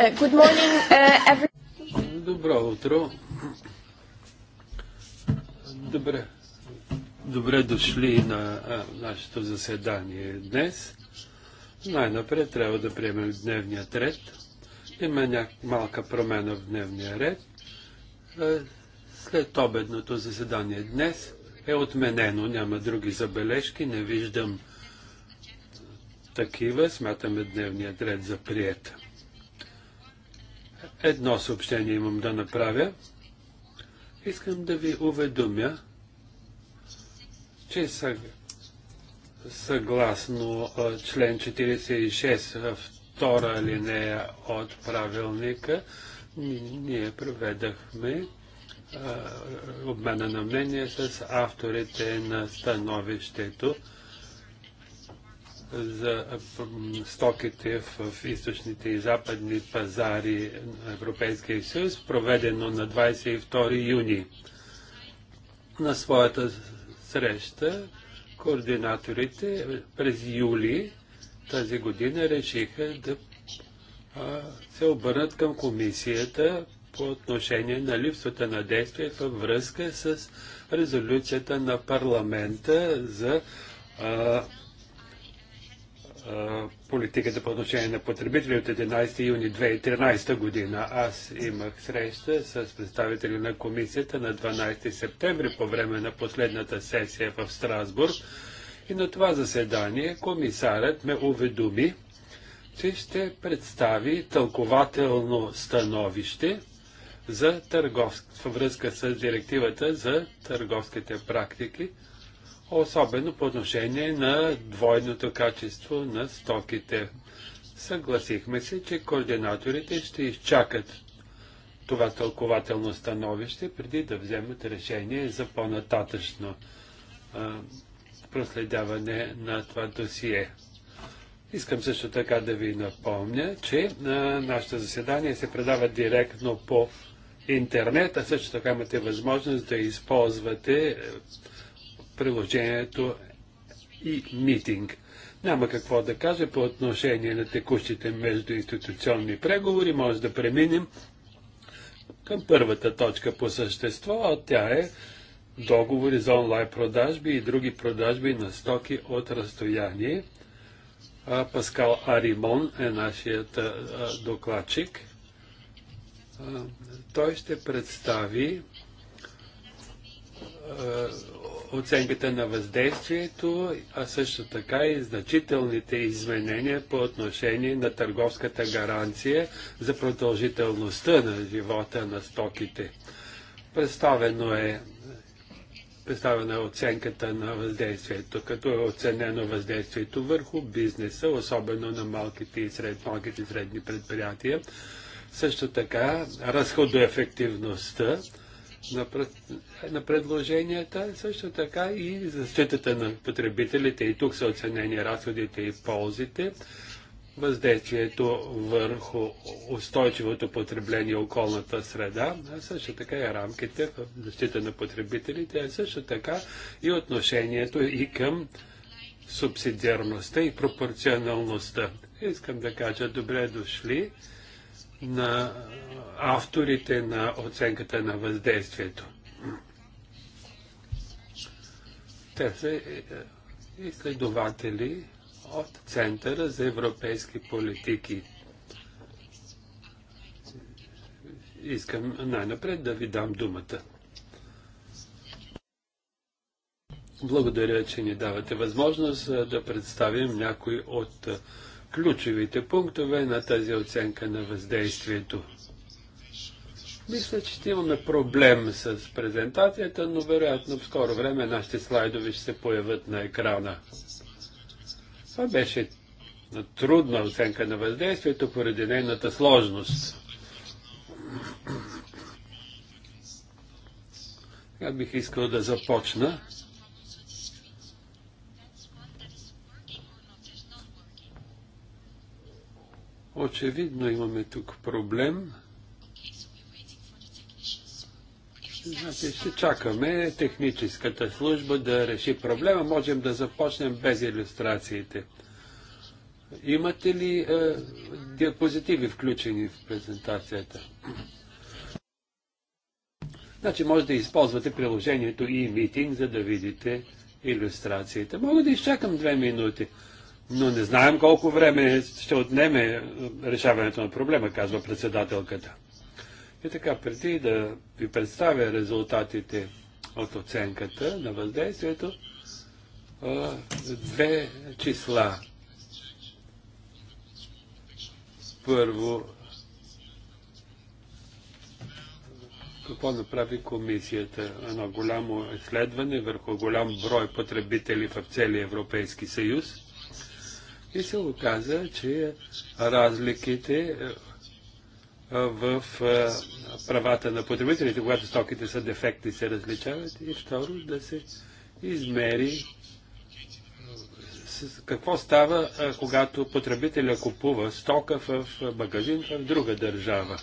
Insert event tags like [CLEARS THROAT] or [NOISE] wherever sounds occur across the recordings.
Uh, good morning, uh, every... Добро утро. Добре. Добре дошли на а, нашето заседание днес. Най-напред трябва да приемем дневния ред. Има някаква малка промена в дневния ред. След обедното заседание днес е отменено. Няма други забележки. Не виждам такива. Смятаме дневният ред за приятел. Едно съобщение имам да направя. Искам да ви уведомя, че съгласно член 46, втора линия от правилника, ние проведахме обмена на мнение с авторите на становището за стоките в източните и западни пазари на Европейския съюз, проведено на 22 юни. На своята среща координаторите през юли тази година решиха да се обърнат към комисията по отношение на липсата на действие във връзка с резолюцията на парламента за политиката по отношение на потребители от 11 юни 2013 година. Аз имах среща с представители на комисията на 12 септември по време на последната сесия в Страсбург. И на това заседание комисарят ме уведоми, че ще представи тълкователно становище за търговск... във връзка с директивата за търговските практики особено по отношение на двойното качество на стоките. Съгласихме се, че координаторите ще изчакат това тълкователно становище, преди да вземат решение за по-нататъчно проследяване на това досие. Искам също така да ви напомня, че на нашето заседание се предава директно по интернет, а също така имате възможност да използвате приложението и митинг. Няма какво да кажа по отношение на текущите междуинституционни преговори. Може да преминем към първата точка по същество, а тя е договори за онлайн продажби и други продажби на стоки от разстояние. А, Паскал Аримон е нашият а, докладчик. А, той ще представи оценката на въздействието, а също така и значителните изменения по отношение на търговската гаранция за продължителността на живота на стоките. Представено е представена е оценката на въздействието, като е оценено въздействието върху бизнеса, особено на малките и, сред, малките средни предприятия. Също така разходоефективността, на, на предложенията, също така и защитата на потребителите. И тук са оценени разходите и ползите, въздействието върху устойчивото потребление и околната среда, а също така и рамките в защита на потребителите, а също така и отношението и към субсидиарността и пропорционалността. Искам да кажа добре дошли на авторите на оценката на въздействието. Те са е, е, изследователи от Центъра за европейски политики. Искам най-напред да ви дам думата. Благодаря, че ни давате възможност е, да представим някои от ключовите пунктове на тази оценка на въздействието. Мисля, че ще имаме проблем с презентацията, но вероятно в скоро време нашите слайдове ще се появят на екрана. Това беше трудна оценка на въздействието поради нейната сложност. Сега бих искал да започна. Очевидно имаме тук проблем. Значи ще чакаме техническата служба да реши проблема. Можем да започнем без иллюстрациите. Имате ли е, диапозитиви включени в презентацията? Значи може да използвате приложението e-meeting, за да видите иллюстрациите. Мога да изчакам две минути, но не знаем колко време ще отнеме решаването на проблема, казва председателката. И така, преди да ви представя резултатите от оценката на въздействието, две числа. Първо, какво направи комисията? Едно голямо изследване върху голям брой потребители в целия Европейски съюз. И се оказа, че разликите в правата на потребителите, когато стоките са дефекти, се различават. И второ, да се измери какво става, когато потребителя купува стока в магазин в друга държава.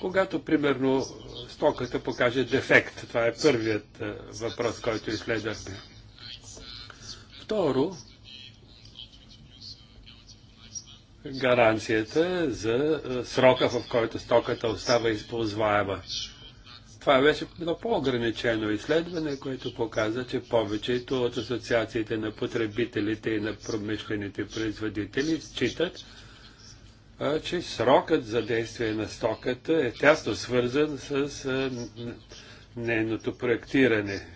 Когато, примерно, стоката покаже дефект, това е първият въпрос, който изследвахме. Второ, гаранцията за е, срока, в който стоката остава използваема. Това беше едно по-ограничено изследване, което показа, че повечето от асоциациите на потребителите и на промишлените производители считат, е, че срокът за действие на стоката е тясно свързан с е, нейното проектиране.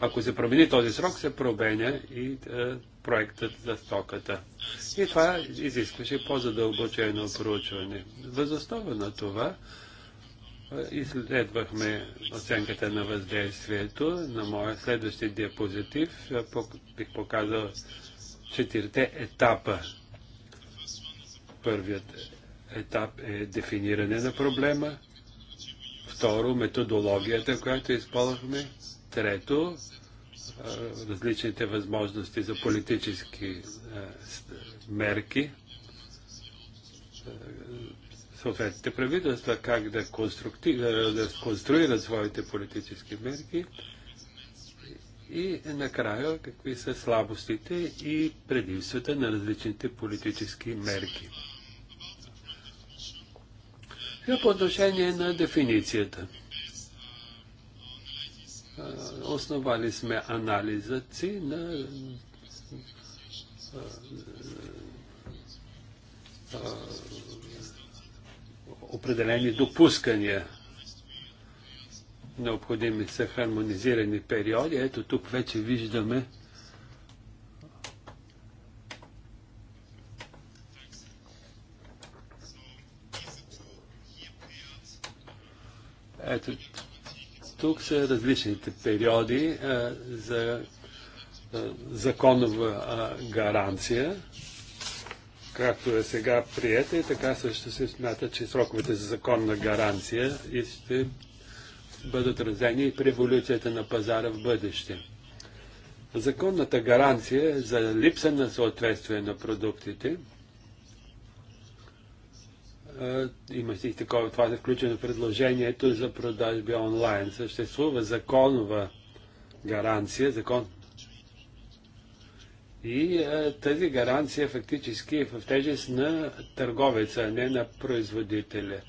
Ако се промени този срок, се променя и проектът за стоката. И това изискваше по-задълбочено проучване. Възоснова на това изследвахме оценката на въздействието. На моя следващи диапозитив бих показал четирите етапа. Първият етап е дефиниране на проблема. Второ, методологията, която използвахме. Трето, различните възможности за политически мерки, съответните правителства как да, да конструират своите политически мерки и накрая какви са слабостите и предимствата на различните политически мерки. И по отношение на дефиницията – основали сме анализът си на определени допускания. Необходими са хармонизирани периоди. Ето тук вече виждаме Ето тук са различните периоди а, за а, законова а, гаранция, както е сега приета и така също се смята, че сроковете за законна гаранция и ще бъдат разени и при еволюцията на пазара в бъдеще. Законната гаранция е за липса на съответствие на продуктите – има и такова, това е включено предложението за продажби онлайн. Съществува законова гаранция, закон. И а, тази гаранция фактически е в тежест на търговеца, а не на производителя.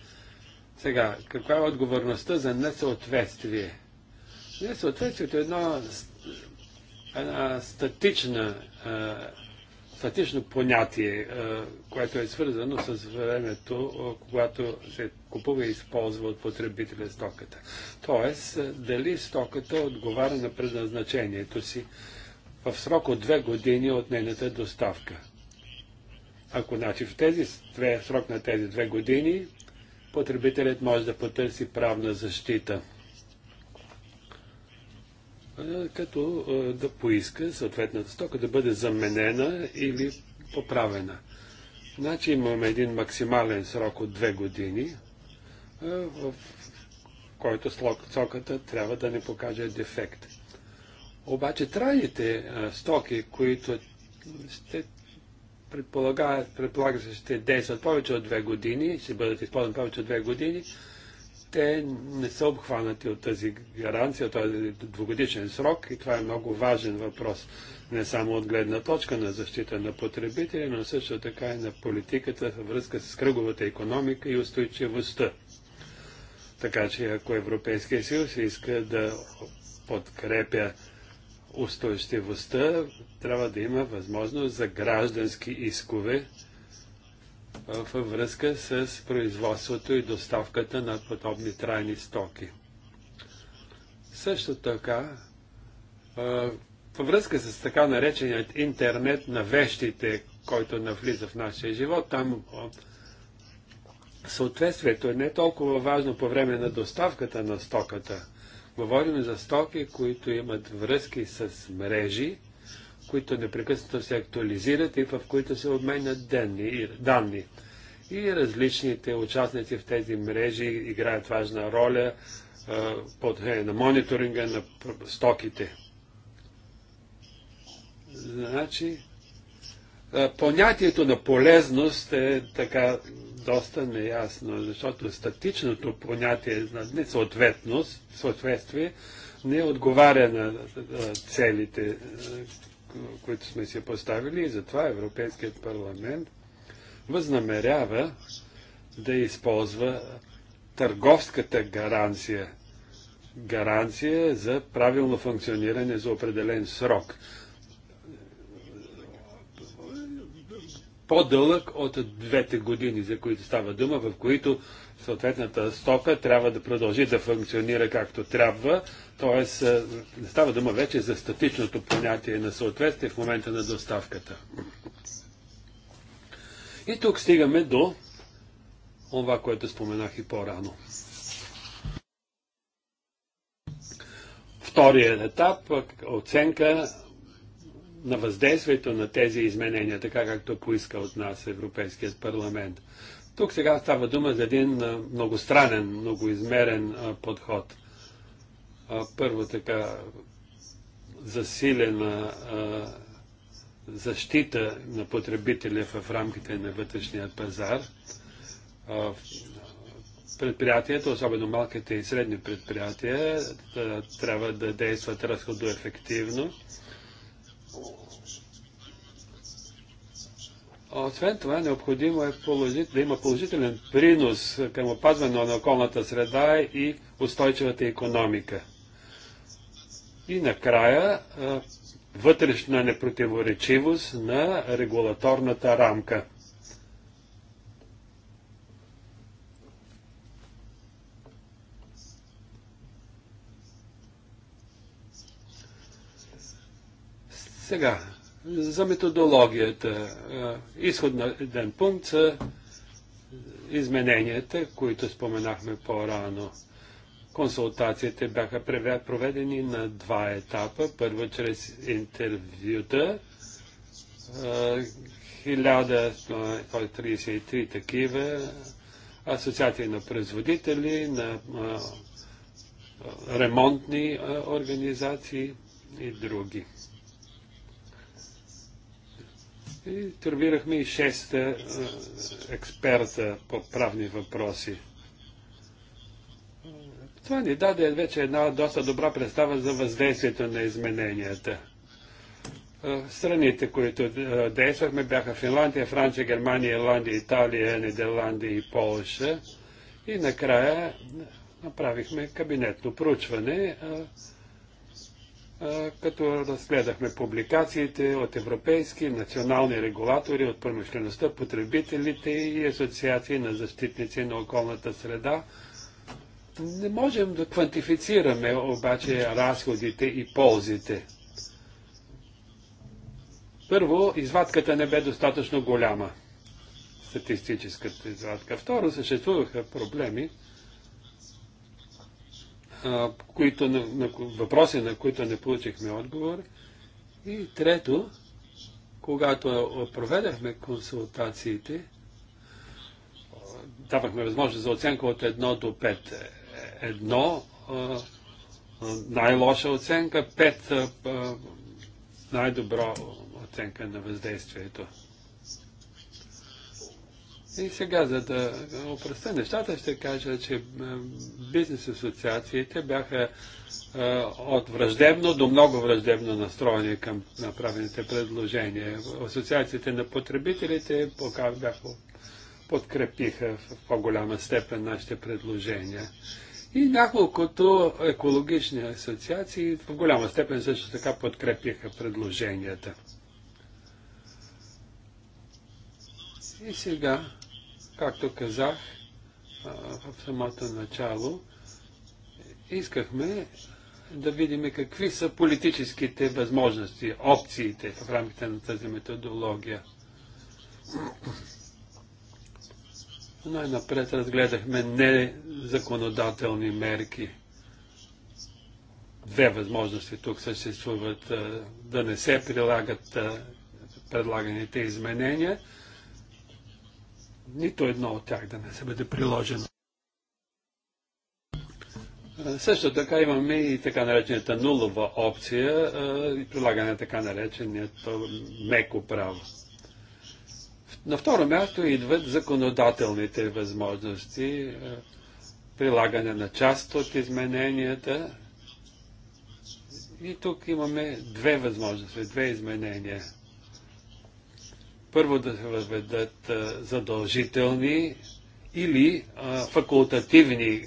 Сега, каква е отговорността за несъответствие? Несъответствието е едно, една статична а, статично понятие, е, което е свързано с времето, е, когато се купува и използва от потребителя стоката. Тоест, е, дали стоката отговаря на предназначението си в срок от две години от нейната доставка. Ако значи в тези две, срок на тези две години, потребителят може да потърси правна защита – като да поиска съответната стока да бъде заменена или поправена. Значи имаме един максимален срок от две години, в който стоката трябва да не покаже дефект. Обаче трайните стоки, които ще предполагат, предполагат, че ще действат повече от две години, ще бъдат използвани повече от две години, те не са обхванати от тази гаранция, този е двугодишен срок и това е много важен въпрос. Не само от гледна точка на защита на потребители, но също така и на политиката във връзка с кръговата економика и устойчивостта. Така че ако Европейския съюз иска да подкрепя устойчивостта, трябва да има възможност за граждански искове във връзка с производството и доставката на подобни трайни стоки. Също така, във връзка с така нареченият интернет на вещите, който навлиза в нашия живот, там съответствието е не толкова важно по време на доставката на стоката. Говорим за стоки, които имат връзки с мрежи които непрекъснато се актуализират и в които се обменят данни. данни. И различните участници в тези мрежи играят важна роля по отношение на мониторинга на стоките. Значи, понятието на полезност е така доста неясно, защото статичното понятие на несъответност, съответствие, не отговаря на целите, които сме си поставили и затова Европейският парламент възнамерява да използва търговската гаранция. Гаранция за правилно функциониране за определен срок. По-дълъг от двете години, за които става дума, в които съответната стока трябва да продължи да функционира както трябва, Тоест, е, не става дума вече за статичното понятие на съответствие в момента на доставката. И тук стигаме до това, което споменах и по-рано. Вторият етап е оценка на въздействието на тези изменения, така както поиска от нас Европейският парламент. Тук сега става дума за един многостранен, многоизмерен подход – първо така засилена защита на потребителя в рамките на вътрешния пазар. Предприятията, особено малките и средни предприятия, трябва да действат разходоефективно. Освен това, необходимо е положит, да има положителен принос към опазване на околната среда и устойчивата економика. И накрая вътрешна непротиворечивост на регулаторната рамка. Сега, за методологията. Изходен пункт са измененията, които споменахме по-рано. Консултациите бяха проведени на два етапа. Първо чрез интервюта, 1033 такива, асоциации на производители, на ремонтни организации и други. И интервюирахме и шест експерта по правни въпроси. Това ни даде вече една доста добра представа за въздействието на измененията. Е, страните, които е, действахме, бяха Финландия, Франция, Германия, Ирландия, Италия, Нидерландия и Полша. И накрая направихме кабинетно проучване, е, като разгледахме публикациите от европейски национални регулатори, от промишлеността, потребителите и асоциации на защитници на околната среда – не можем да квантифицираме обаче разходите и ползите. Първо, извадката не бе достатъчно голяма. Статистическата извадка. Второ, съществуваха проблеми, които, на, на, въпроси, на които не получихме отговор. И трето, когато проведахме консултациите, давахме възможност за оценка от 1 до 5 едно, най-лоша оценка, пет най-добро оценка на въздействието. И сега, за да опростя нещата, ще кажа, че бизнес асоциациите бяха от враждебно до много враждебно настроени към направените предложения. Асоциациите на потребителите бяха подкрепиха в по-голяма степен нашите предложения. И няколкото екологични асоциации в голяма степен също така подкрепиха предложенията. И сега, както казах в самото начало, искахме да видим какви са политическите възможности, опциите в рамките на тази методология. Най-напред разгледахме незаконодателни мерки. Две възможности тук съществуват да не се прилагат предлаганите изменения, нито едно от тях да не се бъде приложено. Също така имаме и така наречената нулова опция и прилагане на така нареченият меко право. На второ място идват законодателните възможности, е, прилагане на част от измененията. И тук имаме две възможности, две изменения. Първо да се въведат е, задължителни или е, факултативни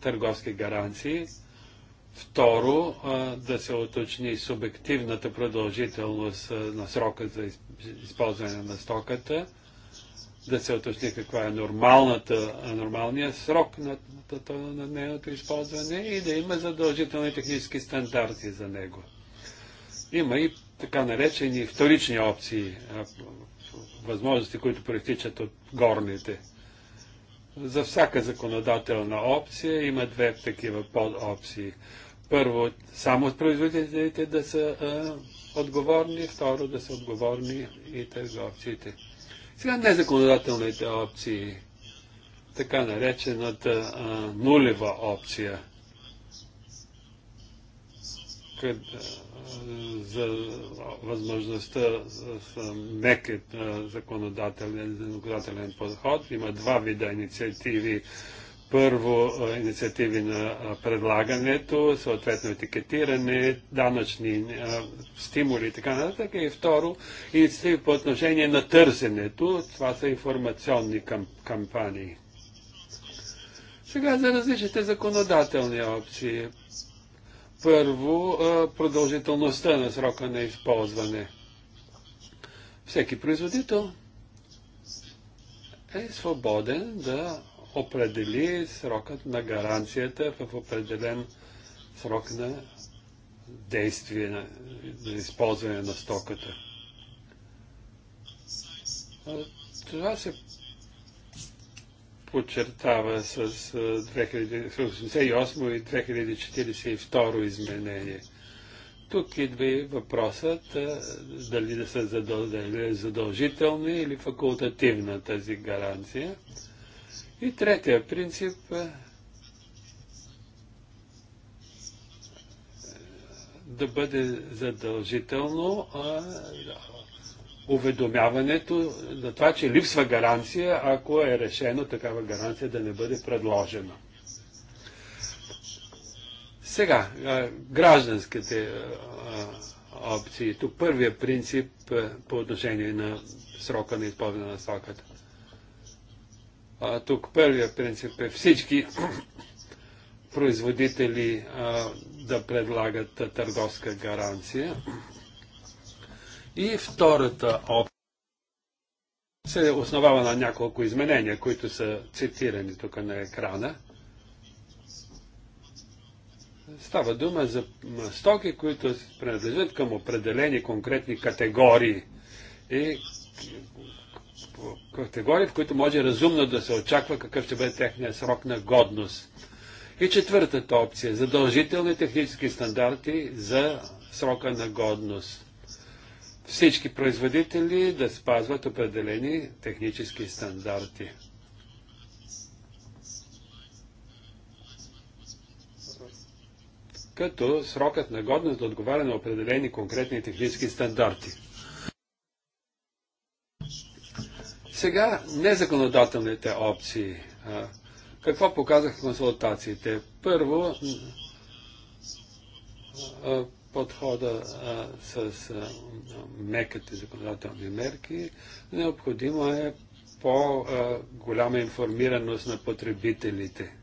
търговски гаранции – Второ, да се оточни субективната продължителност на срока за използване на стоката, да се оточни каква е нормалната, срок на, на, на нейното използване и да има задължителни технически стандарти за него. Има и така наречени вторични опции, възможности, които проистичат от горните. За всяка законодателна опция има две такива подопции първо, само от производителите да са а, отговорни, второ, да са отговорни и търговците. Сега незаконодателните опции, така наречената а, нулева опция, къд, а, за възможността за мекът законодателен, законодателен подход. Има два вида инициативи първо инициативи на предлагането, съответно етикетиране, данъчни стимули и така нататък. И второ, инициативи по отношение на търсенето. Това са информационни кампании. Сега за различните законодателни опции. Първо, продължителността на срока на използване. Всеки производител е свободен да определи срокът на гаранцията в определен срок на действие, на, на използване на стоката. Това се подчертава с 2088 и 2042 изменение. Тук идва и въпросът дали да са задължителна задължителни или факултативна тази гаранция. И третия принцип е, да бъде задължително уведомяването на това, че липсва гаранция, ако е решено такава гаранция да не бъде предложена. Сега, гражданските опции. Тук първия принцип е, по отношение на срока на използване на стоката. А, тук първия принцип е всички [CLEARS THROAT] производители а, да предлагат а, търговска гаранция. И втората опция се основава на няколко изменения, които са цитирани тук на екрана. Става дума за стоки, които принадлежат към определени конкретни категории и категории, в които може разумно да се очаква какъв ще бъде техният срок на годност. И четвъртата опция – задължителни технически стандарти за срока на годност. Всички производители да спазват определени технически стандарти. като срокът на годност да отговаря на определени конкретни технически стандарти. Сега незаконодателните опции. Какво показах консултациите? Първо, подхода с меките законодателни мерки, необходимо е по-голяма информираност на потребителите.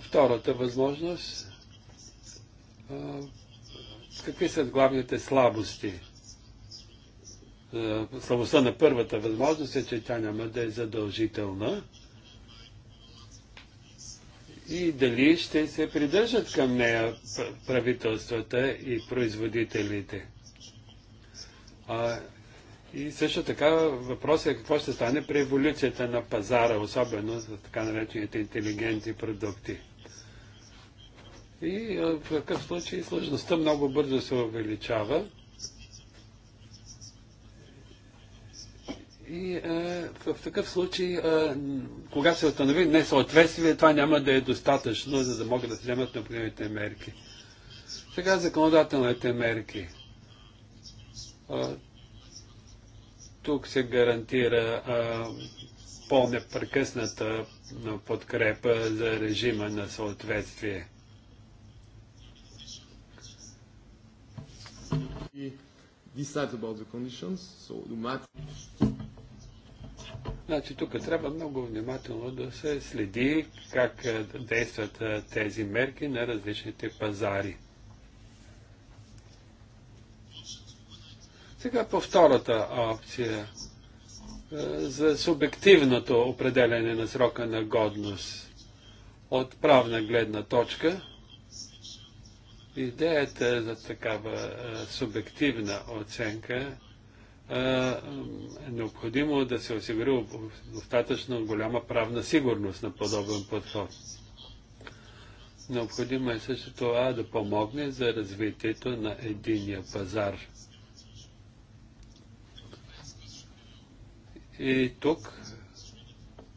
Втората възможност какви са главните слабости? Е, слабостта на първата възможност е, че тя няма да е задължителна. И дали ще се придържат към нея правителствата и производителите? А, и също така въпросът е какво ще стане при еволюцията на пазара, особено за така наречените интелигентни продукти. И в такъв случай сложността много бързо се увеличава. И а, в такъв случай, а, когато се установи несъответствие, това няма да е достатъчно, за да могат да се вземат необходимите мерки. Сега законодателните мерки. А, тук се гарантира по-непрекъсната подкрепа за режима на съответствие. decides about the conditions, so the matter... Значи тук трябва много внимателно да се следи как е, действат е, тези мерки на различните пазари. Сега по втората опция е, за субективното определене на срока на годност от правна гледна точка – Идеята е за такава субективна оценка е необходимо да се осигури достатъчно голяма правна сигурност на подобен подход. Необходимо е също това да помогне за развитието на единия пазар. И тук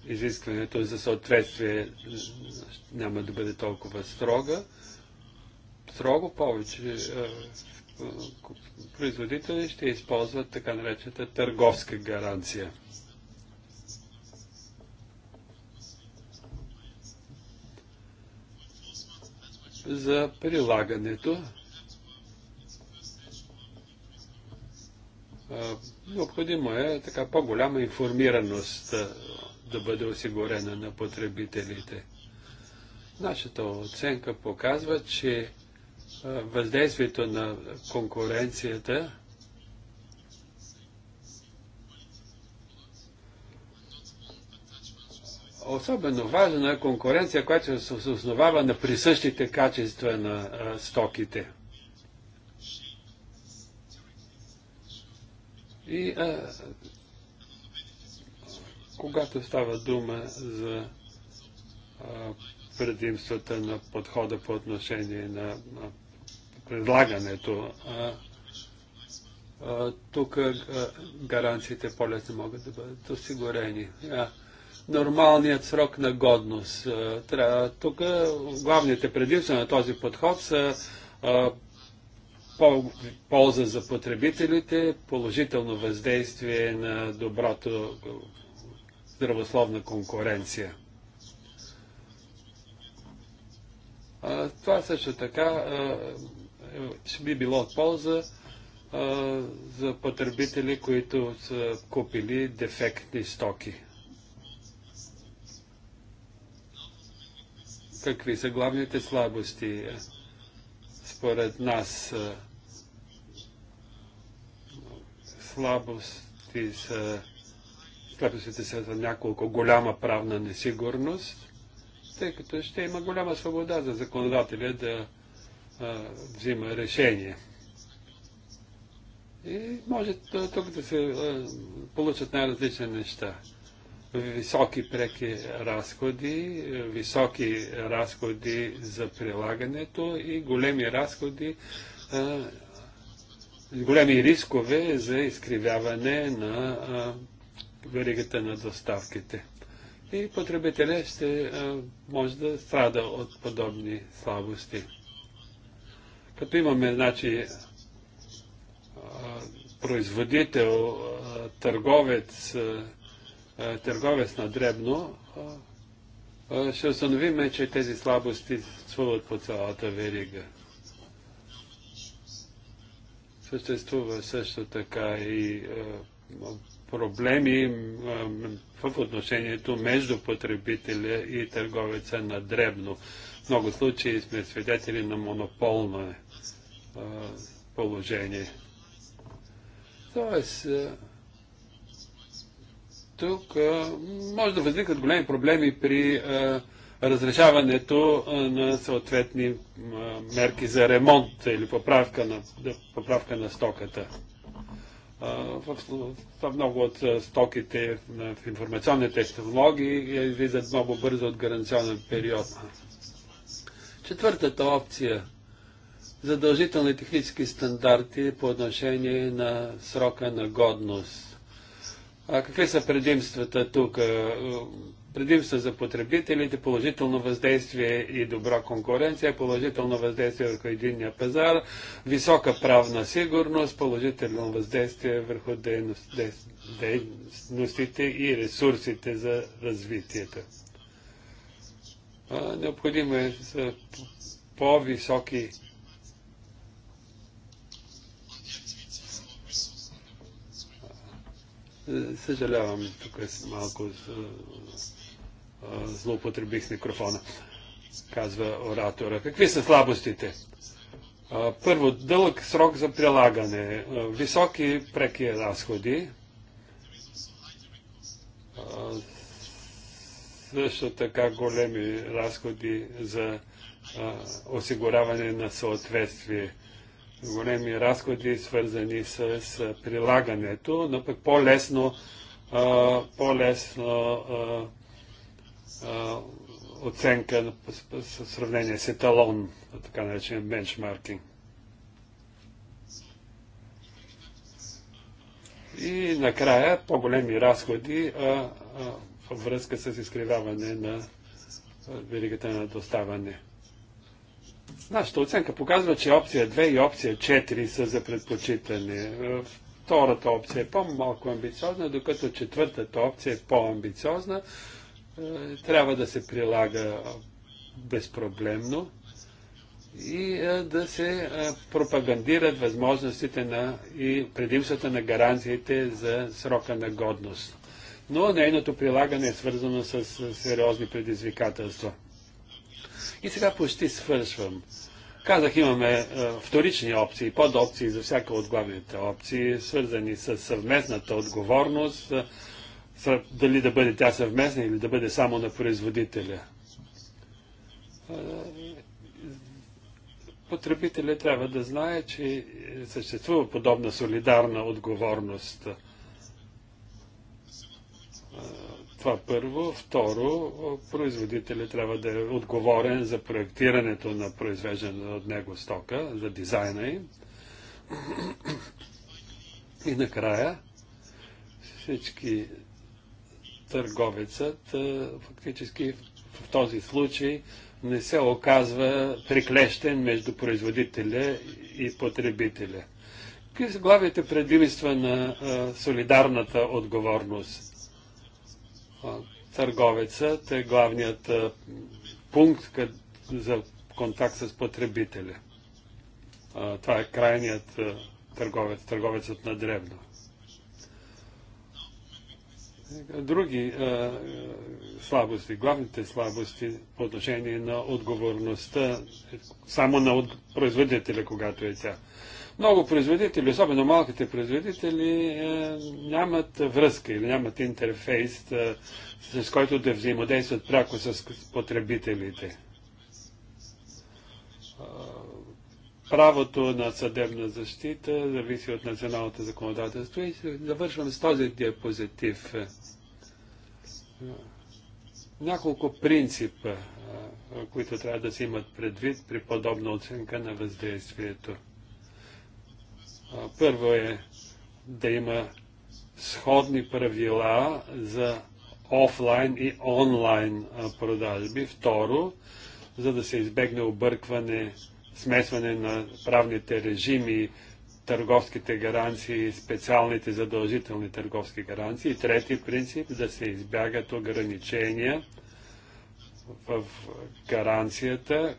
изискването за съответствие няма да бъде толкова строга, строго повече е, е, производители ще използват така наречената търговска гаранция. За прилагането е, необходимо е така по-голяма информираност да бъде осигурена на потребителите. Нашата оценка показва, че въздействието на конкуренцията особено важна е конкуренция, която се основава на присъщите качества на стоките. И а, когато става дума за а, предимствата на подхода по отношение на, на предлагането. тук гаранциите по-лесно могат да бъдат осигурени. нормалният срок на годност. тук главните предимства на този подход са полза за потребителите, положително въздействие на доброто здравословна конкуренция. това също така ще би било от полза а, за потребители, които са купили дефектни стоки. Какви са главните слабости е, според нас? Е, слабости са слабостите са за няколко голяма правна несигурност, тъй като ще има голяма свобода за законодателя да взима решение. И може тук да се получат най-различни неща. Високи преки разходи, високи разходи за прилагането и големи разходи, големи рискове за изкривяване на веригата на доставките. И потребителя ще може да страда от подобни слабости. Като имаме, значи, производител, търговец, търговец на дребно, ще установиме, че тези слабости свуват по цялата верига. Съществува също така и проблеми в отношението между потребителя и търговеца на дребно. В много случаи сме свидетели на монополно е положение. Тоест, тук може да възникат големи проблеми при разрешаването на съответни мерки за ремонт или поправка на, поправка на стоката. В, в много от стоките в информационните технологии излизат е, много бързо от гаранционен период. Четвъртата опция – задължителни технически стандарти по отношение на срока на годност. А какви са предимствата тук? Предимства за потребителите, положително въздействие и добра конкуренция, положително въздействие върху единния пазар, висока правна сигурност, положително въздействие върху дейностите и ресурсите за развитието. Необходимо е по-високи Съжалявам, тук е малко злоупотребих с микрофона, казва оратора. Какви са слабостите? Първо, дълъг срок за прилагане, високи преки разходи, също така големи разходи за осигуряване на съответствие големи разходи, свързани с, с прилагането, но пък по-лесно по-лесно оценка с сравнение с еталон, така наречен бенчмаркинг. И накрая по-големи разходи а, а, във връзка с изкривяване на веригата на доставане. Нашата оценка показва, че опция 2 и опция 4 са за предпочитане. Е, втората опция е по-малко амбициозна, докато четвъртата опция е по-амбициозна. Е, трябва да се прилага безпроблемно и е, да се пропагандират възможностите на и предимствата на гаранциите за срока на годност. Но нейното прилагане е свързано с сериозни предизвикателства. И сега почти свършвам. Казах, имаме е, вторични опции, подопции за всяка от главните опции, свързани с съвместната отговорност, е, дали да бъде тя съвместна или да бъде само на производителя. Е, потребителят трябва да знае, че съществува подобна солидарна отговорност – Това първо. Второ, производителя трябва да е отговорен за проектирането на произвеждане от него стока, за дизайна им. И накрая всички търговецът фактически в този случай не се оказва приклещен между производителя и потребителя. Какви са главите предимства на солидарната отговорност? търговецът е главният пункт за контакт с потребителя. Това е крайният търговец, търговецът на древно. Други а, слабости, главните слабости по отношение на отговорността, само на от... производителя, когато е тя. Много производители, особено малките производители, е, нямат връзка или нямат интерфейс, е, с който да взаимодействат пряко с потребителите. Е, правото на съдебна защита зависи от националното законодателство и завършвам с този диапозитив. Няколко принципа, които трябва да се имат предвид при подобна оценка на въздействието – първо е да има сходни правила за офлайн и онлайн продажби. Второ, за да се избегне объркване, смесване на правните режими, търговските гаранции, специалните задължителни търговски гаранции. Трети принцип да се избягат ограничения в гаранцията,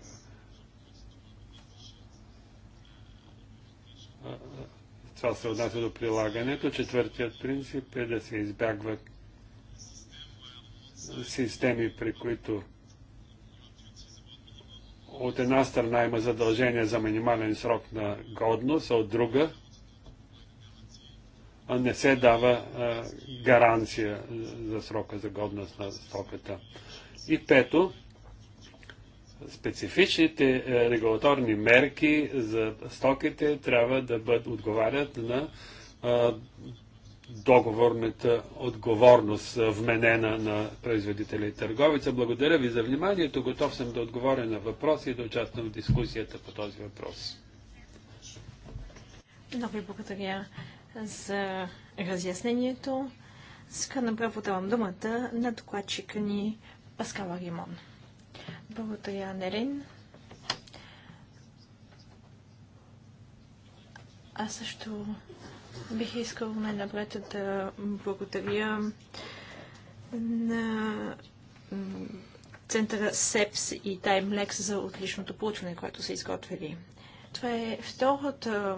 това се отнася до прилагането. Четвъртият принцип е да се избягват системи, при които от една страна има задължение за минимален срок на годност, а от друга не се дава гаранция за срока за годност на стоката. И пето, специфичните е, регулаторни мерки за стоките трябва да бъд, отговарят на договорната отговорност, вменена на производителя и търговица. Благодаря ви за вниманието. Готов съм да отговоря на въпроси и да участвам в дискусията по този въпрос. Много ви благодаря за разяснението. Сега направо давам думата на докладчика ни Паскала Римон. Благодаря, Нелин. Аз също бих искал най-напред да благодаря на центъра СЕПС и Таймлекс за отличното получване, което са изготвили. Това е втората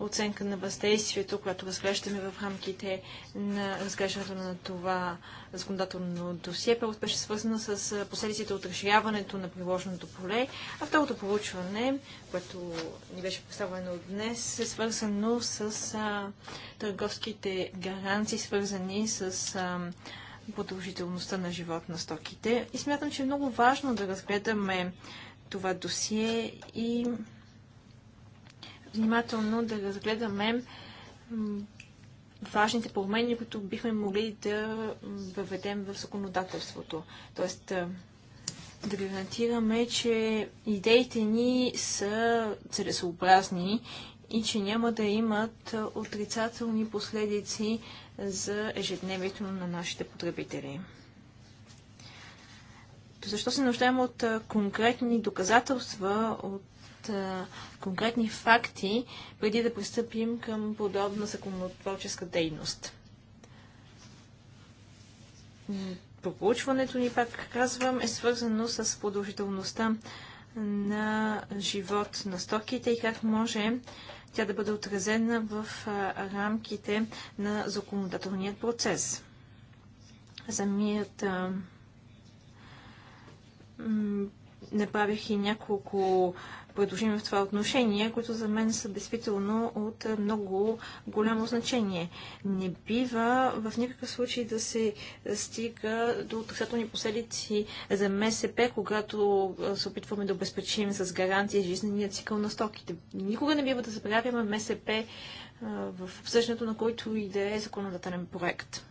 оценка на въздействието, която разглеждаме в рамките на разглеждането на това законодателно досие. Първото беше свързано с последиците от разширяването на приложеното поле, а второто проучване, което ни беше представено днес, е свързано с а, търговските гаранции, свързани с а, продължителността на живот на стоките. И смятам, че е много важно да разгледаме това досие и внимателно да разгледаме важните промени, които бихме могли да въведем в законодателството. Тоест, да гарантираме, че идеите ни са целесообразни и че няма да имат отрицателни последици за ежедневието на нашите потребители. Защо се нуждаем от конкретни доказателства, от конкретни факти, преди да пристъпим към подобна законотворческа дейност. Проучването ни, пак казвам, е свързано с продължителността на живот на стоките и как може тя да бъде отразена в рамките на законодателният процес. Самият направих и няколко Продължим в това отношение, които за мен са действително от много голямо значение. Не бива в никакъв случай да се стига до отрицателни последици за МСП, когато се опитваме да обезпечим с гаранция жизнения цикъл на стоките. Никога не бива да забравяме МСП в обсъждането на който и да е законодателен проект.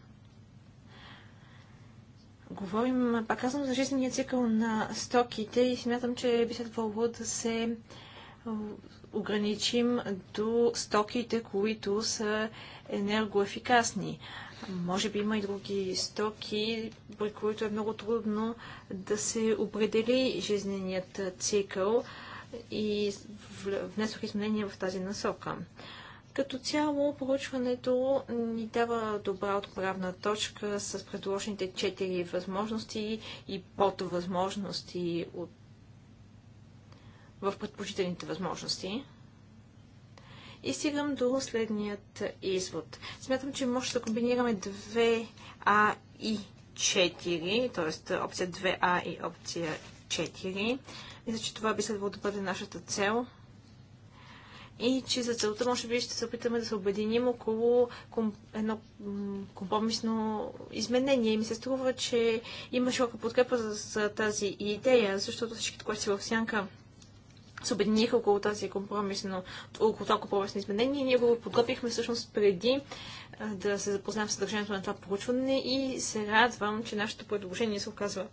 Говорим, пак казвам, за жизнения цикъл на стоките и смятам, че би следвало да се ограничим до стоките, които са енергоефикасни. Може би има и други стоки, при които е много трудно да се определи жизненият цикъл и внесох изменения в тази насока. Като цяло, поручването ни дава добра отправна точка с предложените четири възможности и подвъзможности от... в предпочитаните възможности. И стигам до следният извод. Смятам, че може да комбинираме 2А и 4, т.е. опция 2А и опция 4. Мисля, че това би следвало да бъде нашата цел – и че за целта може би ще се опитаме да се обединим около едно компромисно изменение. И ми се струва, че има широка подкрепа за, за тази идея, защото всички, които си в сянка, се обединиха около тази компромисно, около това компромисно изменение. Ние го подготвихме всъщност преди да се запознаем с съдържанието на това проучване и се радвам, че нашето предложение се оказва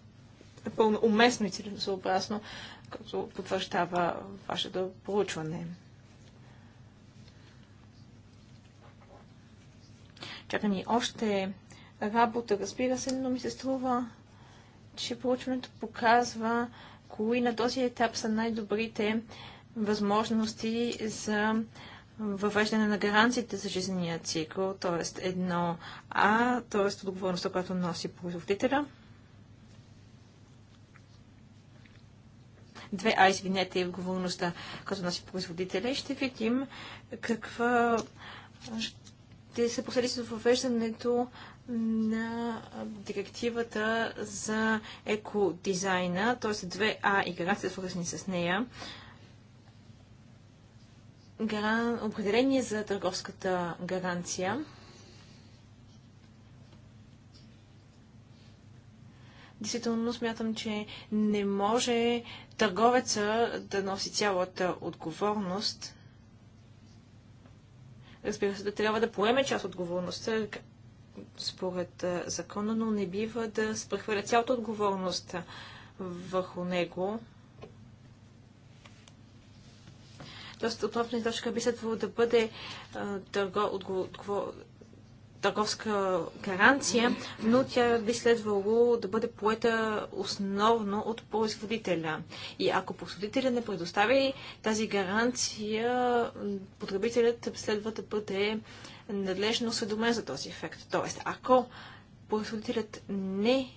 напълно уместно и целесообразно, като потвърждава вашето проучване. ни още работа, разбира се, но ми се струва, че проучването показва кои на този етап са най-добрите възможности за въвеждане на гаранциите за жизнения цикъл, т.е. едно А, т.е. отговорността, която носи производителя. Две А, извинете, и отговорността, която носи производителя. И ще видим каква те са последици от въвеждането на директивата за екодизайна, т.е. 2А и гаранцията, свързани с нея. Гаран... Определение за търговската гаранция. действително смятам, че не може търговеца да носи цялата отговорност. Разбира се, да трябва да поеме част от отговорността според закона, но не бива да спрехвърля цялата отговорност върху него. Тоест, отправна точка би следвало да бъде търго, отговор, търговска гаранция, но тя би следвало да бъде поета основно от производителя. И ако производителя не предостави тази гаранция, потребителят следва да бъде надлежно осведомен за този ефект. Тоест, ако производителят не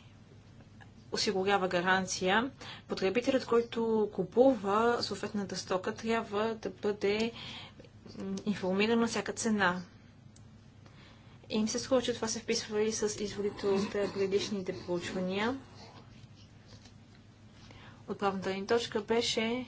осигурява гаранция, потребителят, който купува съответната стока, трябва да бъде информиран на всяка цена. И ми се случва, че това се вписва и с изводите от е, предишните проучвания. Отправната ни точка беше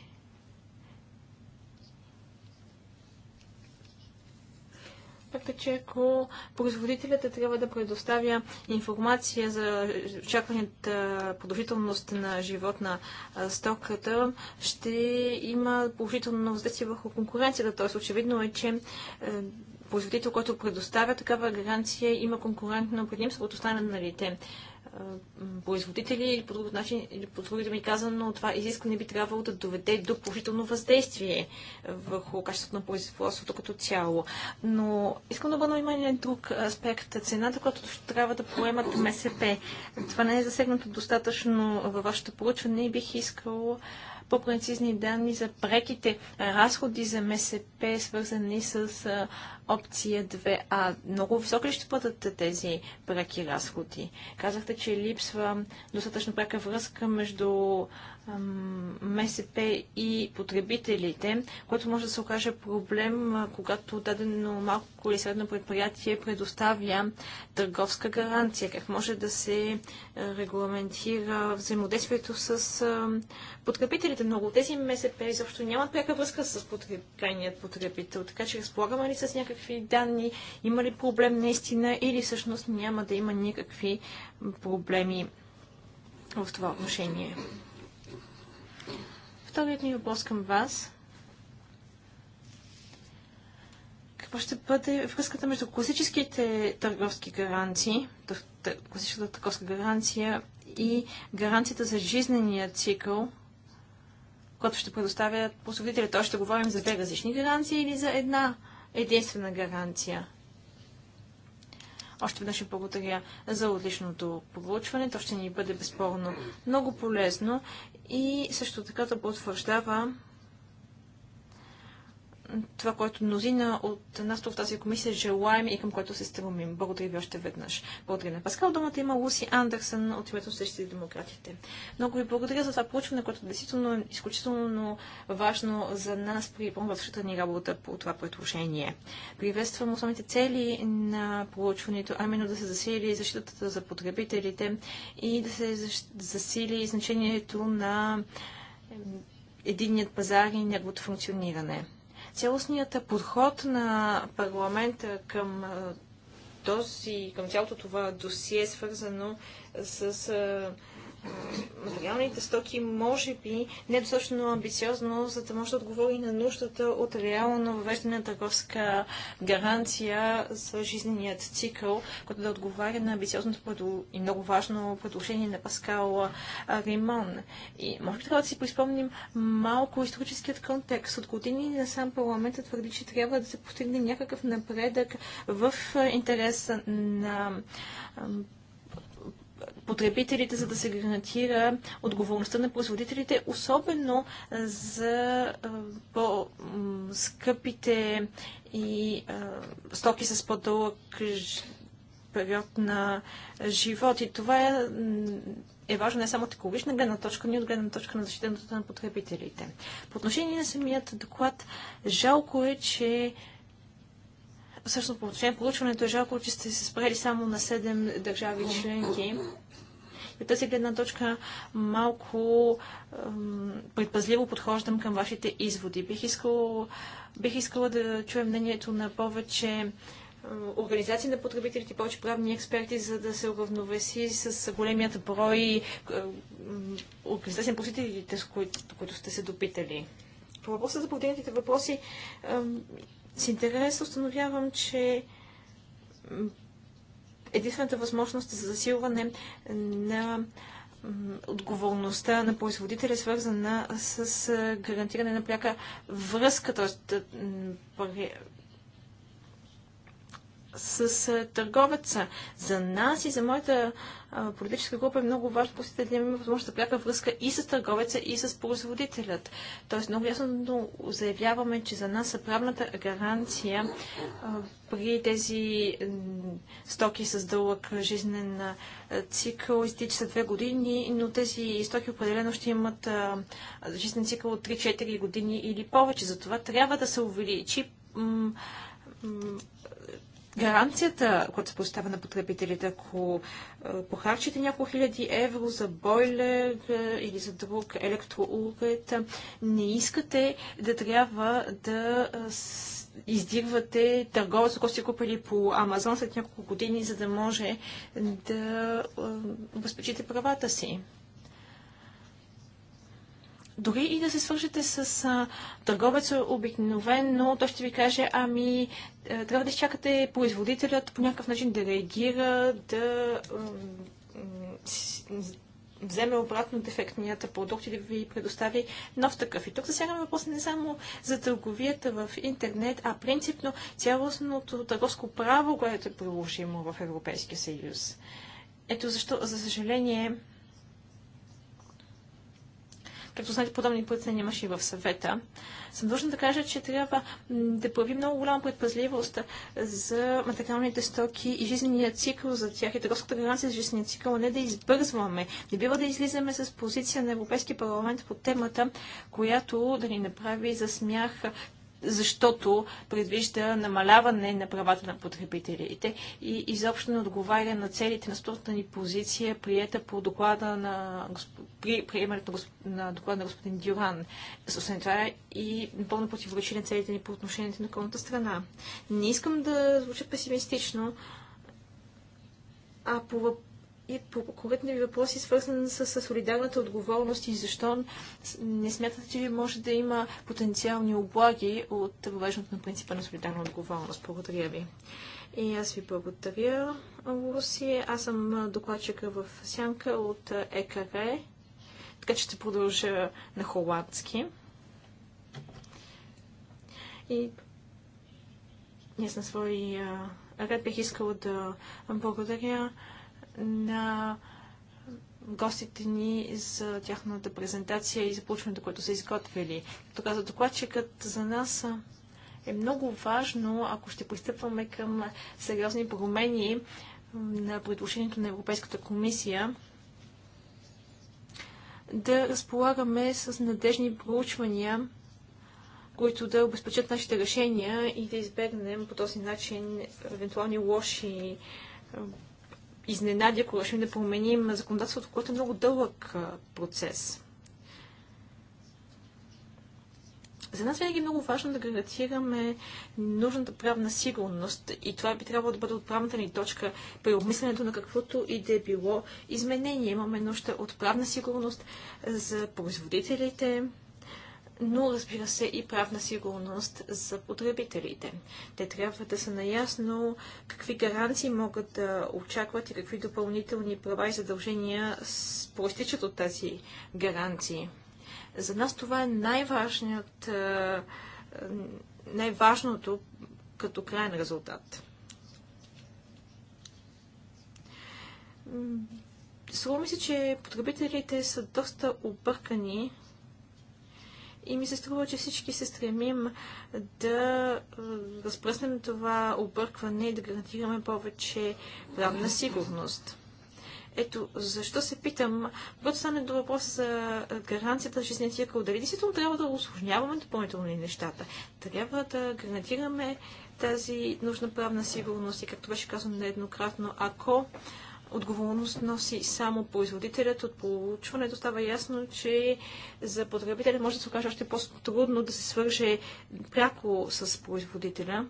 факта, че ако производителят е, трябва да предоставя информация за очакваната продължителност на живот на стоката, ще има положително въздействие върху конкуренцията. Тоест, очевидно е, че е, производител, който предоставя такава гаранция, има конкурентно предимство от останалите производители или по друг начин, или по друг да ми казано, това изискване би трябвало да доведе до положително въздействие върху качеството на производството като цяло. Но искам да обърна внимание на друг аспект. Цената, която трябва да поемат МСП. Това не е засегнато достатъчно във вашето проучване и бих искал по-прецизни данни за преките разходи за МСП, свързани с опция 2А. Много високо ли ще бъдат тези преки разходи? Казахте, че липсва достатъчно пряка връзка между МСП и потребителите, което може да се окаже проблем, когато дадено малко или средно предприятие предоставя търговска гаранция, как може да се регламентира взаимодействието с потребителите. Много от тези МСП изобщо нямат пряка връзка с крайният потребител, така че разполагаме ли с някакви данни, има ли проблем наистина или всъщност няма да има никакви проблеми в това отношение вторият ми въпрос към вас. Какво ще бъде връзката между класическите търговски гаранции, тър, тър, класическата търговска гаранция и гаранцията за жизнения цикъл, който ще предоставят посредителите? Тоест ще говорим за две различни гаранции или за една единствена гаранция? Още веднъж благодаря за отличното проучване. То ще ни бъде безспорно много полезно и също така да потвърждава това, което мнозина от нас в тази комисия желаем и към което се стремим. Благодаря ви още веднъж. Благодаря на Паскал. Думата има Луси Андерсън от името на демократите. Много ви благодаря за това получване, което е действително е изключително важно за нас при външната ни работа по това предложение. Приветствам основните цели на проучването, а именно да се засили защитата за потребителите и да се засили значението на единният пазар и неговото функциониране. Цялостният подход на парламента към този, към цялото това досие, е свързано с материалните стоки, може би не е достатъчно амбициозно, за да може да отговори на нуждата от реално въвеждане на търговска гаранция за жизненият цикъл, който да отговаря на амбициозното и много важно предложение на Паскал Римон. И може би трябва да си приспомним малко историческият контекст. От години насам парламентът твърди, че трябва да се постигне някакъв напредък в интереса на потребителите, за да се гарантира отговорността на производителите, особено за по-скъпите и стоки с по-дълъг период на живот. И това е, е важно не само от екологична гледна точка, но и от гледна точка на защитеността на потребителите. По отношение на самият доклад, жалко е, че всъщност по отношение проучването е жалко, че сте се спрели само на 7 държави членки. От тази гледна точка малко ем, предпазливо подхождам към вашите изводи. Бих, искал, бих искала да чуя мнението на повече организации на потребителите, повече правни експерти, за да се уравновеси с големият брой организации на потребителите, с които, които сте се допитали. По въпроса за повдигнатите въпроси, с интерес установявам, че единствената възможност за засилване на отговорността на производителя е свързана с гарантиране на пряка връзка, т.е с търговеца. За нас и за моята а, политическа група е много важно после да имаме възможност да пряка връзка и с търговеца, и с производителят. Тоест много ясно заявяваме, че за нас е правната гаранция а, при тези стоки с дълъг жизнен цикъл изтича за две години, но тези стоки определено ще имат а, жизнен цикъл от 3-4 години или повече. Затова трябва да се увеличи гаранцията, която се поставя на потребителите, ако е, похарчите няколко хиляди евро за бойлер е, или за друг електроуред, не искате да трябва да е, издирвате търговец, ако сте купили по Амазон след няколко години, за да може да обезпечите правата си. Дори и да се свържете с а, търговец но той ще ви каже, ами е, трябва да изчакате производителят по някакъв начин да реагира, да вземе обратно дефектният продукт и да ви предостави нов такъв. И тук засягаме въпрос не само за търговията в интернет, а принципно цялостното търговско право, което е приложимо в Европейския съюз. Ето защо, за съжаление, Както знаете, подобни прецени имаше и в съвета. Съм длъжна да кажа, че трябва да прояви много голяма предпазливост за материалните стоки и жизнения цикъл за тях и търговската гаранция за жизнения цикъл, а не да избързваме. Не бива да излизаме с позиция на Европейския парламент по темата, която да ни направи за смях защото предвижда намаляване на правата на потребителите и изобщо не отговаря на целите на стотната ни позиция, приета по доклада на, при приемането на, на доклада на господин Дюран. Освен това и напълно противоречи на целите ни по отношението на околната страна. Не искам да звуча песимистично, а по въпроса и конкретният ви въпроси, свързани с, с солидарната отговорност и защо не смятате, че може да има потенциални облаги от въвеждането на принципа на солидарна отговорност. Благодаря ви. И аз ви благодаря, Руси. Аз съм докладчика в Сянка от ЕКР, така че ще продължа на холандски. И днес на свой ред бих искала да благодаря на гостите ни за тяхната презентация и за получването, което са изготвили. Тук за докладчикът за нас е много важно, ако ще пристъпваме към сериозни промени на предложението на Европейската комисия, да разполагаме с надежни проучвания, които да обезпечат нашите решения и да избегнем по този начин евентуални лоши изненади, ако решим да променим законодателството, което е много дълъг процес. За нас винаги е много важно да гарантираме нужната правна сигурност и това би трябвало да бъде отправната ни точка при обмисленето на каквото и да е било изменение. Имаме нужда от правна сигурност за производителите, но разбира се и правна сигурност за потребителите. Те трябва да са наясно какви гаранции могат да очакват и какви допълнителни права и задължения проистичат от тази гаранции. За нас това е най е, най-важното като крайен резултат. Струва се, че потребителите са доста объркани и ми се струва, че всички се стремим да разпръснем това объркване и да гарантираме повече правна сигурност. Ето, защо се питам, когато стане до въпрос за гаранцията на жизнен цикъл, дали действително трябва да усложняваме допълнително нещата? Трябва да гарантираме тази нужна правна сигурност и, както беше казано нееднократно, ако отговорност носи само производителят. От получването става ясно, че за потребителя може да се окаже още по-трудно да се свърже пряко с производителя.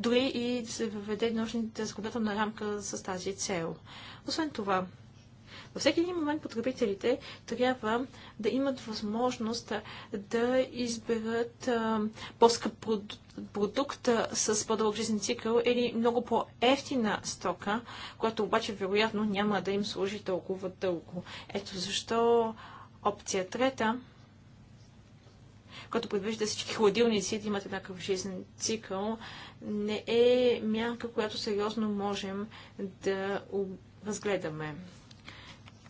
Дори и да се въведе нужната законодателна рамка с тази цел. Освен това, във всеки един момент потребителите трябва да имат възможност да изберат по-скъп продукт с по-дълъг жизнен цикъл или много по-ефтина стока, която обаче вероятно няма да им служи толкова дълго. Ето защо опция трета която предвижда всички хладилници да имат еднакъв жизнен цикъл, не е мярка, която сериозно можем да разгледаме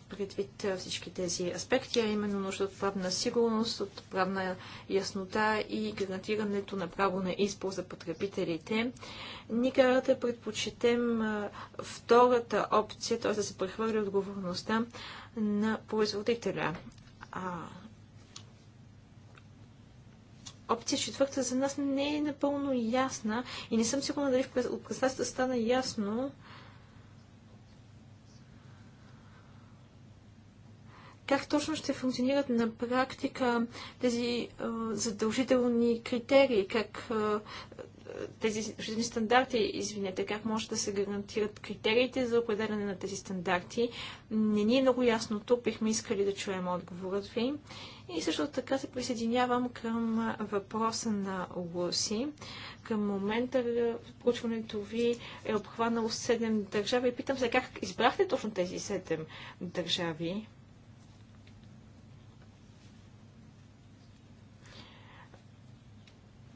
предвид всички тези аспекти, а именно нужда от правна сигурност, от правна яснота и гарантирането на право на избор за потребителите. Ние да предпочитем втората опция, т.е. да се прехвърли отговорността на производителя. А опция четвърта за нас не е напълно ясна и не съм сигурна дали в представата стана ясно как точно ще функционират на практика тези задължителни критерии, как тези жизнени стандарти, извинете, как може да се гарантират критериите за определяне на тези стандарти. Не ни е много ясно тук, бихме искали да чуем отговорът ви. И също така се присъединявам към въпроса на Луси. Към момента проучването ви е обхванало 7 държави. Питам се как избрахте точно тези 7 държави.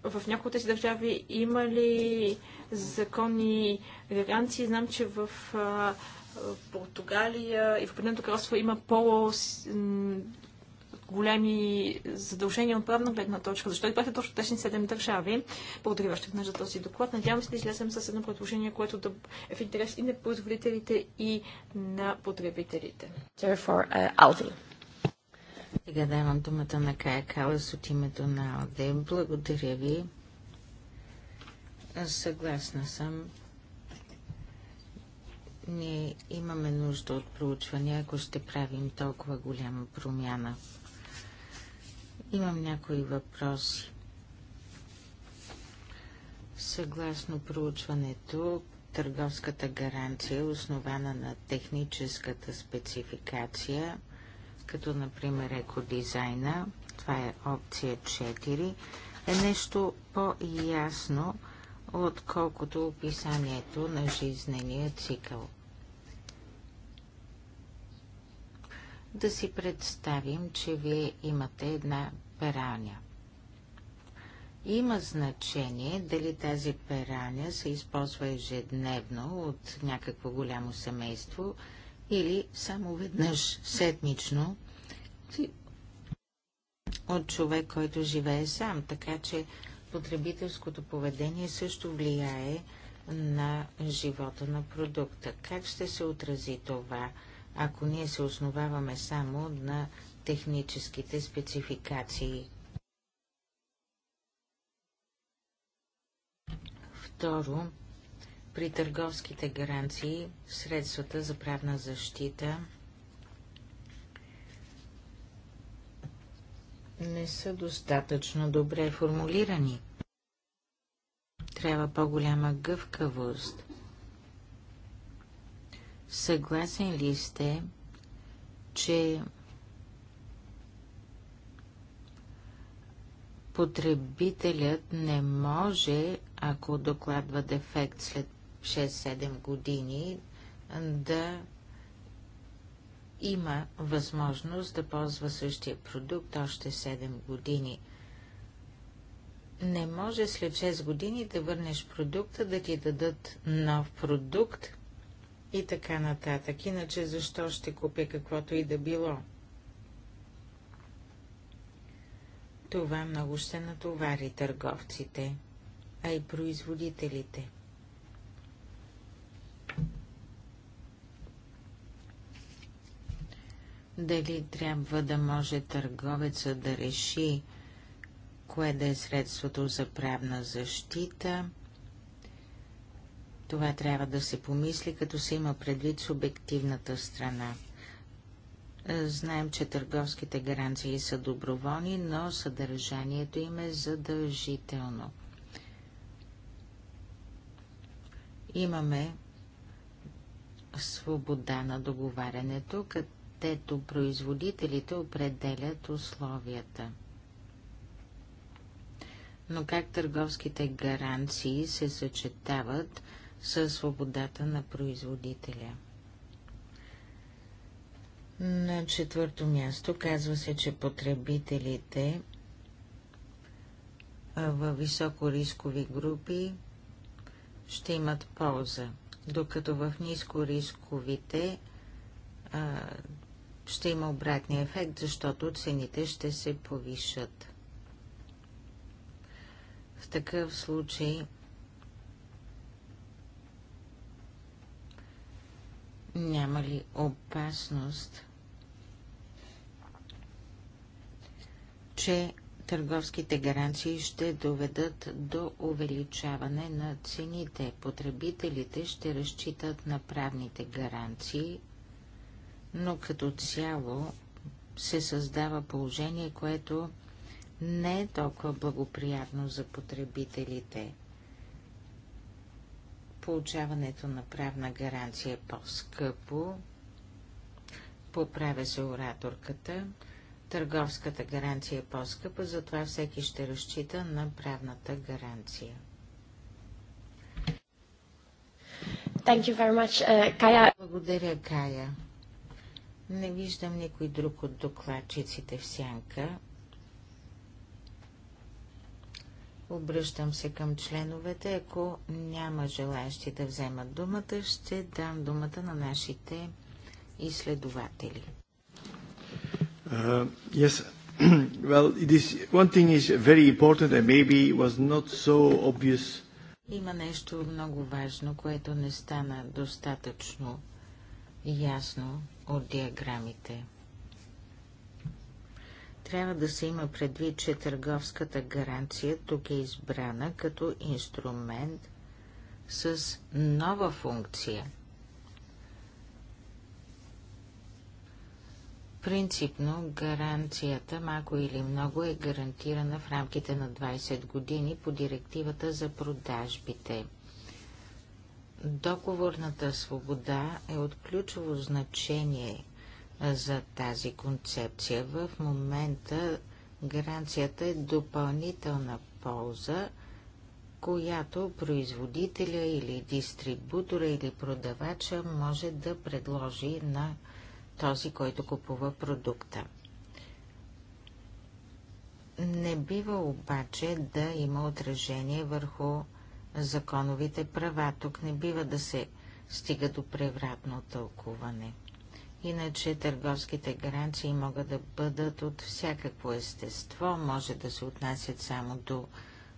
в някои от тези държави има ли законни гаранции? Знам, че в а, Португалия и в Обединеното кралство има по-големи задължения от правна гледна точка. Защо бяха е точно тези 7 държави? Благодаря още веднъж за този доклад. Надявам се да излезем с едно предложение, което да е в интерес и на производителите, и на потребителите. Therefore, uh, сега давам думата на Кая Калас от името на АЛДЕ. Благодаря ви. Съгласна съм. Ние имаме нужда от проучване, ако ще правим толкова голяма промяна. Имам някои въпроси. Съгласно проучването, търговската гаранция е основана на техническата спецификация – като например екодизайна, това е опция 4, е нещо по-ясно, отколкото описанието на жизнения цикъл. Да си представим, че вие имате една пераня. Има значение дали тази пераня се използва ежедневно от някакво голямо семейство – или само веднъж седмично от човек, който живее сам. Така че потребителското поведение също влияе на живота на продукта. Как ще се отрази това, ако ние се основаваме само на техническите спецификации? Второ, при търговските гаранции средствата за правна защита не са достатъчно добре формулирани. Трябва по-голяма гъвкавост. Съгласен ли сте, че потребителят не може, ако докладва дефект след 6-7 години да има възможност да ползва същия продукт още 7 години. Не може след 6 години да върнеш продукта, да ти дадат нов продукт и така нататък. Иначе защо ще купя каквото и да било? Това много ще натовари търговците, а и производителите – Дали трябва да може търговеца да реши, кое да е средството за правна защита? Това трябва да се помисли, като се има предвид субективната страна. Е, знаем, че търговските гаранции са доброволни, но съдържанието им е задължително. Имаме свобода на договарянето, като където производителите определят условията. Но как търговските гаранции се съчетават със свободата на производителя? На четвърто място казва се, че потребителите във високорискови групи ще имат полза, докато в нискорисковите ще има обратния ефект, защото цените ще се повишат. В такъв случай няма ли опасност, че търговските гаранции ще доведат до увеличаване на цените. Потребителите ще разчитат на правните гаранции, но като цяло се създава положение, което не е толкова благоприятно за потребителите. Получаването на правна гаранция е по-скъпо, поправя се ораторката, търговската гаранция е по-скъпа, затова всеки ще разчита на правната гаранция. Thank you very much, uh, Kaya. Благодаря, Кая. Не виждам никой друг от докладчиците в сянка. Обръщам се към членовете. Ако няма желаящи да вземат думата, ще дам думата на нашите изследователи. Uh, yes. [CLEARS THROAT] well, it is, one thing is very important and maybe was not so obvious. Има нещо много важно, което не стана достатъчно ясно от диаграмите. Трябва да се има предвид, че търговската гаранция тук е избрана като инструмент с нова функция. Принципно гаранцията малко или много е гарантирана в рамките на 20 години по директивата за продажбите – Договорната свобода е от ключово значение за тази концепция. В момента гаранцията е допълнителна полза, която производителя или дистрибутора или продавача може да предложи на този, който купува продукта. Не бива обаче да има отражение върху законовите права. Тук не бива да се стига до превратно тълкуване. Иначе търговските гаранции могат да бъдат от всякакво естество, може да се отнасят само до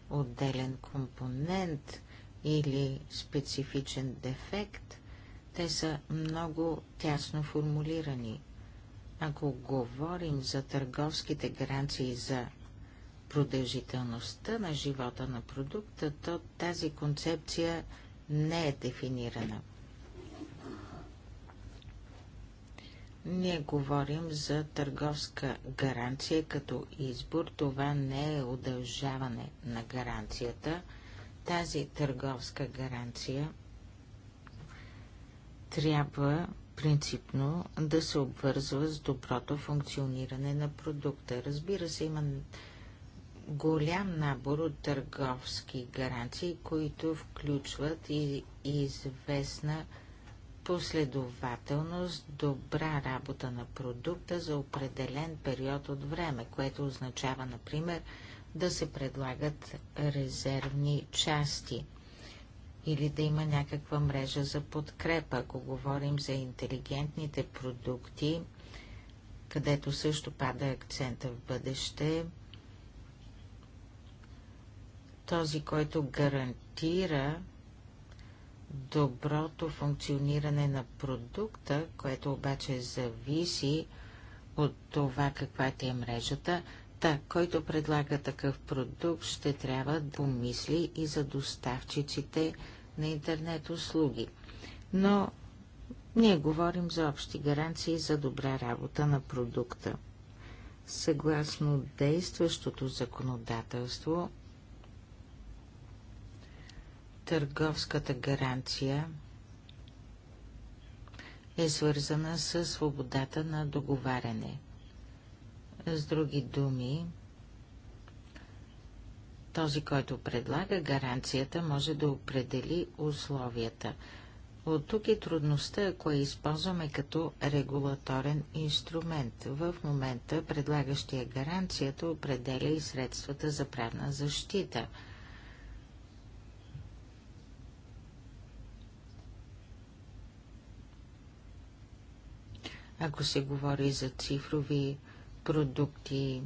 отделен компонент или специфичен дефект. Те са много тясно формулирани. Ако говорим за търговските гаранции за продължителността на живота на продукта, то тази концепция не е дефинирана. Ние говорим за търговска гаранция като избор. Това не е удължаване на гаранцията. Тази търговска гаранция трябва принципно да се обвързва с доброто функциониране на продукта. Разбира се, има голям набор от търговски гаранции, които включват и известна последователност, добра работа на продукта за определен период от време, което означава, например, да се предлагат резервни части или да има някаква мрежа за подкрепа. Ако говорим за интелигентните продукти, където също пада акцента в бъдеще, този, който гарантира доброто функциониране на продукта, което обаче зависи от това каква ти е мрежата, та, който предлага такъв продукт, ще трябва да помисли и за доставчиците на интернет услуги. Но ние говорим за общи гаранции за добра работа на продукта. Съгласно действащото законодателство, Търговската гаранция е свързана с свободата на договаряне. С други думи, този, който предлага гаранцията, може да определи условията. От тук е трудността, ако я използваме като регулаторен инструмент. В момента предлагащия гаранцията определя и средствата за правна защита – ако се говори за цифрови продукти,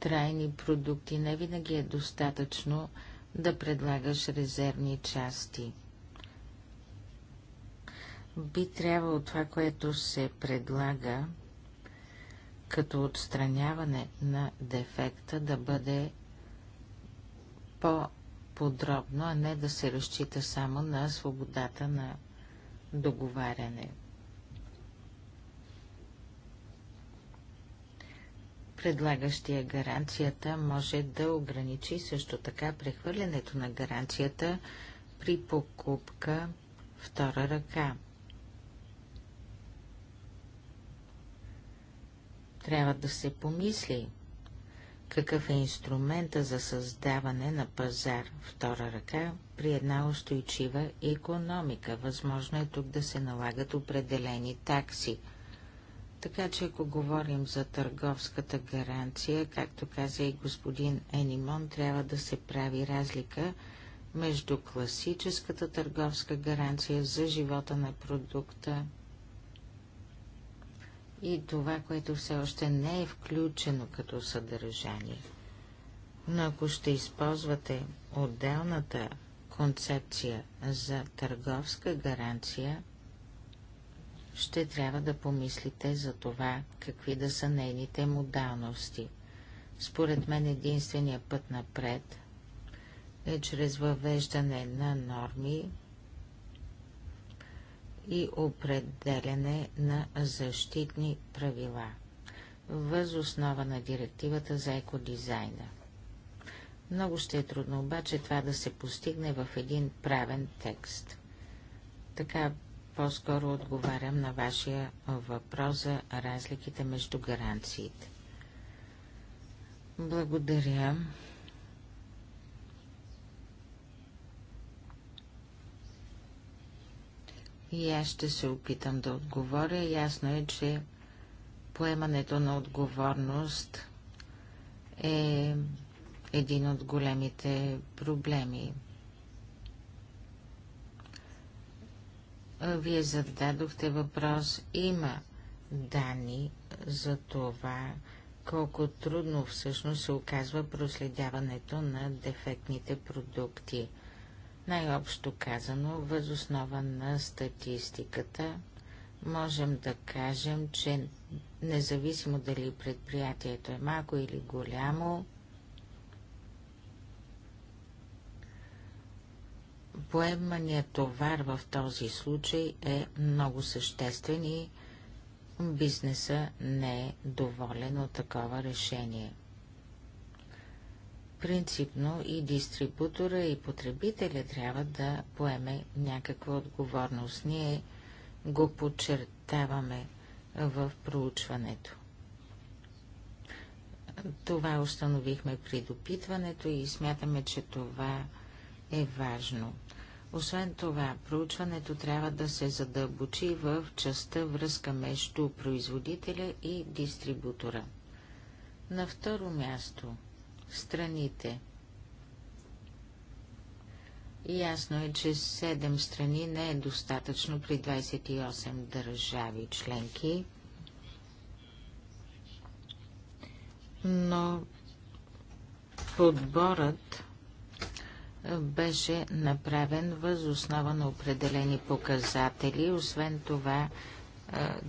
трайни продукти, не винаги е достатъчно да предлагаш резервни части. Би трябвало това, което се предлага като отстраняване на дефекта, да бъде по-подробно, а не да се разчита само на свободата на договаряне. Предлагащия гаранцията може да ограничи също така прехвърлянето на гаранцията при покупка втора ръка. Трябва да се помисли какъв е инструмента за създаване на пазар втора ръка при една устойчива економика. Възможно е тук да се налагат определени такси – така че ако говорим за търговската гаранция, както каза и господин Енимон, трябва да се прави разлика между класическата търговска гаранция за живота на продукта и това, което все още не е включено като съдържание. Но ако ще използвате отделната концепция за търговска гаранция, ще трябва да помислите за това, какви да са нейните модалности. Според мен единствения път напред е чрез въвеждане на норми и определене на защитни правила, въз основа на директивата за екодизайна. Много ще е трудно обаче това да се постигне в един правен текст. Така по-скоро отговарям на вашия въпрос за разликите между гаранциите. Благодаря. И аз ще се опитам да отговоря. Ясно е, че поемането на отговорност е един от големите проблеми Вие зададохте въпрос. Има данни за това, колко трудно всъщност се оказва проследяването на дефектните продукти. Най-общо казано, възоснова на статистиката, можем да кажем, че независимо дали предприятието е малко или голямо, поемания товар в този случай е много съществен и бизнеса не е доволен от такова решение. Принципно и дистрибутора, и потребителя трябва да поеме някаква отговорност. Ние го подчертаваме в проучването. Това установихме при допитването и смятаме, че това е е важно. Освен това, проучването трябва да се задълбочи в частта връзка между производителя и дистрибутора. На второ място – страните. Ясно е, че 7 страни не е достатъчно при 28 държави членки, но подборът беше направен въз основа на определени показатели. Освен това,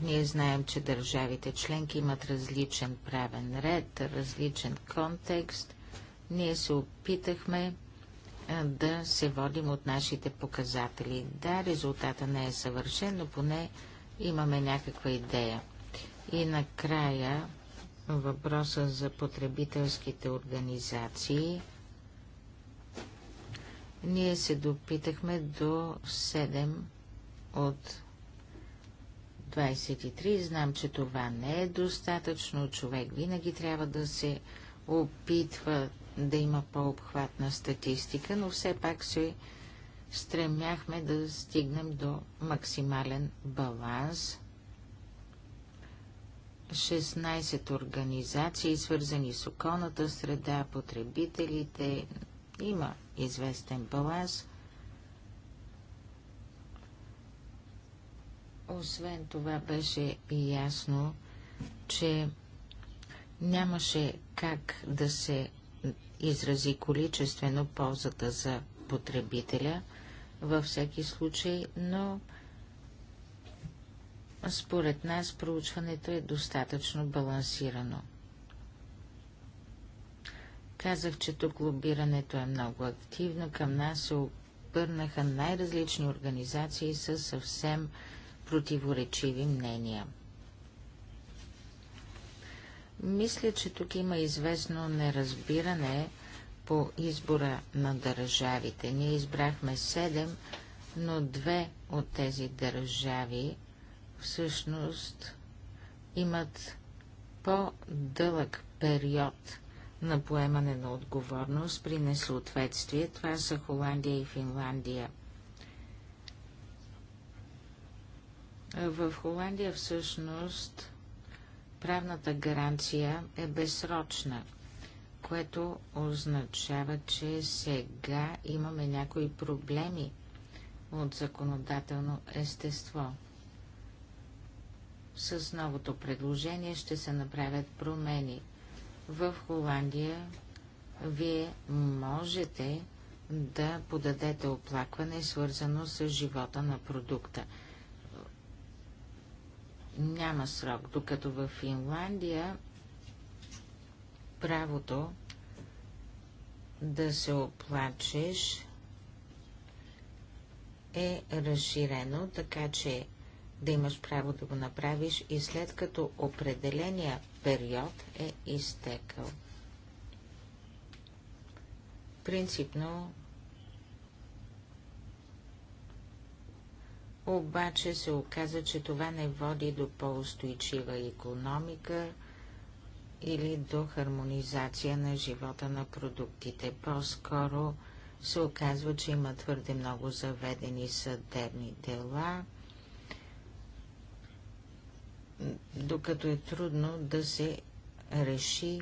ние знаем, че държавите членки имат различен правен ред, различен контекст. Ние се опитахме да се водим от нашите показатели. Да, резултата не е съвършен, но поне имаме някаква идея. И накрая въпроса за потребителските организации – ние се допитахме до 7 от 23. Знам, че това не е достатъчно. Човек винаги трябва да се опитва да има по-обхватна статистика, но все пак се стремяхме да стигнем до максимален баланс. 16 организации, свързани с околната среда, потребителите, има известен баланс. Освен това беше и ясно, че нямаше как да се изрази количествено ползата за потребителя във всеки случай, но според нас проучването е достатъчно балансирано. Казах, че тук лобирането е много активно. Към нас се обърнаха най-различни организации с съвсем противоречиви мнения. Мисля, че тук има известно неразбиране по избора на държавите. Ние избрахме седем, но две от тези държави всъщност имат по-дълъг период на поемане на отговорност при несъответствие. Това са Холандия и Финландия. В Холандия всъщност правната гаранция е безсрочна, което означава, че сега имаме някои проблеми от законодателно естество. С новото предложение ще се направят промени – в Холандия вие можете да подадете оплакване, свързано с живота на продукта. Няма срок, докато в Финландия правото да се оплачеш е разширено, така че да имаш право да го направиш и след като определения период е изтекал. Принципно обаче се оказа, че това не води до по-устойчива економика или до хармонизация на живота на продуктите. По-скоро се оказва, че има твърде много заведени съдебни дела – докато е трудно да се реши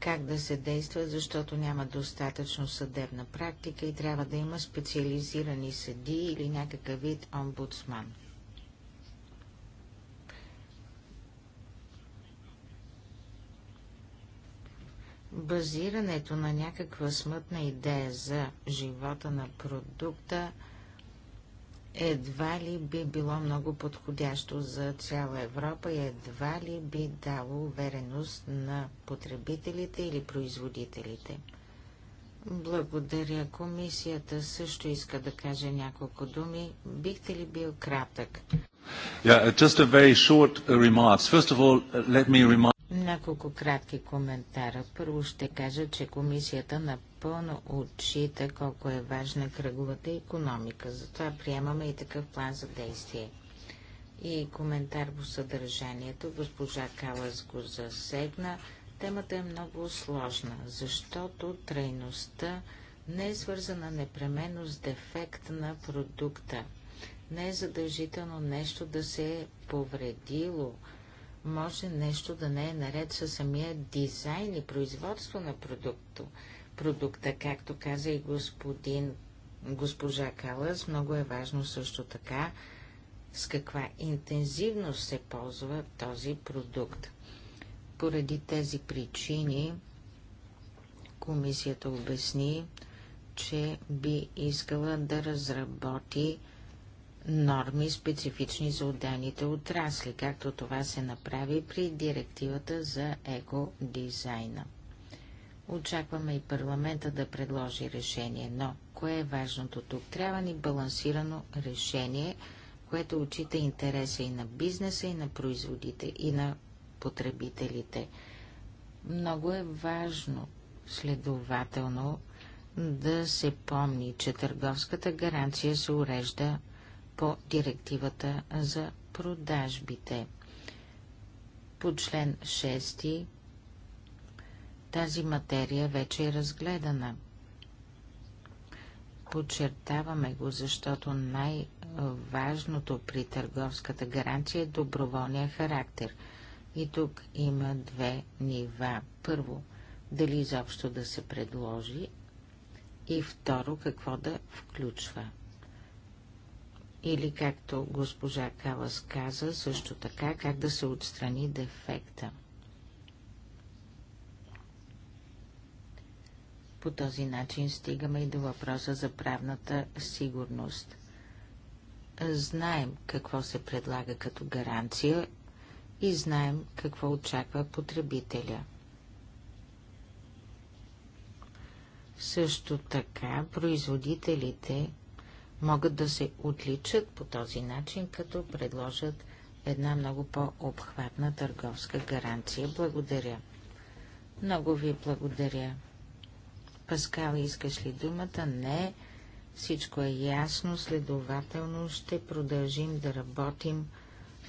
как да се действа, защото няма достатъчно съдебна практика и трябва да има специализирани съди или някакъв вид омбудсман. Базирането на някаква смътна идея за живота на продукта – едва ли би било много подходящо за цяла Европа и едва ли би дало увереност на потребителите или производителите. Благодаря. Комисията също иска да каже няколко думи. Бихте ли бил кратък? Yeah, just a very short uh, remarks. First of all, uh, let me remind няколко кратки коментара. Първо ще кажа, че комисията напълно отчита колко е важна кръговата економика. Затова приемаме и такъв план за действие. И коментар по съдържанието. Госпожа Калас го засегна. Темата е много сложна, защото трайността не е свързана непременно с дефект на продукта. Не е задължително нещо да се е повредило, може нещо да не е наред със самия дизайн и производство на продукто. продукта, както каза и господин, госпожа Калас. Много е важно също така с каква интензивност се ползва този продукт. Поради тези причини комисията обясни, че би искала да разработи норми, специфични за отделните отрасли, както това се направи при директивата за екодизайна. Очакваме и парламента да предложи решение, но кое е важното тук? Трябва ни балансирано решение, което отчита интереса и на бизнеса, и на производите, и на потребителите. Много е важно, следователно, да се помни, че търговската гаранция се урежда по директивата за продажбите. По член 6 тази материя вече е разгледана. Подчертаваме го, защото най-важното при търговската гаранция е доброволния характер. И тук има две нива. Първо, дали изобщо да се предложи и второ, какво да включва или както госпожа Калас каза, също така как да се отстрани дефекта. По този начин стигаме и до въпроса за правната сигурност. Знаем какво се предлага като гаранция и знаем какво очаква потребителя. Също така производителите могат да се отличат по този начин, като предложат една много по-обхватна търговска гаранция. Благодаря. Много ви благодаря. Паскал, искаш ли думата? Не. Всичко е ясно, следователно ще продължим да работим.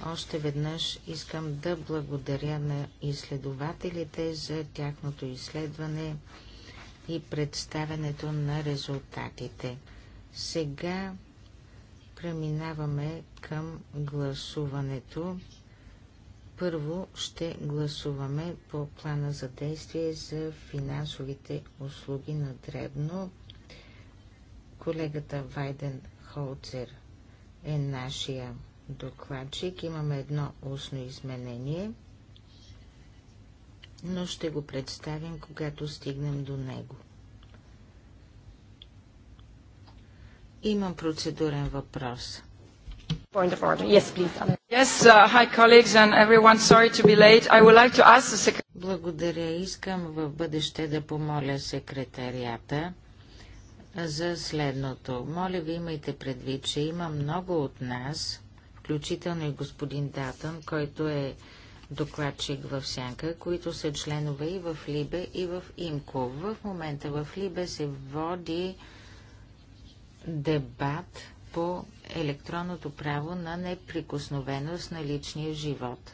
Още веднъж искам да благодаря на изследователите за тяхното изследване и представянето на резултатите. Сега преминаваме към гласуването. Първо ще гласуваме по плана за действие за финансовите услуги на Дребно. Колегата Вайден Холцер е нашия докладчик. Имаме едно устно изменение, но ще го представим, когато стигнем до него. Имам процедурен въпрос. Point of order. Yes, please. Yes, uh, hi colleagues and everyone. Sorry to be late. I would like to ask the Благодаря. Искам в бъдеще да помоля секретарията за следното. Моля ви, имайте предвид, че има много от нас, включително и господин Датън, който е докладчик в Сянка, които са членове и в Либе, и в Имко. В момента в Либе се води дебат по електронното право на неприкосновеност на личния живот.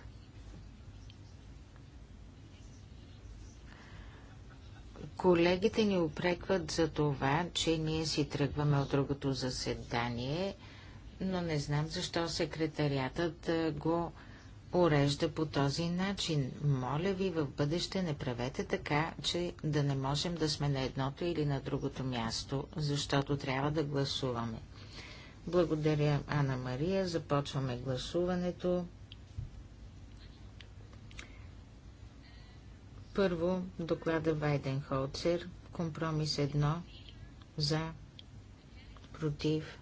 Колегите ни упрекват за това, че ние си тръгваме от другото заседание, но не знам защо секретариатът го урежда по този начин. Моля ви в бъдеще не правете така, че да не можем да сме на едното или на другото място, защото трябва да гласуваме. Благодаря, Ана Мария. Започваме гласуването. Първо, доклада Вайденхолцер, компромис 1, за, против,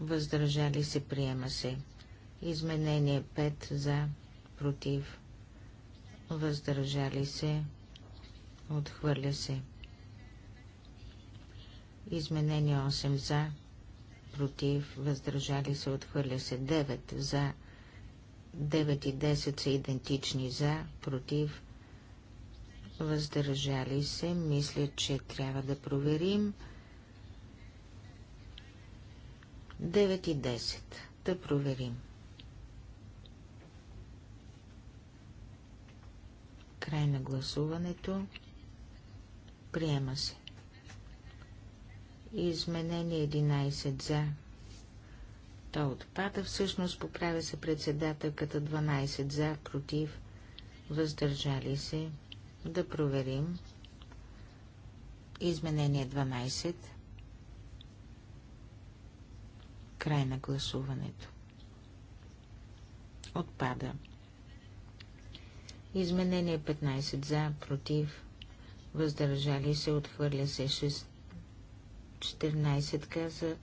въздържали се, приема се. Изменение 5 за, против, въздържали се, отхвърля се. Изменение 8 за, против, въздържали се, отхвърля се. 9 за, 9 и 10 са идентични за, против, въздържали се. Мисля, че трябва да проверим. 9 и 10. Да проверим. 9. Край на гласуването. Приема се. Изменение 11 за. То отпада, всъщност поправя се председателката 12 за, против, въздържали се. Да проверим. Изменение 12. Край на гласуването. Отпада. Изменение 15 за, против, въздържали се, отхвърля се 6, 14 каза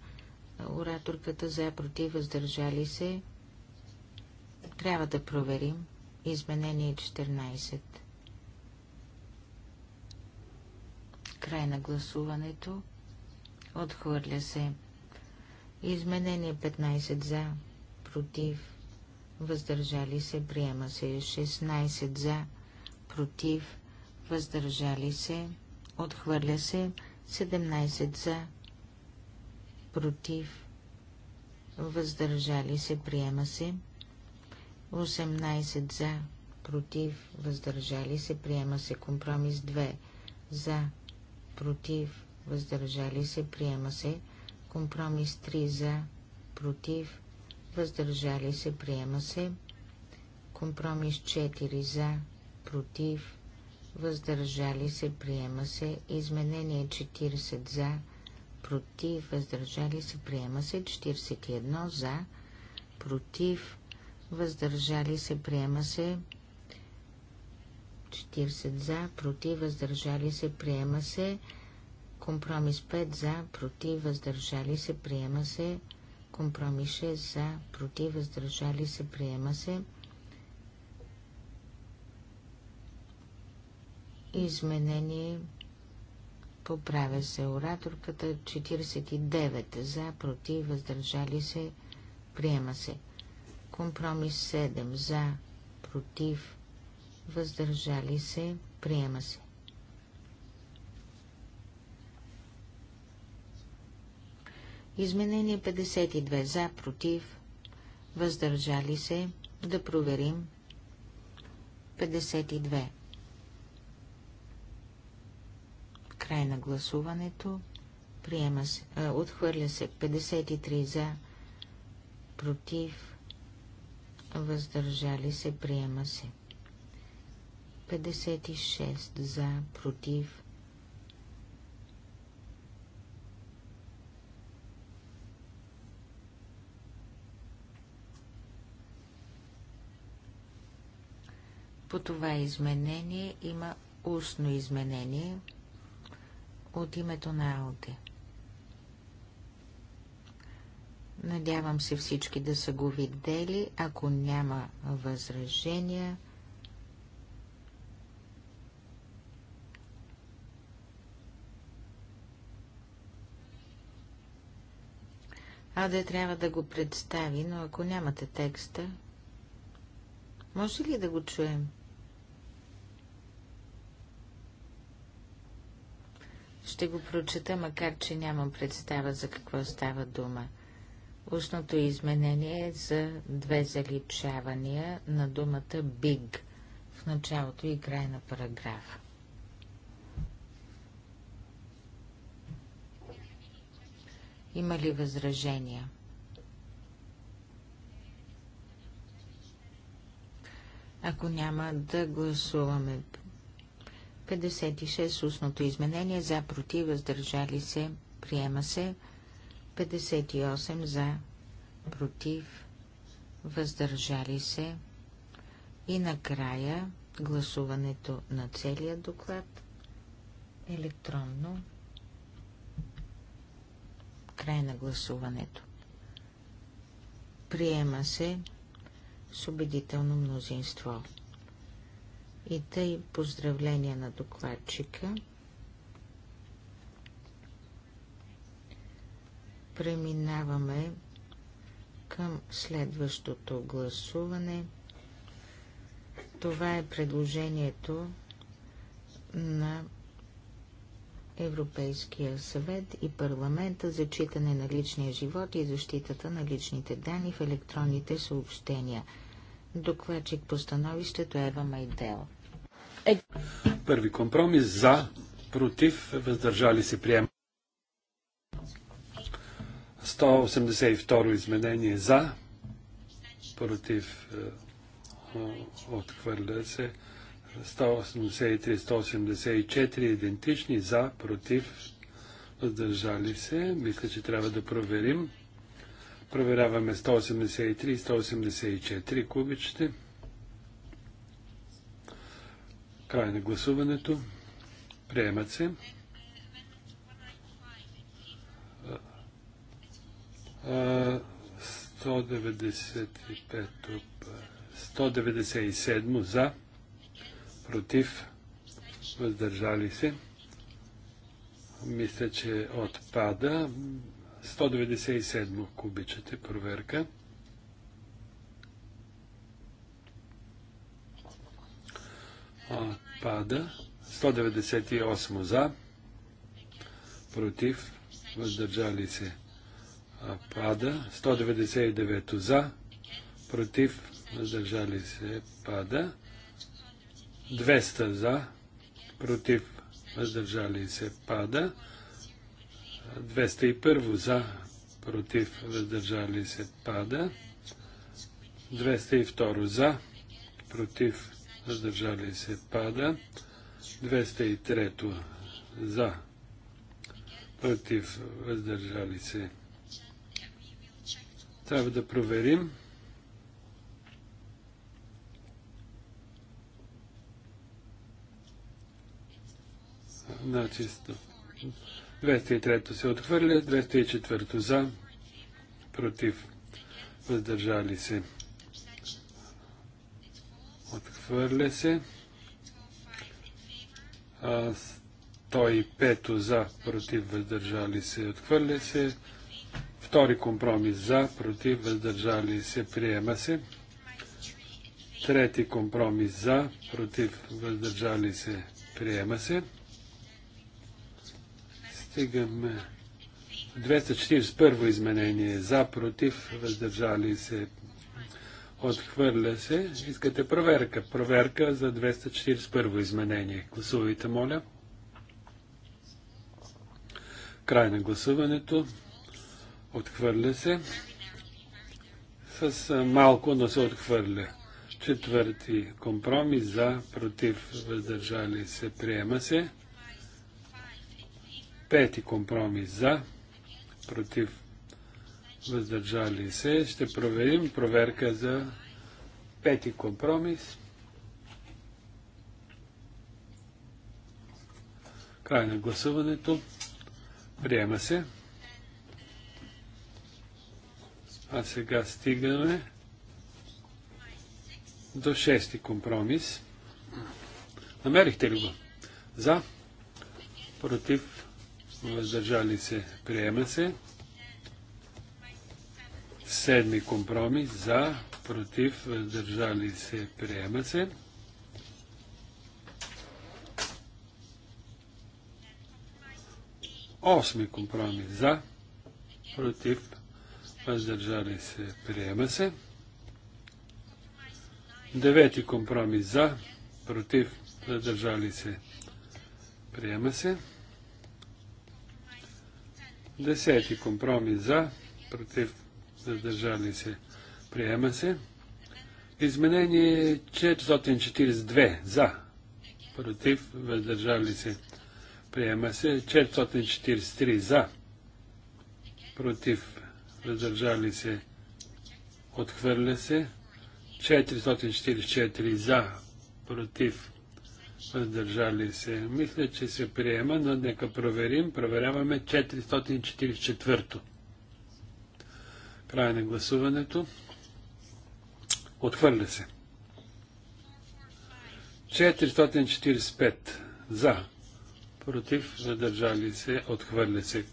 ораторката за, против, въздържали се. Трябва да проверим. Изменение 14. Край на гласуването. Отхвърля се. Изменение 15 за, против, въздържали се, приема се 16 за, против, въздържали се, отхвърля се 17 за, против, въздържали се, приема се 18 за, против, въздържали се, приема се компромис 2 за, против, въздържали се, приема се компромис 3 за, против, въздържали се, приема се. Компромис 4 за, против, въздържали се, приема се. Изменение 40 за, против, въздържали се, приема се. 41 за, против, въздържали се, приема се. 40 за, против, въздържали се, приема се. Компромис 5 за, против, въздържали се, приема се. Компромис 6 за, против, въздържали се, приема се. Изменение поправя се ораторката 49 за, против, въздържали се, приема се. Компромис 7 за, против, въздържали се, приема се. Изменение 52 за, против, въздържали се, да проверим. 52. Край на гласуването. Приема се, а, отхвърля се 53 за, против, въздържали се, приема се. 56 за, против, По това изменение има устно изменение от името на Алте. Надявам се всички да са го видели. Ако няма възражения, Алде трябва да го представи, но ако нямате текста, може ли да го чуем? Ще го прочета, макар че нямам представа за какво става дума. Устното изменение е за две заличавания на думата big в началото и край на параграфа. Има ли възражения? Ако няма да гласуваме 56 устното изменение за против, въздържали се, приема се. 58 за против, въздържали се. И накрая гласуването на целия доклад електронно. Край на гласуването. Приема се с убедително мнозинство. И тъй поздравления на докладчика. Преминаваме към следващото гласуване. Това е предложението на Европейския съвет и парламента за читане на личния живот и защитата на личните данни в електронните съобщения. Докладчик по становището е Ева Майдел е... Първи компромис за, против, въздържали се приема. 182 изменение за, против, е, отхвърля се. 183-184 идентични, за, против, въздържали се. Мисля, че трябва да проверим. Проверяваме 183 184 кубичите. Край на гласуването. Приемат се. Uh, 195, 197 за, против, въздържали се. Мисля, че отпада. 197, ако обичате, проверка. пада. 198 за, против, въздържали се. Пада. 199 за, против, въздържали се. Пада. 200 за, против, въздържали се. Пада. 201 за, против, въздържали се. Пада. 202 за, против, въздържали се, пада. 203 за, против, въздържали се. Трябва да проверим. Начисто. 203 се отхвърля, 204 за, против, въздържали се. Отхвърля се. 105 за, против, въздържали се. Отхвърля се. Втори компромис за, против, въздържали се. Приема се. Трети компромис за, против, въздържали се. Приема се. Стигаме 241 изменение за, против, въздържали се, Отхвърля се. Искате проверка. Проверка за 241 изменение. Гласувайте, моля. Край на гласуването. Отхвърля се. С малко, но се отхвърля. Четвърти компромис за, против, въздържали се, приема се. Пети компромис за, против, въздържали се. Ще проверим проверка за пети компромис. Край на гласуването. Приема се. А сега стигаме до шести компромис. Намерихте ли го? За, против, въздържали се, приема се. Седми компромис за, против, въздържали се, приема се. Осми компромис за, против, въздържали се, приема се. Девети компромис за, против, въздържали се, приема се. Десети компромис за, против, въздържали се, приема се. Изменение 442 за, против, въздържали се, приема се. 443 за, против, въздържали се, отхвърля се. 444 за, против, въздържали се. Мисля, че се приема, но нека проверим. Проверяваме 444. Край на гласуването. Отхвърля се. 445 за. Против. Задържали се. Отхвърля се.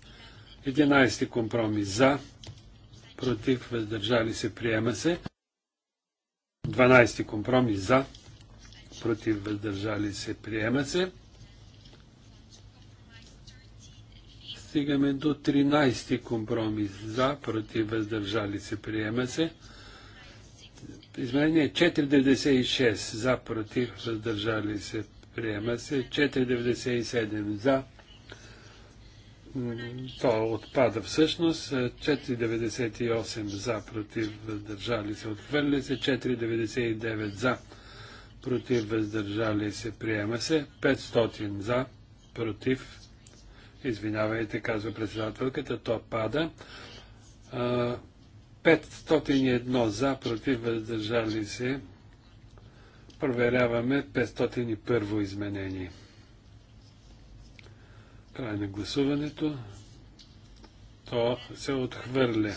11 компромис за. Против. Въздържали се. Приема се. 12 компромис за. Против. Въздържали се. Приема се. стигаме до 13 компромис. За, против, въздържали се, приема се. Изменение 496. За, против, въздържали се, приема се. 497. За. То отпада всъщност. 498 за, против, въздържали се, отхвърля се. 499 за, против, въздържали се, приема се. 500 за, против, Извинявайте, казва председателката, то пада. 501 за, против, въздържали се. Проверяваме 501 изменение. Край на гласуването. То се отхвърля.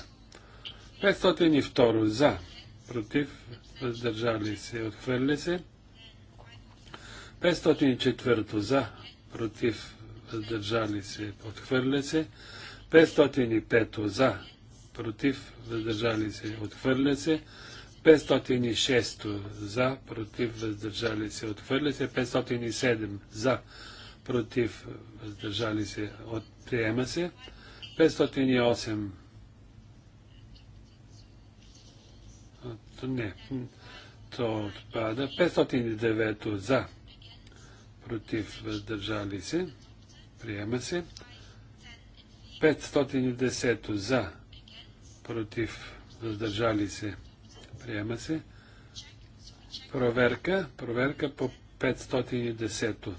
502 за, против, въздържали се, отхвърля се. 504 за, против, въздържали се, отхвърля се. 505 за, против, въздържали се, отхвърля се. 506 за, против, въздържали се, отхвърля се. 507 за, против, въздържали се, отприема се. 508 не, то отпада. 509 за, против, въздържали се. Приема се. 510 за, против, въздържали се. Приема се. Проверка, проверка по 510.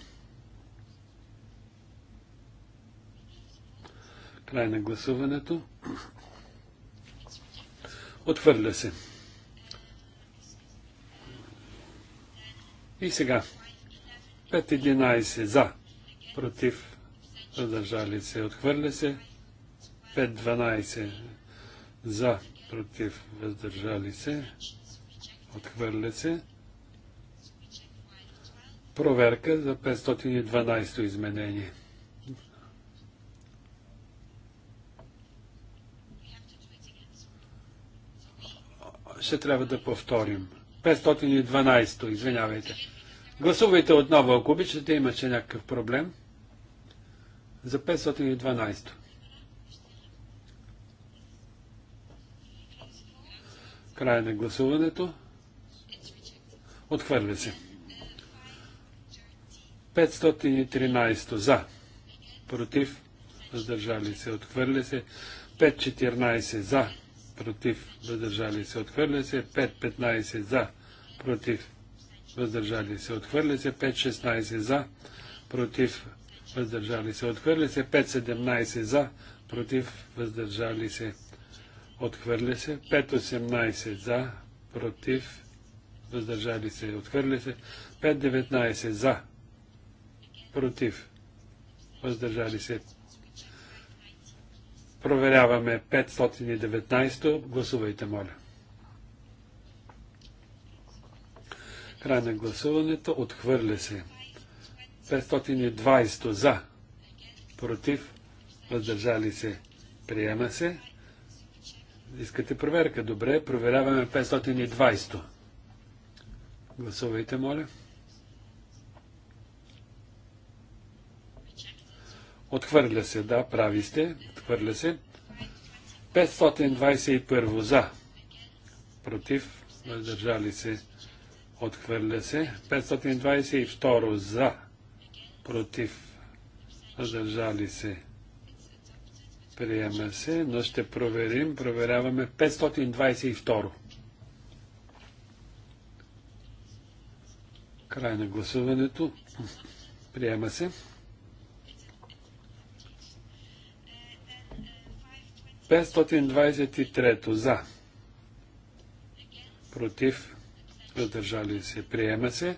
Край на гласуването. Отвърля се. И сега. 5.11 за, против, въздържали се, отхвърля се. 5.12 за, против, въздържали се, отхвърля се. Проверка за 512 изменение. Ще трябва да повторим. 512, извинявайте. Гласувайте отново, ако обичате, имаше някакъв проблем за 512. Края на гласуването. Отхвърля се. 513 за. Против. Въздържали се. Отхвърля се. 514 за. Против. Въздържали се. Отхвърля се. 515 за. Против. Въздържали се. Отхвърля се. 516 за. Против въздържали се, отхвърля се. 5.17 за, против, въздържали се, отхвърля се. 5.18 за, против, въздържали се, отхвърля се. 5.19 за, против, въздържали се. Проверяваме 519. Гласувайте, моля. Край на гласуването. Отхвърля се. 520 за, против, въздържали се, приема се. Искате проверка? Добре, проверяваме 520. Гласувайте, моля. Отхвърля се, да, прави сте. Отхвърля се. 521 за. Против. Въздържали се. Отхвърля се. 522 за против, въздържали се, приема се, но ще проверим. Проверяваме 522. Край на гласуването. Приема се. 523 за. Против. Въздържали се. Приема се.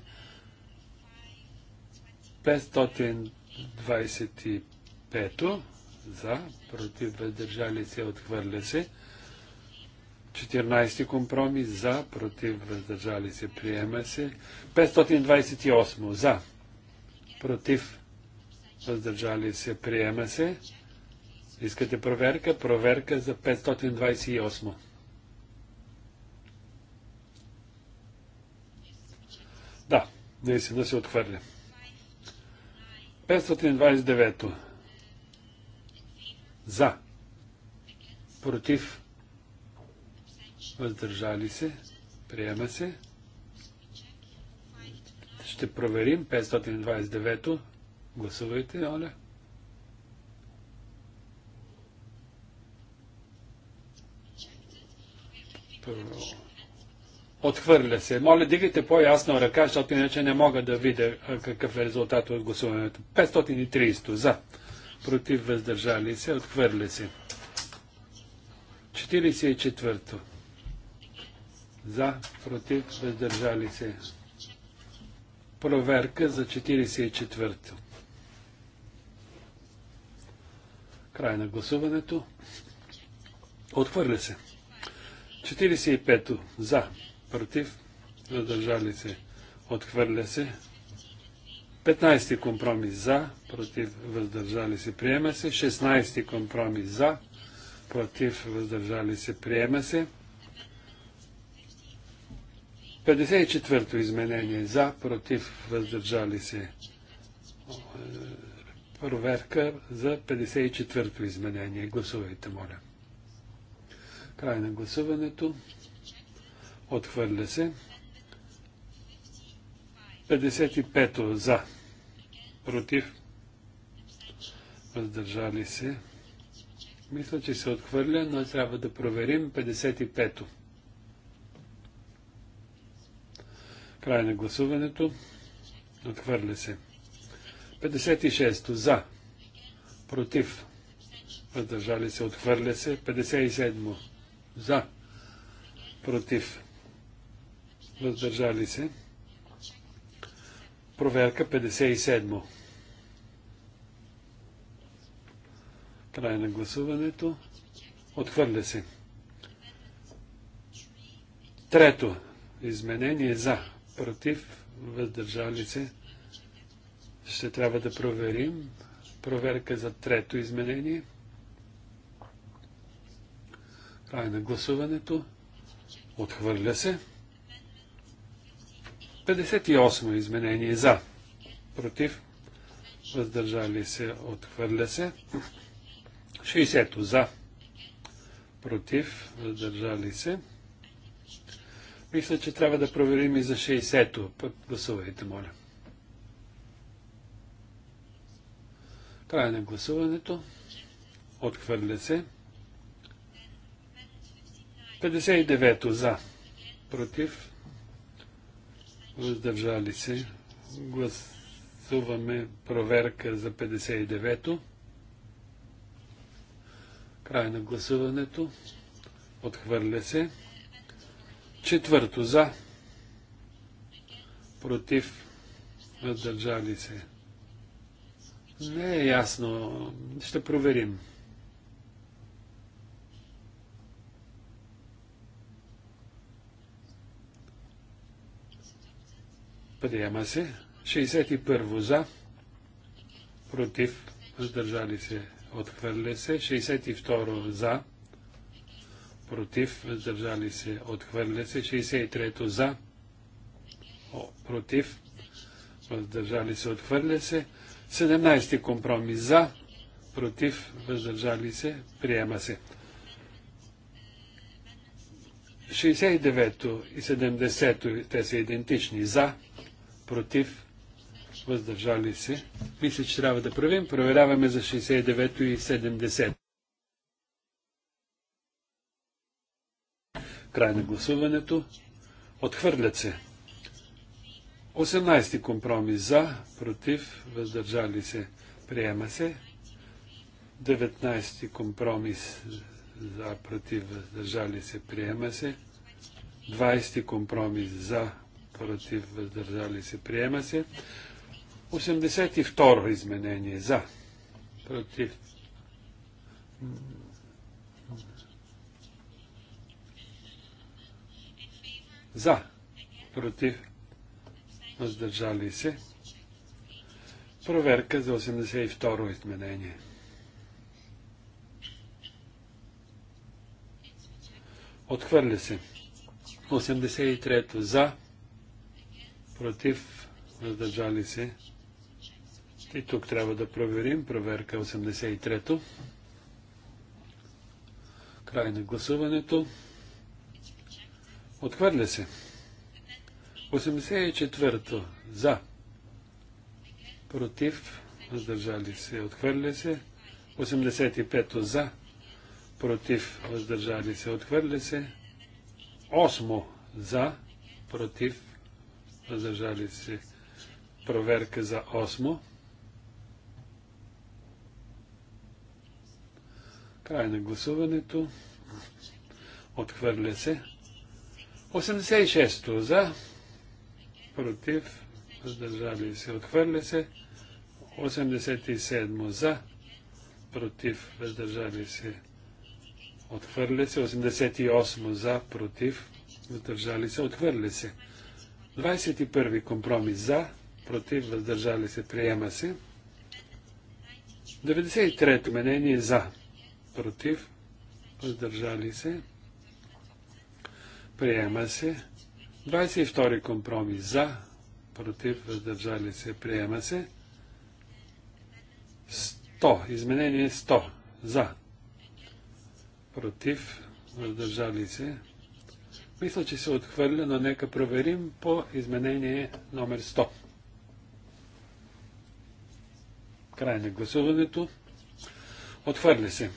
525 за, против, въздържали се, отхвърля се. 14 компромис за, против, въздържали се, приема се. 528 за, против, въздържали се, приема се. Искате проверка? Проверка за 528. Да, наистина се отхвърля. 529. За. Против. Въздържали се. Приема се. Ще проверим 529. Гласувайте, Оля. Първо Отхвърля се. Моля, дигайте по-ясно ръка, защото иначе не мога да видя какъв е резултат от гласуването. 530 за. Против въздържали се. Отхвърля се. 44-то. За. Против въздържали се. Проверка за 44-то. Край на гласуването. Отхвърля се. 45-то. За против, въздържали се, отхвърля се. 15 компромис за, против, въздържали се, приема се. 16 компромис за, против, въздържали се, приема се. 54-то изменение за, против, въздържали се. Проверка за 54-то изменение. Гласувайте, моля. Край на гласуването. Отхвърля се. 55 за. Против. Въздържали се. Мисля, че се отхвърля, но трябва да проверим 55-то. Край на гласуването. Отхвърля се. 56-то за. Против. Въздържали се. Отхвърля се. 57-то за. Против въздържали се. Проверка 57. Край на гласуването. Отхвърля се. Трето. Изменение за. Против. Въздържали се. Ще трябва да проверим. Проверка за трето изменение. Край на гласуването. Отхвърля се. 58 изменение за. Против. Въздържали се. Отхвърля се. 60 за. Против. Въздържали се. Мисля, че трябва да проверим и за 60-то. Гласувайте, моля. Край на гласуването. Отхвърля се. 59 за. Против въздържали се. Гласуваме проверка за 59-то. Край на гласуването. Отхвърля се. Четвърто за. Против. Въздържали се. Не е ясно. Ще проверим. Приема се. 61 за. Против. Въздържали се. Отхвърля се. 62 за. Против. Въздържали се. Отхвърля се. 63 за. О, против. Въздържали се. Отхвърля се. 17 компромис за. Против. Въздържали се. Приема се. 69 и 70 те са идентични за против, въздържали се. Мисля, че трябва да правим. Проверяваме за 69 и 70. Край на гласуването. Отхвърлят се. 18 компромис за, против, въздържали се. Приема се. 19 компромис за, против, въздържали се. Приема се. 20 компромис за, против, въздържали се, приема се. 82 изменение за, против. За, против, въздържали се. Проверка за 82 изменение. Отхвърля се. 83 за, против, въздържали се. И тук трябва да проверим. Проверка 83-то. Край на гласуването. Отхвърля се. 84-то. За. Против. Въздържали се. Отхвърля се. 85-то. За. Против. Въздържали се. Отхвърля се. 8 За. Против въздържали се. Проверка за осмо. Край на гласуването. Отхвърля се. 86-то за, против, въздържали се. Отхвърля се. 87 за, против, въздържали се. Отхвърля се. 88 за, против, въздържали се. Отхвърля се. 21 компромис за, против, въздържали се, приема се. 93-то мнение за, против, въздържали се, приема се. 22 компромис за, против, въздържали се, приема се. 100, изменение 100 за, против, въздържали се, мисля, че се отхвърля, но нека проверим по изменение номер 100. Край на гласуването. Отхвърля се.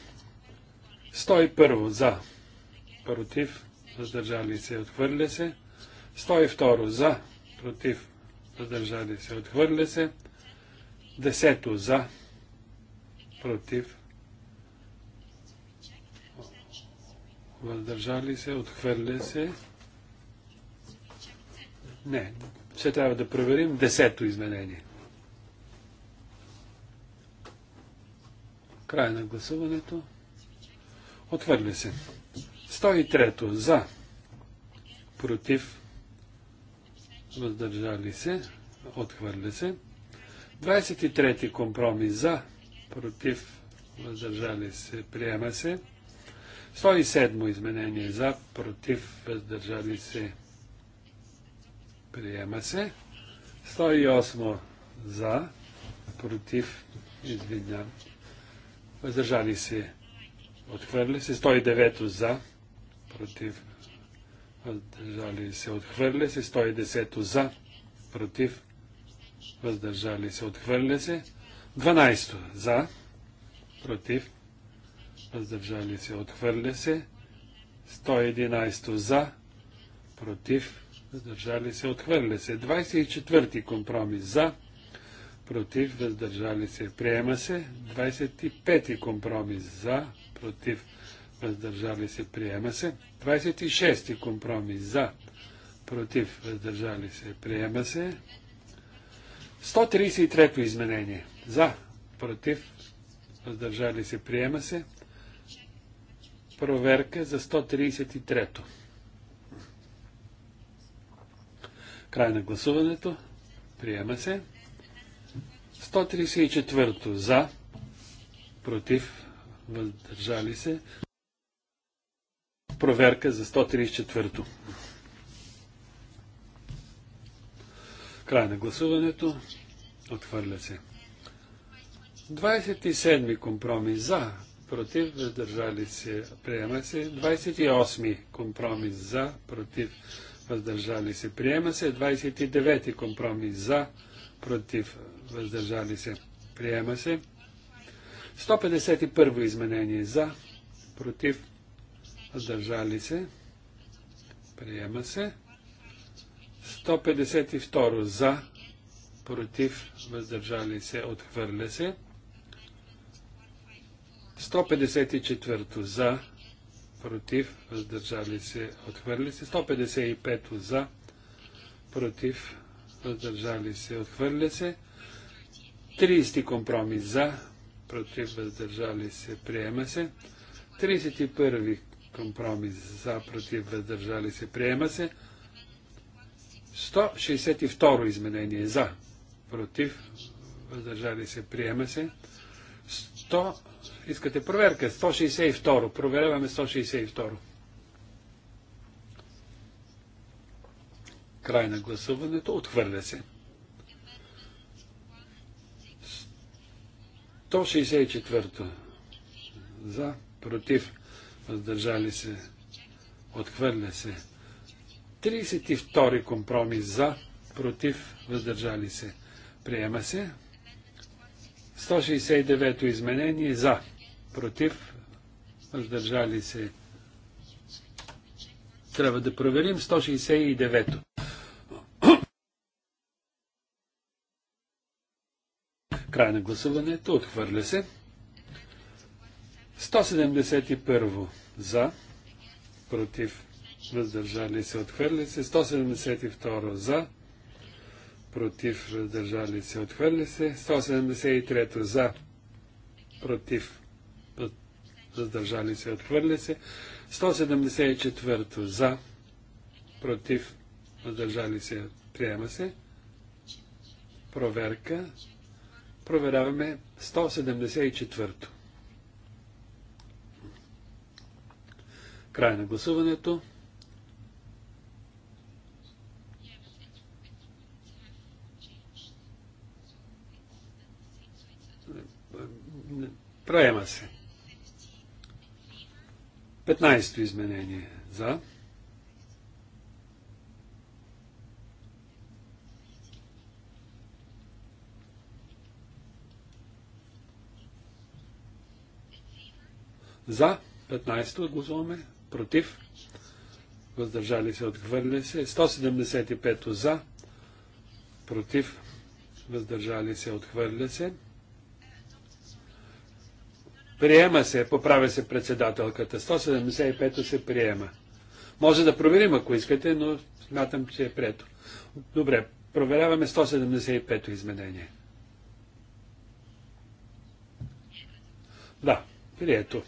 101 за. Против. Въздържали се. Отхвърля се. 102 за. Против. Въздържали се. Отхвърля се. 10 за. Против въздържали се, отхвърля се. Не, ще трябва да проверим десето изменение. Край на гласуването. Отхвърля се. 103 за, против, въздържали се, отхвърля се. 23 компромис за, против, въздържали се, приема се. 107 изменение за, против, въздържали се, приема се. 108 за, против, извинявам, въздържали се, отхвърли се. 109 за, против, въздържали се, отхвърли се. 110 за, против, въздържали се, отхвърли се. 12 за, против, въздържали се, отхвърля се. 111 за, против, въздържали се, отхвърля се. 24 компромис за, против, въздържали се, приема се. 25 ти компромис за, против, въздържали се, приема се. 26 компромис за, против, въздържали се, приема се. 133 изменение за, против, въздържали се, приема се проверка за 133-то. Край на гласуването. Приема се. 134-то за, против, въздържали се. Проверка за 134-то. Край на гласуването. Отхвърля се. 27 компромис за, против, въздържали се, приема се. 28 компромис за, против, въздържали се, приема се. 29 компромис за, против, въздържали се, приема се. 151 изменение за, против, въздържали се, приема се. 152 за, против, въздържали се, отхвърля се. 154 за, против, въздържали се, отхвърли се. 155 за, против, въздържали се, отхвърля се. 30 компромис за, против, въздържали се, приема се. 31 компромис за, против, въздържали се, приема се. 162 изменение за, против, въздържали се, приема се. 100 Искате проверка? 162. Проверяваме 162. Край на гласуването. Отхвърля се. 164. За, против, въздържали се, отхвърля се. 32 компромис за, против, въздържали се. Приема се. 169-то изменение за, против, въздържали се. Трябва да проверим 169-то. Край на гласуването, отхвърля се. 171 за, против, въздържали се, отхвърля се. 172 за, против, въздържали се, отхвърля се. 173 за, против, въздържали се, отхвърля се. 174 за, против, въздържали се, приема се. Проверка. Проверяваме 174 Край на гласуването. Приема се. 15-то изменение. За. За 15-то гласуваме. Против. Въздържали се, отхвърли се. 175-то за. Против. Въздържали се, отхвърля се. Приема се, поправя се председателката. 175 се приема. Може да проверим, ако искате, но смятам, че е прието. Добре, проверяваме 175-то изменение. Да, прието.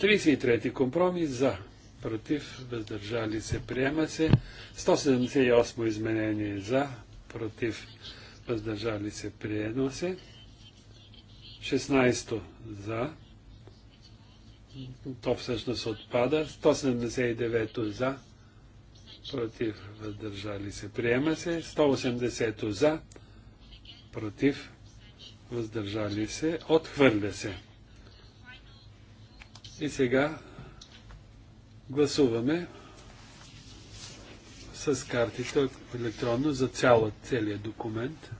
33-ти компромис за против, въздържали се, приема се. 178 изменение за, против, въздържали се, приема се. 16 за. То всъщност отпада. 179 за. Против. Въздържали се. Приема се. 180 за. Против. Въздържали се. Отхвърля се. И сега гласуваме с картите електронно за цяло, целият документ.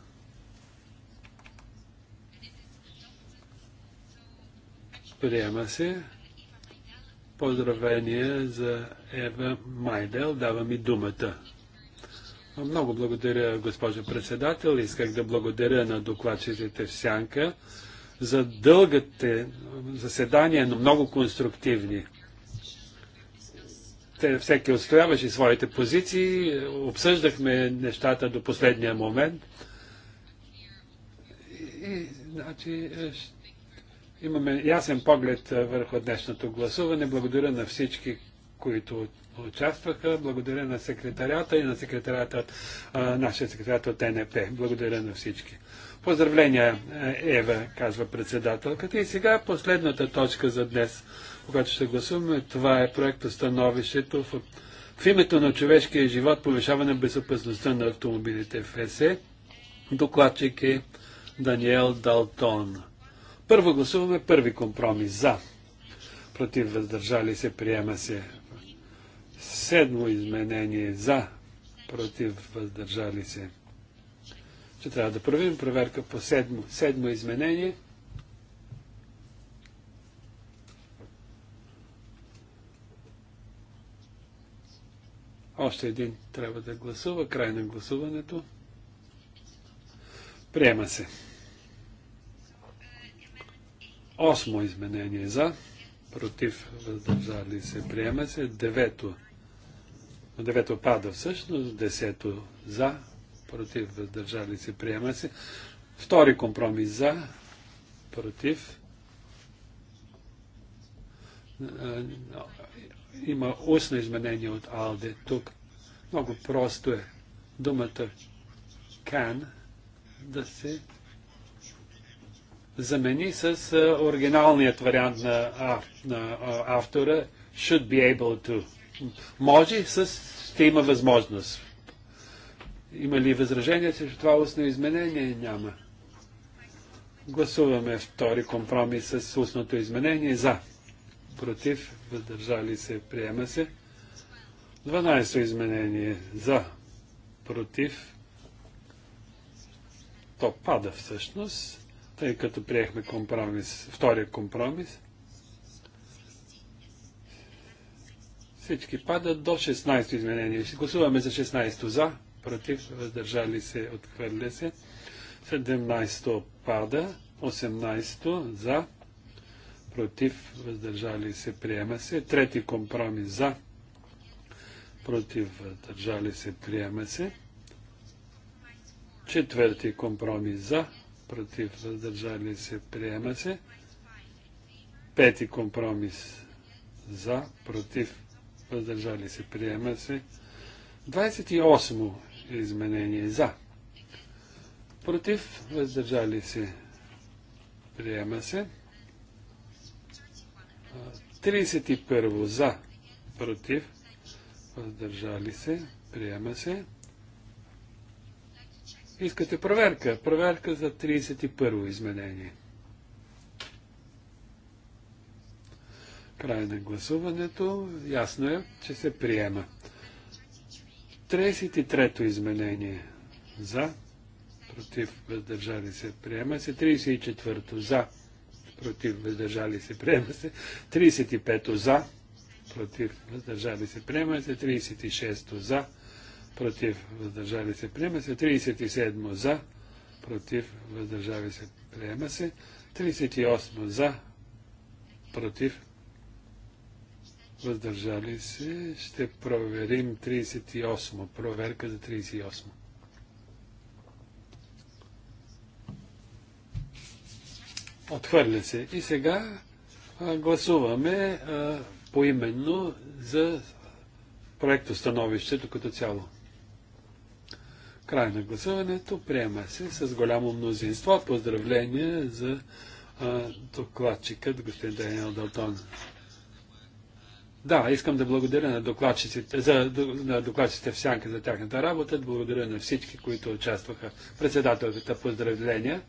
Приема се. Поздравение за Ева Майдел. Дава ми думата. Много благодаря, госпожо председател. Исках да благодаря на докладчиците в Сянка за дългате заседания, но много конструктивни. Те, всеки отстояваше своите позиции, обсъждахме нещата до последния момент. И, значи, ще Имаме ясен поглед върху днешното гласуване. Благодаря на всички, които участваха. Благодаря на секретарята и на секретарята, нашия секретарят от НП. Благодаря на всички. Поздравления, Ева, казва председателката. И сега последната точка за днес, когато ще гласуваме, това е проекта становището в, в името на човешкия живот, повишаване безопасността на автомобилите в ЕСЕ. Докладчик е Даниел Далтон. Първо гласуваме първи компромис за. Против въздържали се, приема се. Седмо изменение за. Против въздържали се. Ще трябва да правим проверка по седмо, седмо изменение. Още един трябва да гласува. Край на гласуването. Приема се. Осмо изменение за, против, въздържали се, приема се. Девето, девето пада всъщност, десето за, против, въздържали се, приема се. Втори компромис за, против. Има устно изменение от Алде тук. Много просто е думата can да се замени с оригиналният вариант на, а, на автора should be able to. Може с ще има възможност. Има ли възражение срещу това устно изменение? Няма. Гласуваме втори компромис с устното изменение. За. Против. Въздържали се. Приема се. 12 изменение. За. Против. То пада всъщност тъй като приехме компромис, втория компромис. Всички падат до 16-то изменение. Ще гласуваме за 16-то за, против, въздържали се, отхвърля се. 17-то пада, 18-то за, против, въздържали се, приема се. Трети компромис за, против, въздържали се, приема се. Четвърти компромис за, против, въздържали се, приема се. Пети компромис за, против, въздържали се, приема се. 28 изменение за, против, въздържали се, приема се. 31 за, против, въздържали се, приема се. Искате проверка? Проверка за 31-во изменение. Край на гласуването. Ясно е, че се приема. 33-то изменение. За. Против. Въздържали се. Приема се. 34-то. За. Против. Въздържали се. Приема се. 35-то. За. Против. Въздържали се. Приема се. 36-то. За против, въздържали се, приема се. 37 за, против, въздържали се, приема се. 38 за, против, въздържали се. Ще проверим 38. Проверка за 38. Отхвърля се. И сега а, гласуваме а, поименно за становището като цяло. Край на гласуването. Приема се с голямо мнозинство. Поздравление за докладчикът, господин Даниел Далтон. Да, искам да благодаря на докладчиците, за, на докладчиците в Сянка за тяхната работа. Благодаря на всички, които участваха. Председателката поздравления.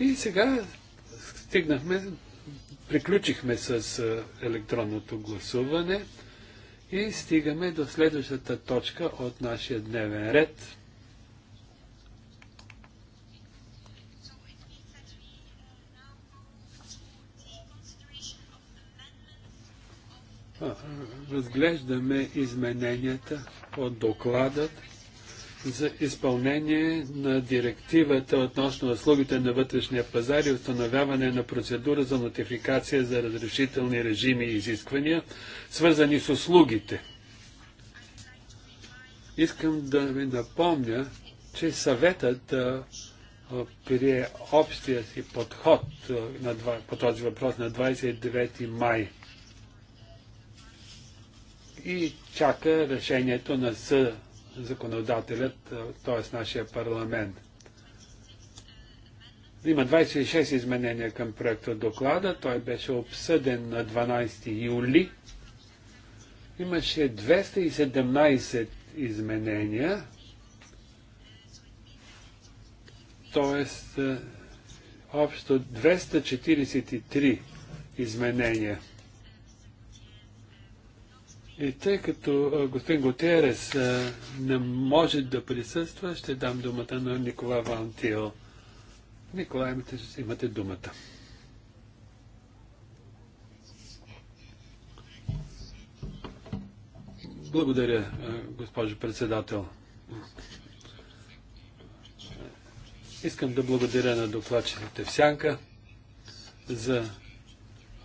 И сега стигнахме, приключихме с електронното гласуване. И стигаме до следващата точка от нашия дневен ред. разглеждаме измененията от докладът за изпълнение на директивата относно услугите на вътрешния пазар и установяване на процедура за нотификация за разрешителни режими и изисквания, свързани с услугите. Искам да ви напомня, че съветът прие общия си подход на два, по този въпрос на 29 май и чака решението на СА законодателят, т.е. нашия парламент. Има 26 изменения към проекта доклада. Той беше обсъден на 12 юли. Имаше 217 изменения. Т.е. общо 243 изменения. И тъй като господин Готерес не може да присъства, ще дам думата на Никола Валантио. Николай, имате, имате думата. Благодаря, госпожо председател. Искам да благодаря на докладчиците в Сянка за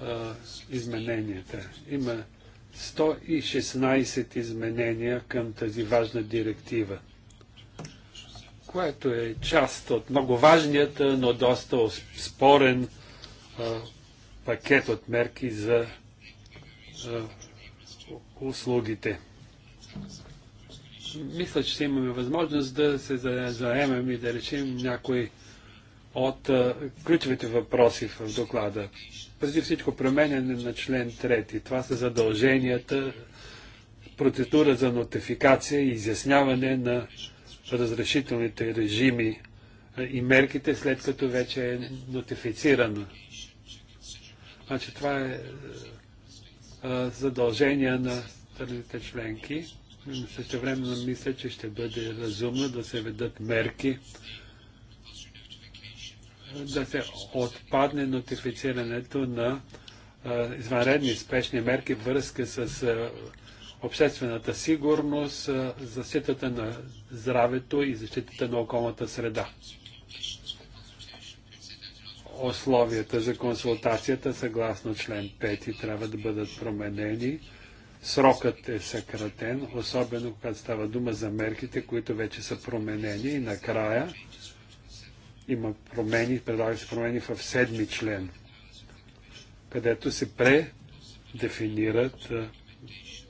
а, измененията. Има 116 изменения към тази важна директива, което е част от много важният, но доста спорен а, пакет от мерки за а, услугите. Мисля, че имаме възможност да се заемем и да решим някои от а, ключовите въпроси в доклада преди всичко променене на член 3. Това са задълженията, процедура за нотификация и изясняване на разрешителните режими и мерките, след като вече е нотифицирано. Значи това е задължение на страните членки. Същевременно мисля, че ще бъде разумно да се ведат мерки да се отпадне нотифицирането на извънредни спешни мерки връзка с обществената сигурност, защитата на здравето и защитата на околната среда. Ословията за консултацията съгласно член 5 трябва да бъдат променени. Срокът е съкратен, особено когато става дума за мерките, които вече са променени и накрая има промени, предлага се промени в седми член, където се предефинират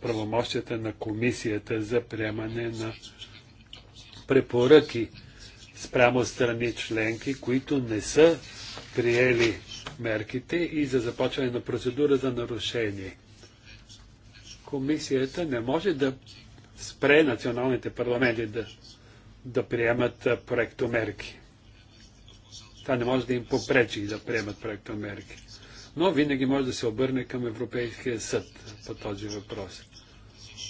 правомощията на комисията за приемане на препоръки спрямо страни членки, които не са приели мерките и за започване на процедура за нарушение. Комисията не може да спре националните парламенти да, да приемат проектомерки. Това не може да им попречи да приемат проекта мерки. Но винаги може да се обърне към Европейския съд по този въпрос.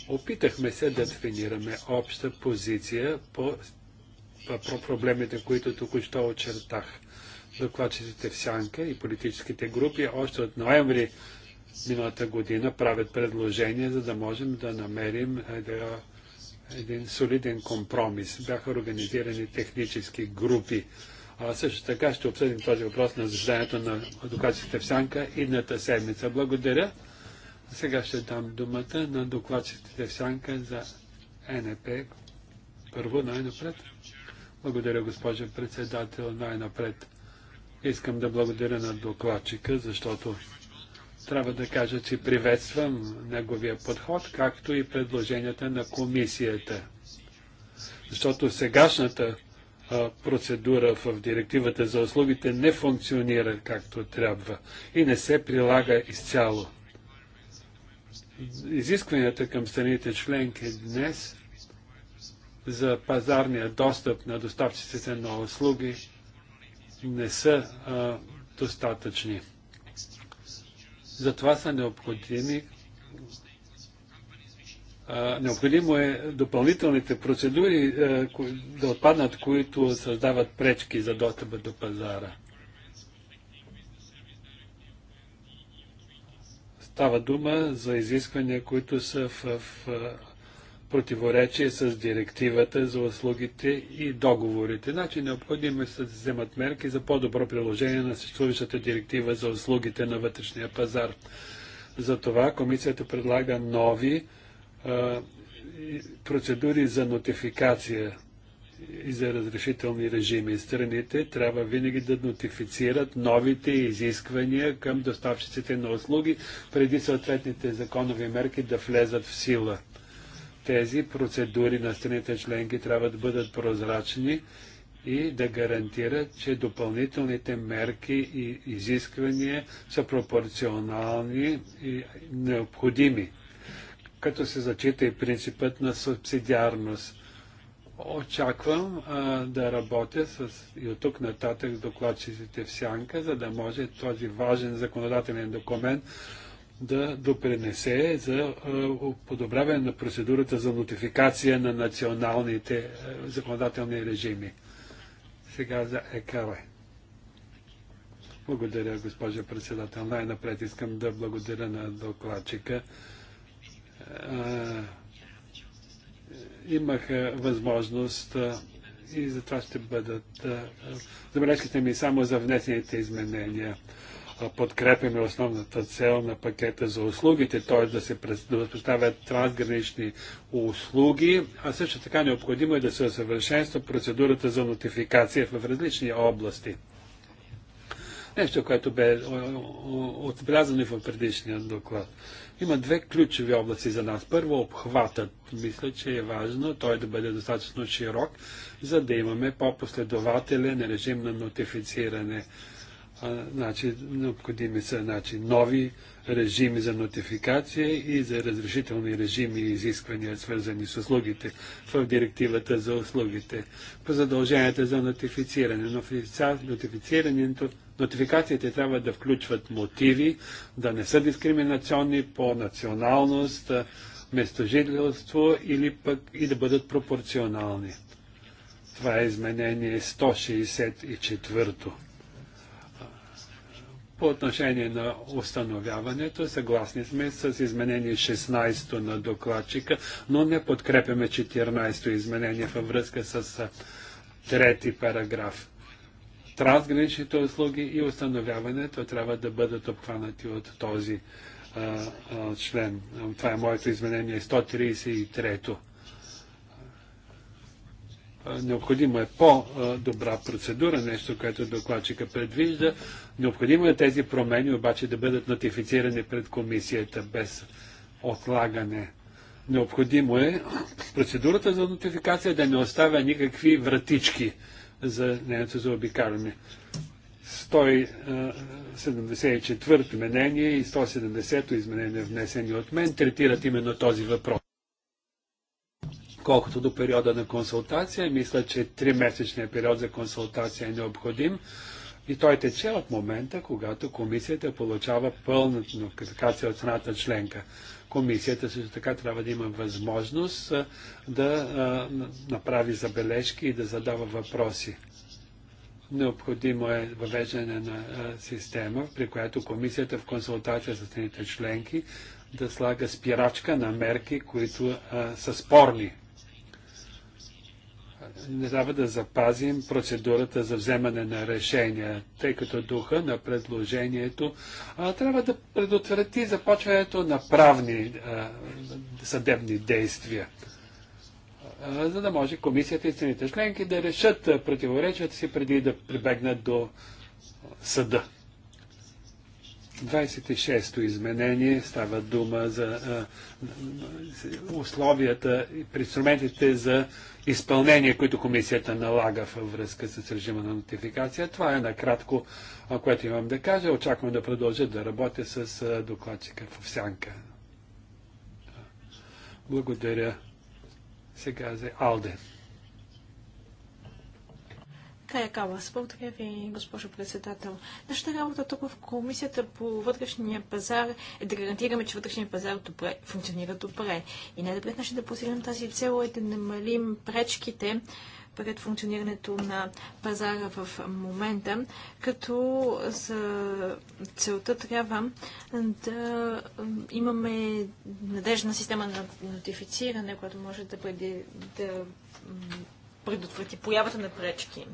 Опитахме се да дефинираме обща позиция по, по проблемите, които току-що очертах. Докладчиците в Сянка и политическите групи още от ноември миналата година правят предложения, за да можем да намерим е, да, един солиден компромис. Бяха организирани технически групи а, също така ще обсъдим този въпрос на заседанието на докладчите в Сянка идната седмица. Благодаря. Сега ще дам думата на докладчите в Сянка за НП. Първо, най-напред. Благодаря, госпожа председател, най-напред. Искам да благодаря на докладчика, защото трябва да кажа, че приветствам неговия подход, както и предложенията на комисията. Защото сегашната процедура в директивата за услугите не функционира както трябва и не се прилага изцяло. Изискванията към страните членки днес за пазарния достъп на доставчиците на услуги не са а, достатъчни. Затова са необходими Необходимо е допълнителните процедури е, да отпаднат, които създават пречки за достъпа до пазара. Става дума за изисквания, които са в, противоречие с директивата за услугите и договорите. Значи необходимо е да се вземат мерки за по-добро приложение на съществуващата директива за услугите на вътрешния пазар. Затова комисията предлага нови процедури за нотификация и за разрешителни режими. Страните трябва винаги да нотифицират новите изисквания към доставчиците на услуги преди съответните законови мерки да влезат в сила. Тези процедури на страните членки трябва да бъдат прозрачни и да гарантират, че допълнителните мерки и изисквания са пропорционални и необходими като се зачита и принципът на субсидиарност. Очаквам а, да работя с, и от тук нататък с докладчиците в сянка, за да може този важен законодателен документ да допренесе за подобряване на процедурата за нотификация на националните а, законодателни режими. Сега за ЕКАВЕ. Благодаря, госпожа председател. Най-напред искам да благодаря на докладчика е, имах възможност е, и затова ще бъдат е, забележките ми само за внесените изменения. Подкрепяме основната цел на пакета за услугите, т.е. да се предоставят трансгранични услуги, а също така необходимо е да се усъвършенства процедурата за нотификация в различни области. Нещо, което бе отбелязано и в предишния доклад. Има две ключови области за нас. Първо, обхватът. Мисля, че е важно той да бъде достатъчно широк, за да имаме по-последователен режим на нотифициране. А, значи, необходими са значи, нови режими за нотификация и за разрешителни режими и изисквания, свързани с услугите в директивата за услугите, по задълженията за нотифициране. Нотифицирането, нотификациите трябва да включват мотиви, да не са дискриминационни по националност, местожителство или пък и да бъдат пропорционални. Това е изменение 164. По отношение на установяването, съгласни сме с изменение 16 на докладчика, но не подкрепяме 14 изменение във връзка с трети параграф. Трансграничните услуги и установяването трябва да бъдат обхванати от този а, а, член. Това е моето изменение 133. то Необходимо е по-добра процедура, нещо, което докладчика предвижда, Необходимо е тези промени обаче да бъдат нотифицирани пред комисията без отлагане. Необходимо е процедурата за нотификация да не оставя никакви вратички за нейното заобикаляне. 174 мнение и 170 то изменение внесени от мен третират именно този въпрос. Колкото до периода на консултация, мисля, че 3-месечният период за консултация е необходим, и той тече от момента, когато комисията получава пълна нотификация от страната членка. Комисията също така трябва да има възможност да направи забележки и да задава въпроси. Необходимо е въвеждане на система, при която комисията в консултация с страните членки да слага спирачка на мерки, които а, са спорни не трябва да запазим процедурата за вземане на решения, тъй като духа на предложението а, трябва да предотврати започването на правни а, съдебни действия, а, за да може комисията и страните членки да решат противоречията си преди да прибегнат до съда. 26-то изменение става дума за а, условията, инструментите за изпълнение, които комисията налага във връзка с режима на нотификация. Това е накратко, което имам да кажа. Очаквам да продължа да работя с докладчика в сянка. Благодаря. Сега за Алден. Кая Калас, благодаря ви, госпожо председател. Нашата работа тук в Комисията по вътрешния пазар е да гарантираме, че вътрешния пазар добре, функционира добре. И най добре начин да постигнем тази цел е да намалим пречките, пред функционирането на пазара в момента, като за целта трябва да имаме надежна система на нотифициране, която може да, преди, да предотврати появата на пречки.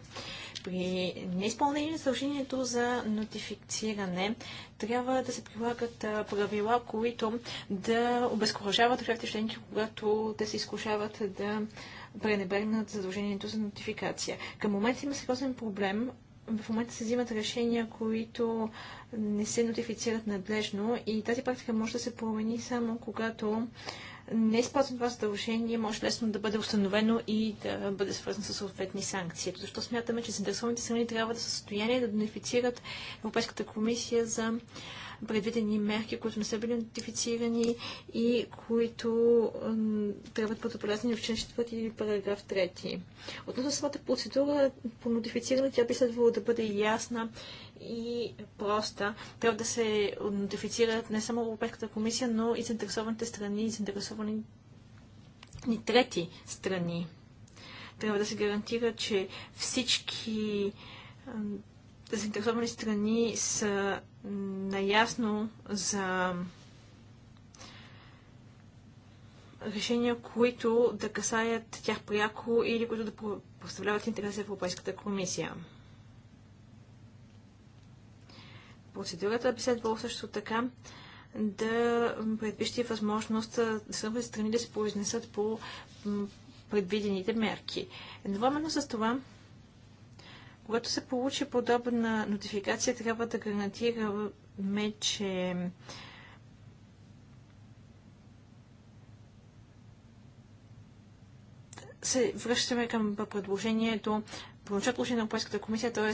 При неизпълнение на задължението за нотифициране трябва да се прилагат правила, които да обезкуражават държавите членки, когато те се изкушават да пренебрегнат задължението за нотификация. Към момента има сериозен проблем. В момента се взимат решения, които не се нотифицират надлежно и тази практика може да се промени само когато не спазвам това задължение, може лесно да бъде установено и да бъде свързано с съответни санкции. защо смятаме, че заинтересованите страни трябва да са в състояние да нотифицират Европейската комисия за предвидени мерки, които не са били нотифицирани и които трябва да бъдат отбелязани в член 4 или параграф 3. Относно самата процедура по нотифициране, тя би следвало да бъде ясна и проста, трябва да се нотифицират не само Европейската комисия, но и заинтересованите страни, и заинтересовани трети страни. Трябва да се гарантира, че всички заинтересовани страни са наясно за решения, които да касаят тях пряко или които да представляват интерес за Европейската комисия. процедурата би следвало също така да предвижди възможност самите страни да се произнесат по предвидените мерки. Едновременно с това, когато се получи подобна нотификация, трябва да гарантираме, че се връщаме към предложението, поначало на Европейската комисия, т.е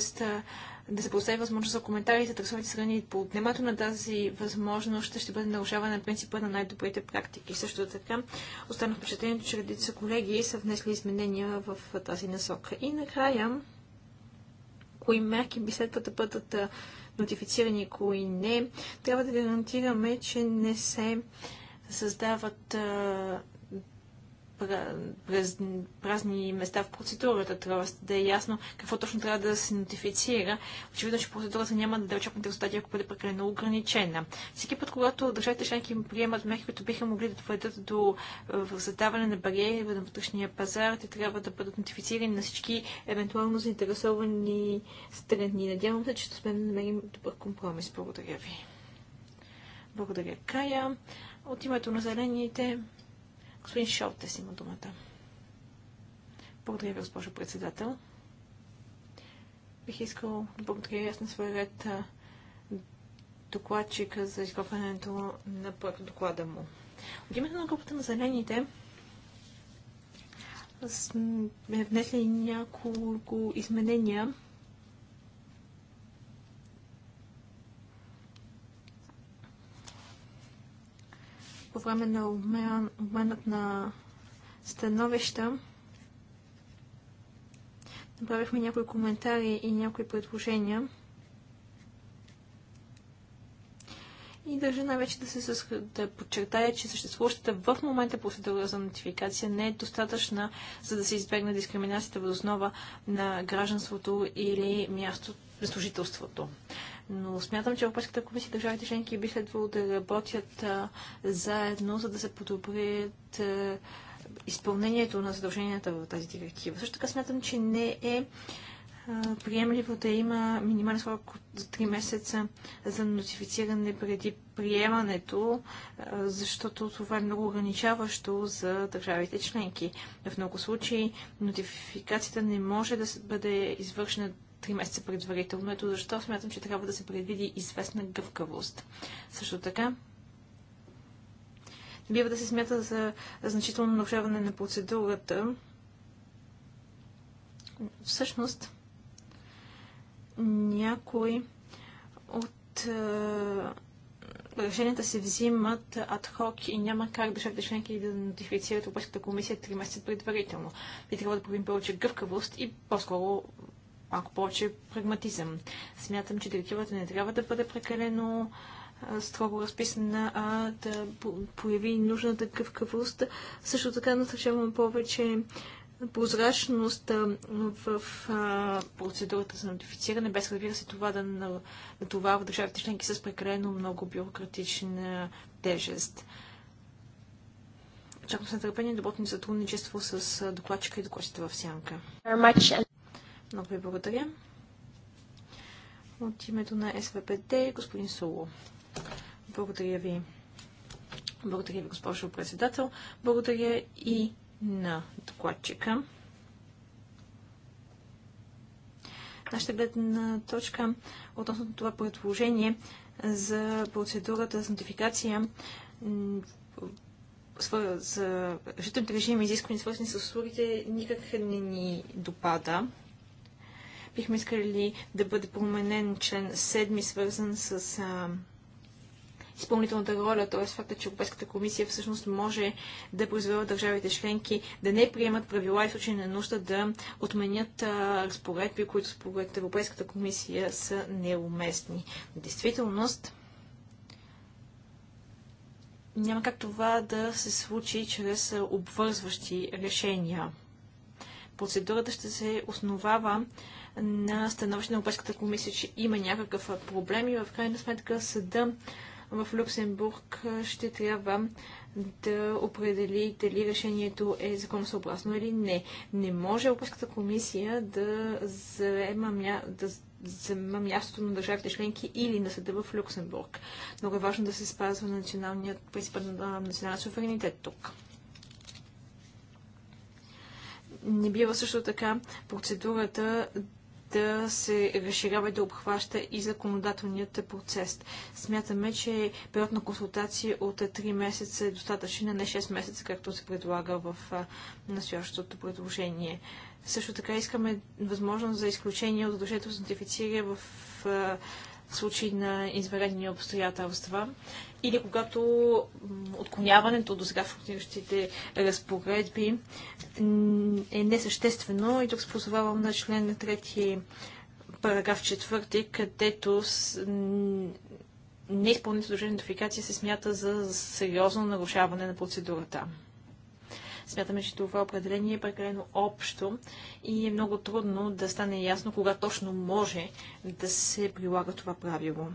да се постави възможност за коментари за таксовите страни по отнемато на тази възможност ще, ще бъде нарушаване на принципа на най-добрите практики. Също така останах впечатлението, че редица колеги са внесли изменения в тази насока. И накрая, кои мерки би следва да бъдат нотифицирани, кои не, трябва да гарантираме, че не се създават а, празни места в процедурата. Трябва да е ясно какво точно трябва да се нотифицира. Очевидно, че процедурата няма да даде очакваните резултати, ако бъде прекалено ограничена. Всеки път, когато държавите членки приемат мерки, които биха могли да доведат до е, задаване на бариери на вътрешния пазар, те трябва да бъдат нотифицирани на всички евентуално заинтересовани страни. Надявам се, че сме да намерим добър компромис. Благодаря ви. Благодаря, Кая. От името на зелените Господин Шолтес има думата. Благодаря ви, госпожо председател. Бих искал да благодаря ясно на своя ред докладчика за изготвянето на проекта доклада му. От името на групата на зелените сме внесли няколко изменения по време на обменът на становища направихме някои коментари и някои предложения. И държа най-вече да, се, да подчертая, че съществуващата в момента процедура за нотификация не е достатъчна, за да се избегне дискриминацията в основа на гражданството или място, служителството но смятам, че Европейската комисия и държавите членки би следвало да работят а, заедно, за да се подобрят а, изпълнението на задълженията в тази директива. Също така смятам, че не е а, приемливо да има минимален срок от 3 месеца за нотифициране преди приемането, защото това е много ограничаващо за държавите членки. В много случаи нотификацията не може да бъде извършена 3 месеца предварително. Ето защо смятам, че трябва да се предвиди известна гъвкавост. Също така, не бива да се смята за значително нарушаване на процедурата. Всъщност, някои от е, решенията се взимат адхок и няма как държавите членки да нотифицират Европейската комисия 3 месеца предварително. И трябва да правим повече гъвкавост и по-скоро малко повече прагматизъм. Смятам, че директивата не трябва да бъде прекалено строго разписана, а да появи нужната гъвкавост. Също така насърчавам повече прозрачност в процедурата за нотифициране, без разбира се това да натоварва държавите членки с прекалено много бюрократична тежест. Очаквам с нетърпение доброто ни сътрудничество с докладчика и докладчите в сянка. Много ви благодаря. От името на СВПД, господин Соло. Благодаря ви. Благодаря ви, госпожо председател. Благодаря и на докладчика. Нашата гледна точка относно това предложение за процедурата за нотификация за жителните режими изисквания, свързани с услугите, никак не ни допада бихме искали да бъде променен член 7, свързан с а, изпълнителната роля, т.е. факта, че Европейската комисия всъщност може да произвела държавите членки да не приемат правила и в случай на нужда да отменят а, разпоредби, които според Европейската комисия са неуместни. В действителност, няма как това да се случи чрез обвързващи решения. Процедурата ще се основава на становище на Европейската комисия, че има някакъв проблем и в крайна сметка съда в Люксембург ще трябва да определи дали решението е законосъобразно или не. Не може Европейската комисия да заема, мя... да заема мястото на държавите членки или на съда в Люксембург. Много е важно да се спазва националният принцип на националния суверенитет тук не бива също така процедурата да се разширява и да обхваща и законодателният процес. Смятаме, че период на консултации от 3 месеца е достатъчен, а не 6 месеца, както се предлага в настоящото предложение. Също така искаме възможност за изключение от задължението за нотифициране в случай на изваредни обстоятелства или когато отклоняването до сега функциониращите разпоредби е несъществено. И тук се позовавам на член 3, параграф 4, където с неизпълнението на нотификация се смята за сериозно нарушаване на процедурата. Смятаме, че това определение е прекалено общо и е много трудно да стане ясно кога точно може да се прилага това правило.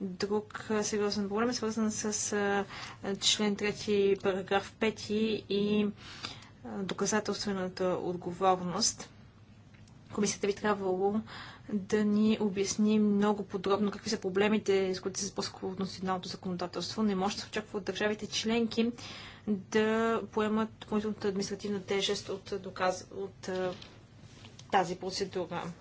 Друг сериозен проблем е свързан с член 3, параграф 5 и доказателствената отговорност. Комисията би трябвало да ни обясни много подробно какви са проблемите, с които се сблъсква националното законодателство. Не може да се очаква от държавите членки да поемат допълнителната административна тежест от, доказ... от тази процедура.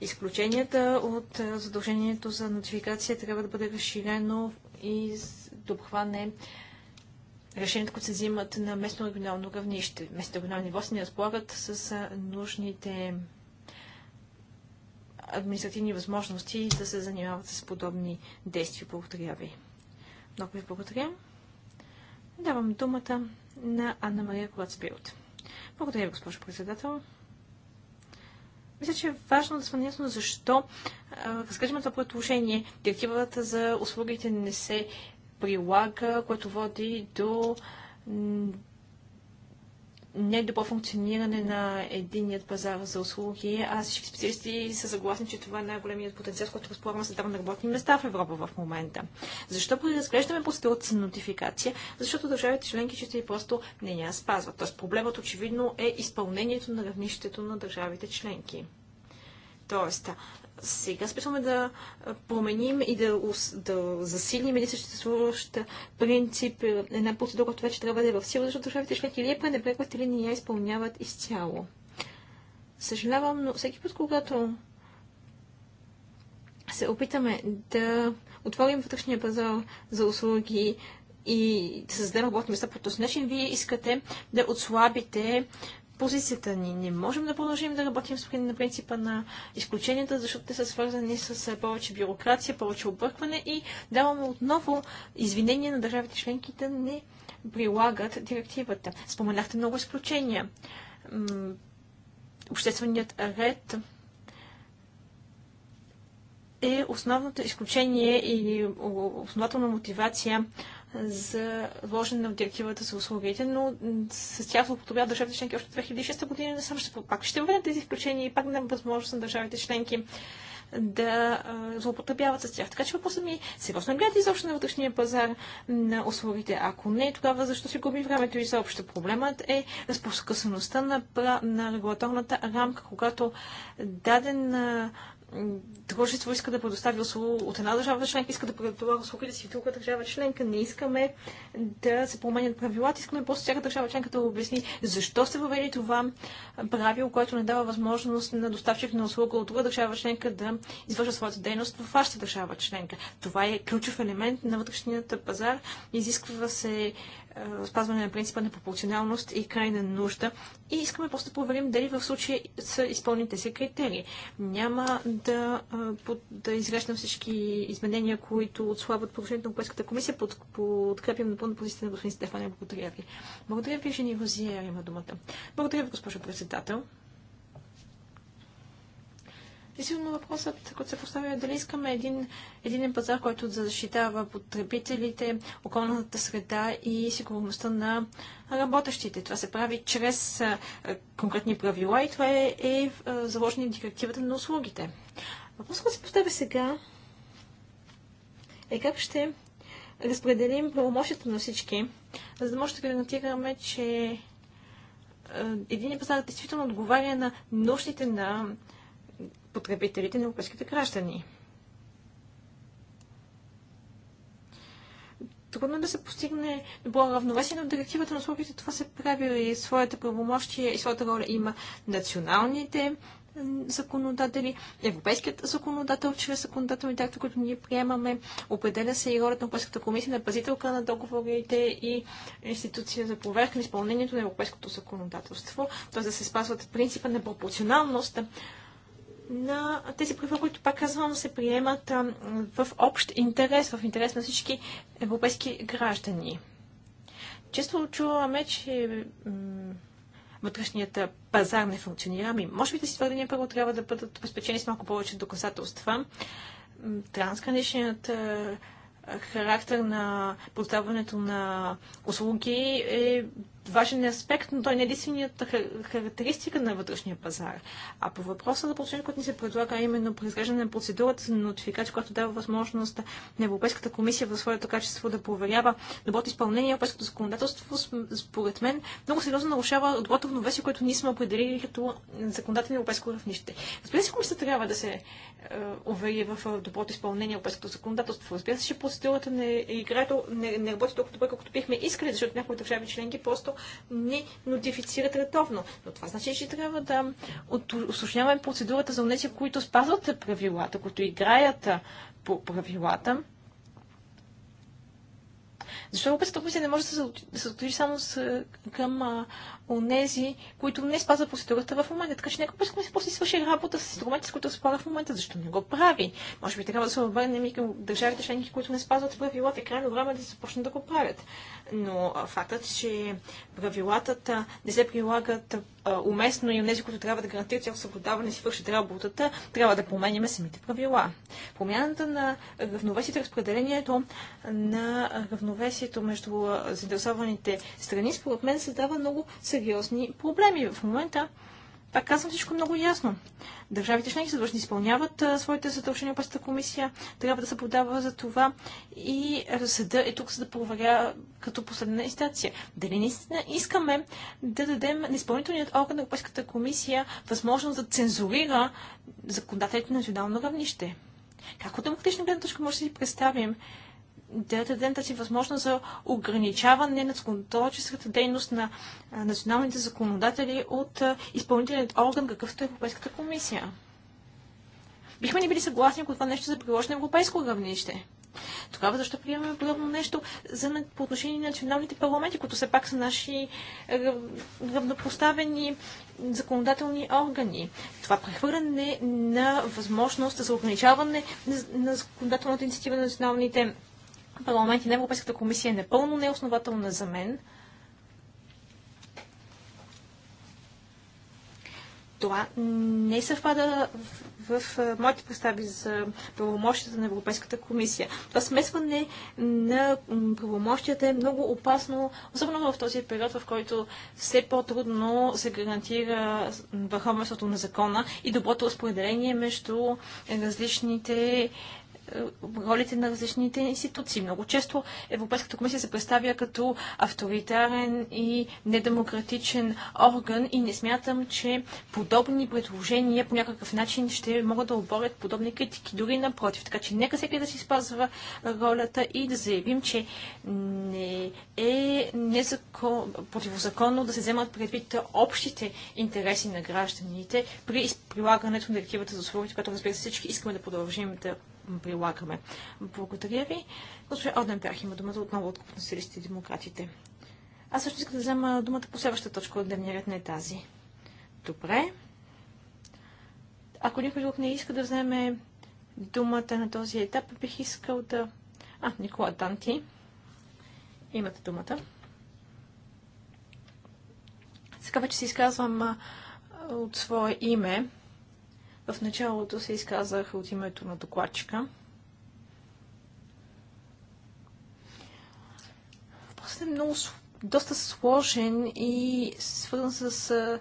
Изключенията от задължението за нотификация трябва да бъде разширено и да обхване решенията, които се взимат на местно регионално равнище. Местно регионални ниво се не разполагат с нужните административни възможности да се занимават с подобни действия. Благодаря ви. Много ви благодаря. Давам думата на Анна Мария Колацбилт. Благодаря ви, госпожо председател. Мисля, че е важно да сме ясно защо разглеждаме това предложение. Директивата за услугите не се прилага, което води до недобро функциониране на единият пазар за услуги. Аз всички специалисти са съгласни, че това е най-големият потенциал, с който разполагаме за на работни места в Европа в момента. Защо разглеждаме процедурата за нотификация? Защото държавите членки чисто и просто не я спазват. Тоест проблемът очевидно е изпълнението на равнището на държавите членки. Тоест, сега спешваме да променим и да, да засилим един съществуващ принцип, е, една процедура, която вече трябва да е в сила, защото държавите членки или я пренебрегват, или не я изпълняват изцяло. Съжалявам, но всеки път, когато се опитаме да отворим вътрешния пазар за услуги и да създадем работни места по този начин, вие искате да отслабите позицията ни. Не можем да продължим да работим с на принципа на изключенията, защото те са свързани с е, повече бюрокрация, повече объркване и даваме отново извинения на държавите членките да не прилагат директивата. Споменахте много изключения. Общественият ред е основното изключение и основателна мотивация за вложене на директивата за услугите, но с тях злоупотребяват държавите членки още 2006 година, не съм ще пак ще въведат тези изключения и пак не е възможност на държавите членки да злоупотребяват с тях. Така че въпросът ми е, сериозно гледате изобщо на вътрешния пазар на услугите? Ако не, тогава защо си губи времето и заобщо. Проблемът е разпоскъсаността на, на регулаторната рамка, когато даден дружество иска да предостави услуга от една държава членка, иска да предоставя да си в друга държава членка. Не искаме да се променят правилата, искаме просто всяка държава членка да обясни защо сте въвели това правило, което не дава възможност на доставчик на услуга от друга държава членка да извършва своята дейност в вашата държава членка. Това е ключов елемент на вътрешния пазар. Изисква се е, спазване на принципа на пропорционалност и крайна нужда. И искаме просто да проверим дали в случая са изпълните тези критерии. Няма да, е, да изрещам всички изменения, които отслабват положението на Европейската комисия. Под, подкрепям напълно позицията на господин Стефане. Благодаря ви. Благодаря ви, Жени Вазия има думата. Благодаря ви, госпожо председател. Действително въпросът, който се поставя е дали искаме един, един пазар, който да защитава потребителите, околната среда и сигурността на работещите. Това се прави чрез конкретни правила и това е, е заложено в директивата на услугите. Въпросът, който се поставя сега е как ще разпределим правомощията на всички, за да може да гарантираме, че един пазар действително отговаря на нуждите на потребителите на европейските граждани. трудно е да се постигне добро равновесие, но директивата на услугите това се прави и своята правомощие и своята роля има националните законодатели, европейският законодател, чрез законодателни, акти, които ние приемаме, определя се и ролята на Европейската комисия, на пазителка на договорите и институция за проверка на изпълнението на европейското законодателство, т.е. да се спазват принципа на пропорционалност на тези правила, които, пак казвам, се приемат в общ интерес, в интерес на всички европейски граждани. Често чуваме, че вътрешният пазар не функционира. Ами, може би тези твърдения първо трябва да бъдат обезпечени с малко повече доказателства. Трансграничният характер на подаването на услуги е важен аспект, но той не е единствената характеристика на вътрешния пазар. А по въпроса за получение, който ни се предлага, а именно произглеждане на процедурата за нотификация, която дава възможност на Европейската комисия в своето качество да проверява доброто изпълнение на европейското законодателство, според мен много сериозно нарушава доброто равновесие, което ние сме определили като законодателно европейско равнище. Разбира се, комисията трябва да се е, увери в е, доброто изпълнение на европейското законодателство. Разбира се, че процедурата не, не, не работи толкова добре, колкото бихме искали, защото някои държави членки просто просто не нотифицират редовно. Но това значи, че трябва да осъщняваме процедурата за унеси, които спазват правилата, които играят по правилата. Защо Европейската комисия не може да се съсредоточи само с, към а, онези, които не спазват процедурата в момента. Така че нека пускаме се после свърши работа с инструментите, с които спада в момента. Защо не го прави? Може би трябва да се обърнем и към държавите членки, които не спазват правилата. Е крайно време да започнат да го правят. Но фактът, че правилата не се прилагат уместно и онези, които трябва да гарантират цялото съблюдаване, си вършат работата, трябва да променяме самите правила. Промяната на равновесието, разпределението на равновесието между заинтересованите страни, според мен, създава много сериозни сериозни проблеми. В момента, пак казвам всичко е много ясно. Държавите членки са длъжни да изпълняват своите задължения, опасната комисия трябва да се подава за това и съда е тук, за да проверя като последна инстанция. Дали наистина искаме да дадем на изпълнителният орган на Европейската комисия възможност да цензурира законодателите на национално равнище? Как от демократична гледна точка може да си представим, да дента си възможност за ограничаване на законодателческата дейност на националните законодатели от изпълнителният орган, какъвто е Европейската комисия. Бихме ни били съгласни, ако това нещо за приложено европейско равнище? Тогава защо приемаме подобно нещо за, по отношение на националните парламенти, които все пак са наши равнопоставени законодателни органи? Това прехвърляне на възможност за ограничаване на законодателната инициатива на националните парламенти парламент и на Европейската комисия е непълно неоснователна за мен. Това не съвпада в, в, в моите представи за правомощията на Европейската комисия. Това смесване на правомощията е много опасно, особено в този период, в който все по-трудно се гарантира върховенството на закона и доброто разпределение между различните ролите на различните институции. Много често Европейската комисия се представя като авторитарен и недемократичен орган и не смятам, че подобни предложения по някакъв начин ще могат да оборят подобни критики, дори напротив. Така че нека всеки да си спазва ролята и да заявим, че не е незакон... противозаконно да се вземат предвид общите интереси на гражданите при прилагането на директивата за услугите, която разбира се всички искаме да продължим да прилагаме. Благодаря ви. Госпожа Оденбях има думата отново от социалистите и демократите. Аз също искам да взема думата по следващата точка от дневния ред, не тази. Добре. Ако никой друг не иска да вземе думата на този етап, бих искал да... А, Никола Данти. Имате думата. Сега вече се изказвам от свое име. В началото се изказах от името на докладчика. Въпросът е много, доста сложен и свързан с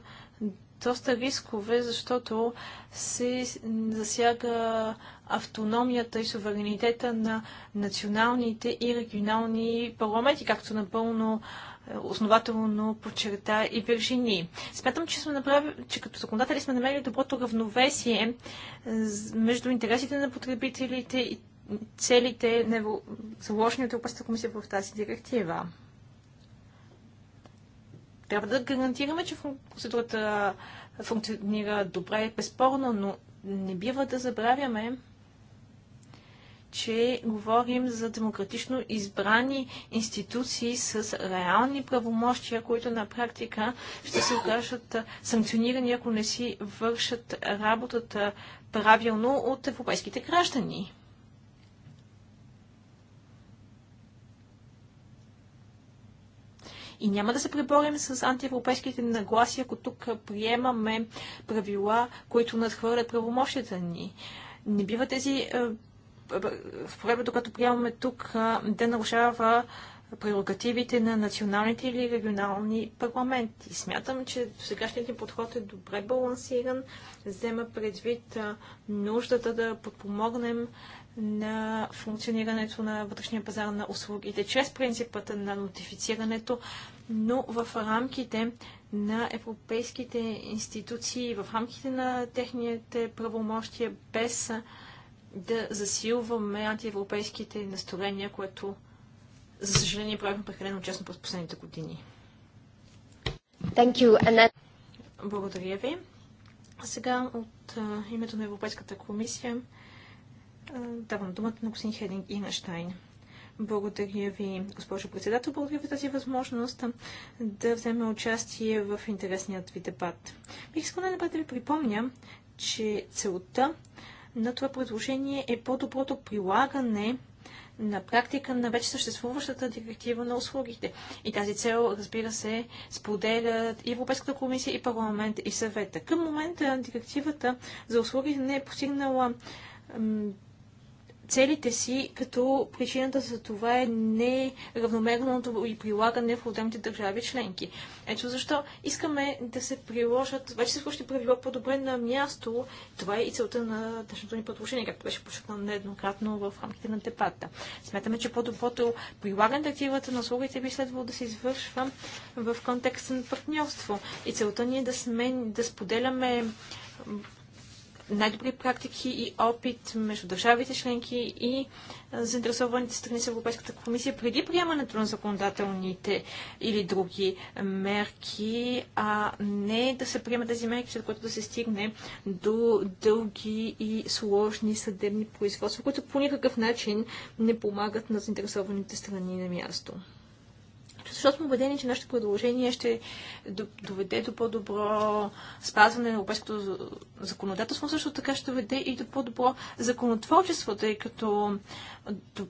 доста рискове, защото се засяга автономията и суверенитета на националните и регионални парламенти, както напълно основателно подчерта и Виржини. Смятам, че, сме направи, че като законодатели сме намерили доброто равновесие е, между интересите на потребителите и целите на заложени от Европейската комисия в тази директива. Трябва да гарантираме, че процедурата функционира добре и безспорно, но не бива да забравяме, че говорим за демократично избрани институции с реални правомощия, които на практика ще се окажат санкционирани, ако не си вършат работата правилно от европейските граждани. И няма да се преборим с антиевропейските нагласи, ако тук приемаме правила, които надхвърлят правомощията ни. Не бива тези е, в времето, която приемаме тук, да нарушава прерогативите на националните или регионални парламенти. Смятам, че сегашният подход е добре балансиран, взема предвид нуждата да подпомогнем на функционирането на вътрешния пазар на услугите чрез принципата на нотифицирането, но в рамките на европейските институции, в рамките на техните правомощия, без да засилваме антиевропейските настроения, което за съжаление правим прекалено честно през последните години. Thank you, Annette. Благодаря ви. Сега от а, името на Европейската комисия а, давам думата на господин Хединг Инштайн. Благодаря ви, госпожо председател. Благодаря ви тази възможност да вземе участие в интересният ви дебат. Бих искала най-напред да ви припомня, че целта на това предложение е по-доброто прилагане на практика на вече съществуващата директива на услугите. И тази цел, разбира се, споделят и Европейската комисия, и парламент, и съвета. Към момента директивата за услугите не е постигнала целите си, като причината за това е неравномерното и прилагане в отделните държави членки. Ето защо искаме да се приложат вече се включи правила по-добре на място. Това е и целта на днешното ни предложение, както беше подчертано нееднократно в рамките на дебата. Смятаме, че по-доброто прилагане на активата на услугите би следвало да се извършва в контекста на партньорство. И целта ни е да, сме, да споделяме най-добри практики и опит между държавите членки и заинтересованите страни с Европейската комисия преди приемането на законодателните или други мерки, а не да се приемат тези мерки, след което да се стигне до дълги и сложни съдебни производства, които по никакъв начин не помагат на заинтересованите страни на място защото сме убедени, че нашето предложение ще доведе до по-добро спазване на европейското законодателство, също така ще доведе и до по-добро законотворчество, тъй като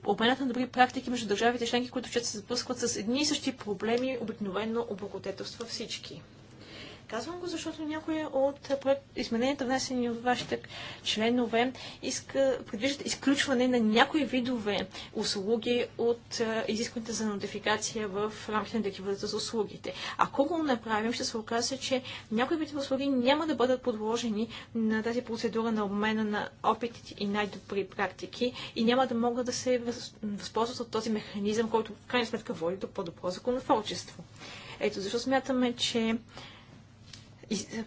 обменят на добри практики между държавите членки, които често се сблъскват с едни и същи проблеми, обикновено облагодетелства всички. Казвам го, защото някои от измененията, внесени от вашите членове, иска, предвиждат изключване на някои видове услуги от изискването за нотификация в рамките на директивата за услугите. Ако го направим, ще се оказа, че някои видове услуги няма да бъдат подложени на тази процедура на обмена на опит и най-добри практики и няма да могат да се възползват от този механизъм, който в крайна сметка води до по-добро законотворчество. Ето защо смятаме, че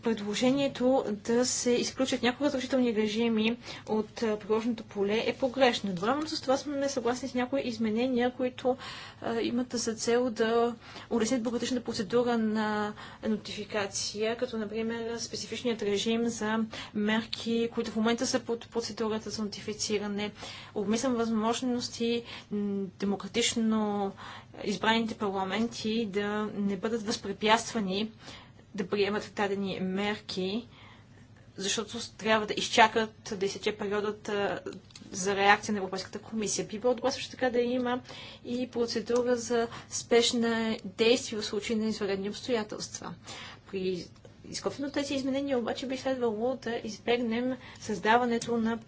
предложението да се изключат някои разрешителни режими от приложеното поле е погрешно. Едновременно с това сме съгласни с някои изменения, които имат за цел да улеснят бюрократична процедура на нотификация, като например специфичният режим за мерки, които в момента са под процедурата за нотифициране. Обмислям възможности демократично избраните парламенти да не бъдат възпрепятствани да приемат дадени мерки, защото трябва да изчакат да изтече периодът за реакция на Европейската комисия. Би било добре така да има и процедура за спешна действие в случай на извънредни обстоятелства. При изкопването тези изменения обаче би следвало да избегнем създаването на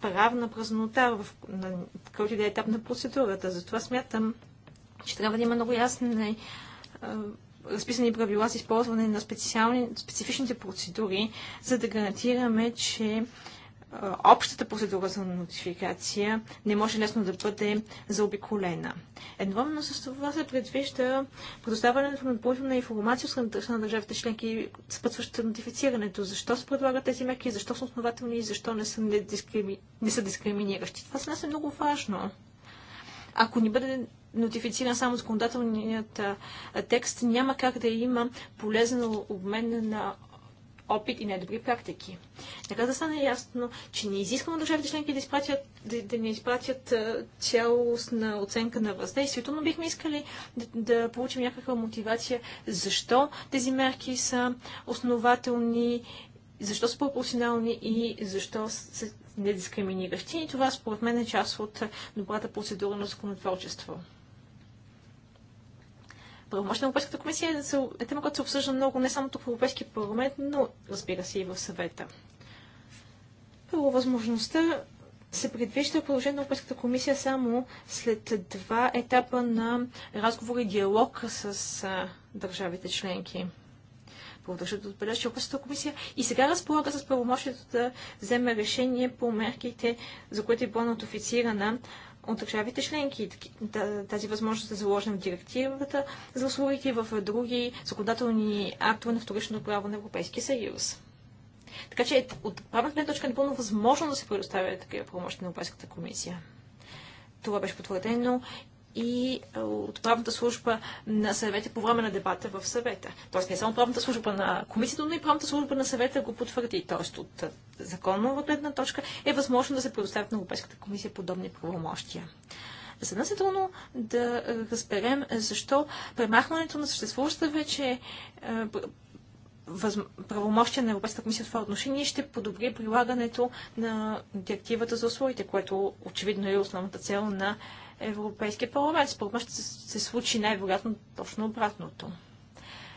правна празнота в на, който да е етап на процедурата. Затова смятам, че трябва да има много ясни разписани правила за използване на специални, специфичните процедури, за да гарантираме, че общата процедура за нотификация не може лесно да бъде заобиколена. Едновременно с това се предвижда предоставянето на допълнителна информация от на държавите членки, съпътстваща нотифицирането. Защо се предлагат тези мерки, защо са основателни и защо не са, дискрими... не са дискриминиращи. Това за нас е много важно ако ни бъде нотифициран само законодателният текст, няма как да има полезен обмен на опит и недобри практики. Така да стане ясно, че не изискваме държавите членки да, изпратят, да, да не изпратят цялостна оценка на въздействието, но бихме искали да, да получим някаква мотивация защо тези мерки са основателни, защо са пропорционални и защо се недискриминиращи. И това според мен е част от е, добрата процедура на законотворчество. Правомощна Европейската комисия е, е тема, която се обсъжда много не само тук в Европейския парламент, но разбира се и в съвета. Първо, възможността се предвижда положение на Европейската комисия само след два етапа на разговор и диалог с държавите членки продължа да отбележа, че комисия и сега разполага с правомощието да вземе решение по мерките, за които е била нотифицирана от държавите членки. Тази възможност е заложена в директивата за услугите в други законодателни актове на вторично право на Европейския съюз. Така че от правна гледна точка е напълно възможно да се предоставя такива правомощи на Европейската комисия. Това беше потвърдено и от правната служба на съвета по време на дебата в съвета. Тоест не само правната служба на комисията, но и правната служба на съвета го потвърди. Тоест от законова гледна точка е възможно да се предоставят на Европейската комисия подобни правомощия. За нас е трудно да разберем защо премахването на съществуващата вече правомощия на Европейската комисия в това отношение ще подобри прилагането на директивата за условите, което очевидно е основната цел на Европейския парламент. Според мен ще се случи най-вероятно точно обратното.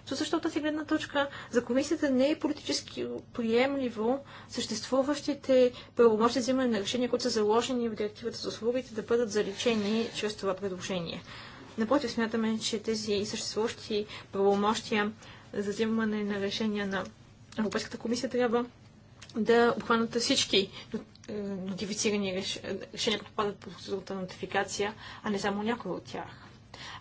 То също от тази гледна точка за комисията не е политически приемливо съществуващите правомощи взимане на решения, които са заложени в директивата за услугите, да бъдат заличени чрез това предложение. Напротив, смятаме, че тези съществуващи правомощия за взимане на решения на Европейската комисия трябва да обхванат всички е, нотифицирани решения попадат по процедурата нотификация, а не само някои от тях.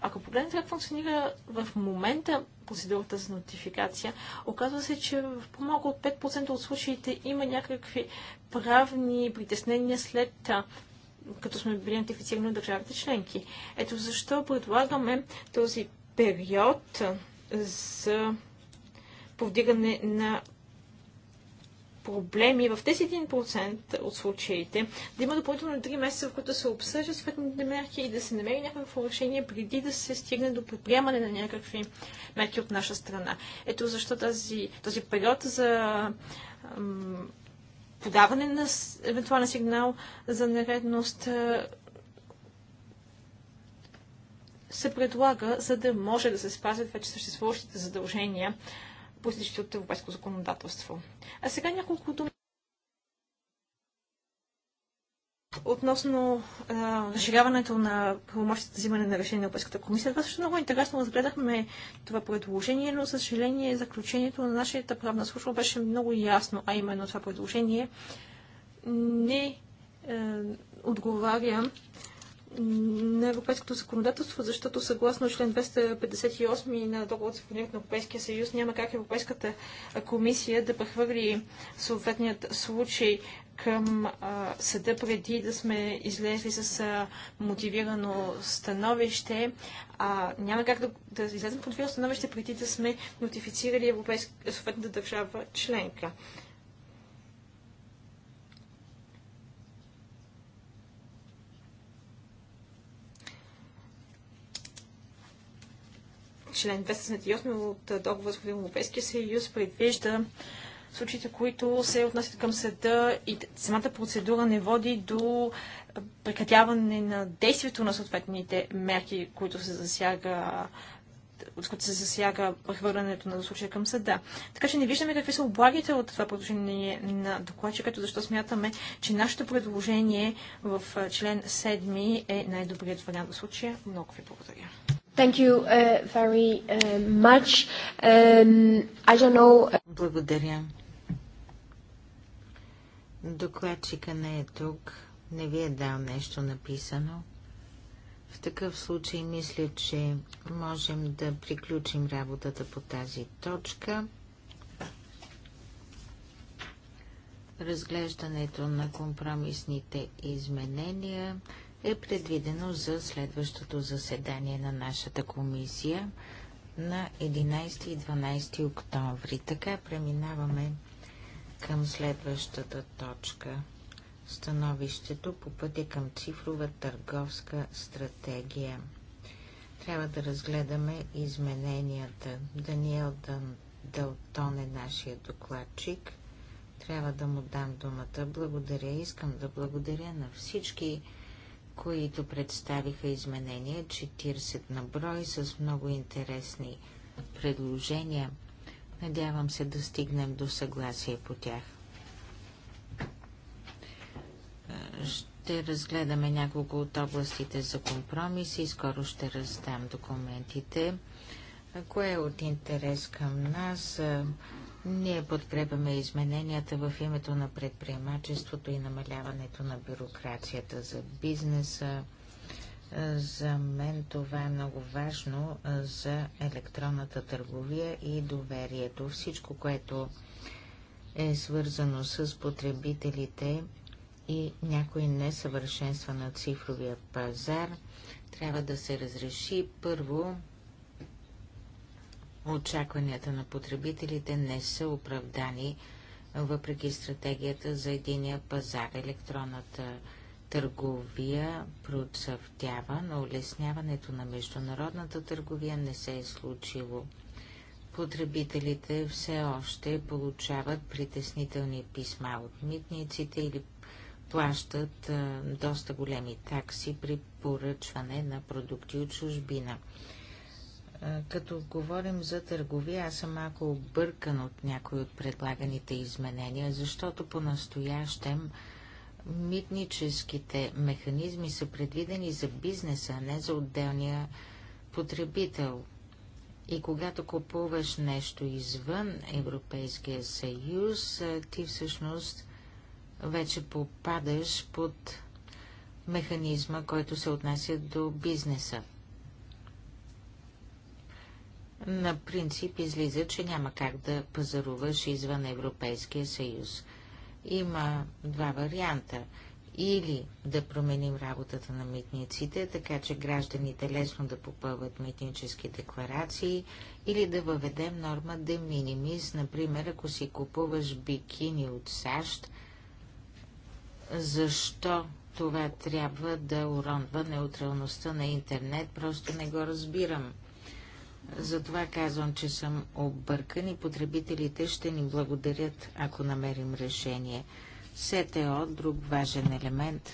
Ако погледнете как функционира в момента процедурата за нотификация, оказва се, че в по-малко от 5% от случаите има някакви правни притеснения след като сме били нотифицирани от държавите членки. Ето защо предлагаме този период за повдигане на проблеми в 10% от случаите, да има допълнително 3 месеца, в които се обсъждат съответните мерки и да се намери някакво решение преди да се стигне до предприемане на някакви мерки от наша страна. Ето защо тази, този период за подаване на евентуален сигнал за нередност се предлага, за да може да се спазят вече съществуващите задължения проистичащи от европейско законодателство. А сега няколко думи относно разширяването на правомощите за взимане на решение на Европейската комисия. Това също много интересно разгледахме това предложение, но за съжаление заключението на нашата правна служба беше много ясно, а именно това предложение не е, отговаря на европейското законодателство, защото съгласно член 258 на договорът за функционирането на Европейския съюз няма как Европейската комисия да прехвърли съответният случай към а, съда преди да сме излезли с а, мотивирано становище. А, няма как да, да излезем мотивирано становище преди да сме нотифицирали европейска, съответната държава членка. Член 278 от договора с Европейския съюз предвижда случаите, които се отнасят към съда и самата процедура не води до прекратяване на действието на съответните мерки, които се засяга от които се засяга прехвърлянето на случая към съда. Така че не виждаме какви са облагите от това предложение на докладчика, като защо смятаме, че нашето предложение в член 7 е най-добрият вариант в случая. Много ви благодаря. Thank you uh, very uh, much. Um, I don't know... Uh, Благодаря. Докладчика не е тук. Не ви е дал нещо написано. В такъв случай мисля, че можем да приключим работата по тази точка. Разглеждането на компромисните изменения – е предвидено за следващото заседание на нашата комисия на 11 и 12 октомври. Така преминаваме към следващата точка. Становището по пътя към цифрова търговска стратегия. Трябва да разгледаме измененията. Даниел Далтон е нашия докладчик. Трябва да му дам думата. Благодаря. Искам да благодаря на всички които представиха изменения 40 на брой с много интересни предложения. Надявам се да стигнем до съгласие по тях. Ще разгледаме няколко от областите за компромиси и скоро ще раздам документите. Кое е от интерес към нас? Ние подкрепяме измененията в името на предприемачеството и намаляването на бюрокрацията за бизнеса. За мен това е много важно за електронната търговия и доверието. Всичко, което е свързано с потребителите и някои несъвършенства на цифровия пазар, трябва да се разреши първо очакванията на потребителите не са оправдани, въпреки стратегията за единия пазар. Електронната търговия процъфтява, но улесняването на международната търговия не се е случило. Потребителите все още получават притеснителни писма от митниците или плащат доста големи такси при поръчване на продукти от чужбина. Като говорим за търговия, аз съм малко объркан от някои от предлаганите изменения, защото по-настоящем митническите механизми са предвидени за бизнеса, а не за отделния потребител. И когато купуваш нещо извън Европейския съюз, ти всъщност вече попадаш под механизма, който се отнася до бизнеса на принцип излиза, че няма как да пазаруваш извън Европейския съюз. Има два варианта. Или да променим работата на митниците, така че гражданите лесно да попълват митнически декларации, или да въведем норма да минимис, например, ако си купуваш бикини от САЩ, защо това трябва да уронва неутралността на интернет, просто не го разбирам. Затова казвам, че съм объркан и потребителите ще ни благодарят, ако намерим решение. СТО – друг важен елемент.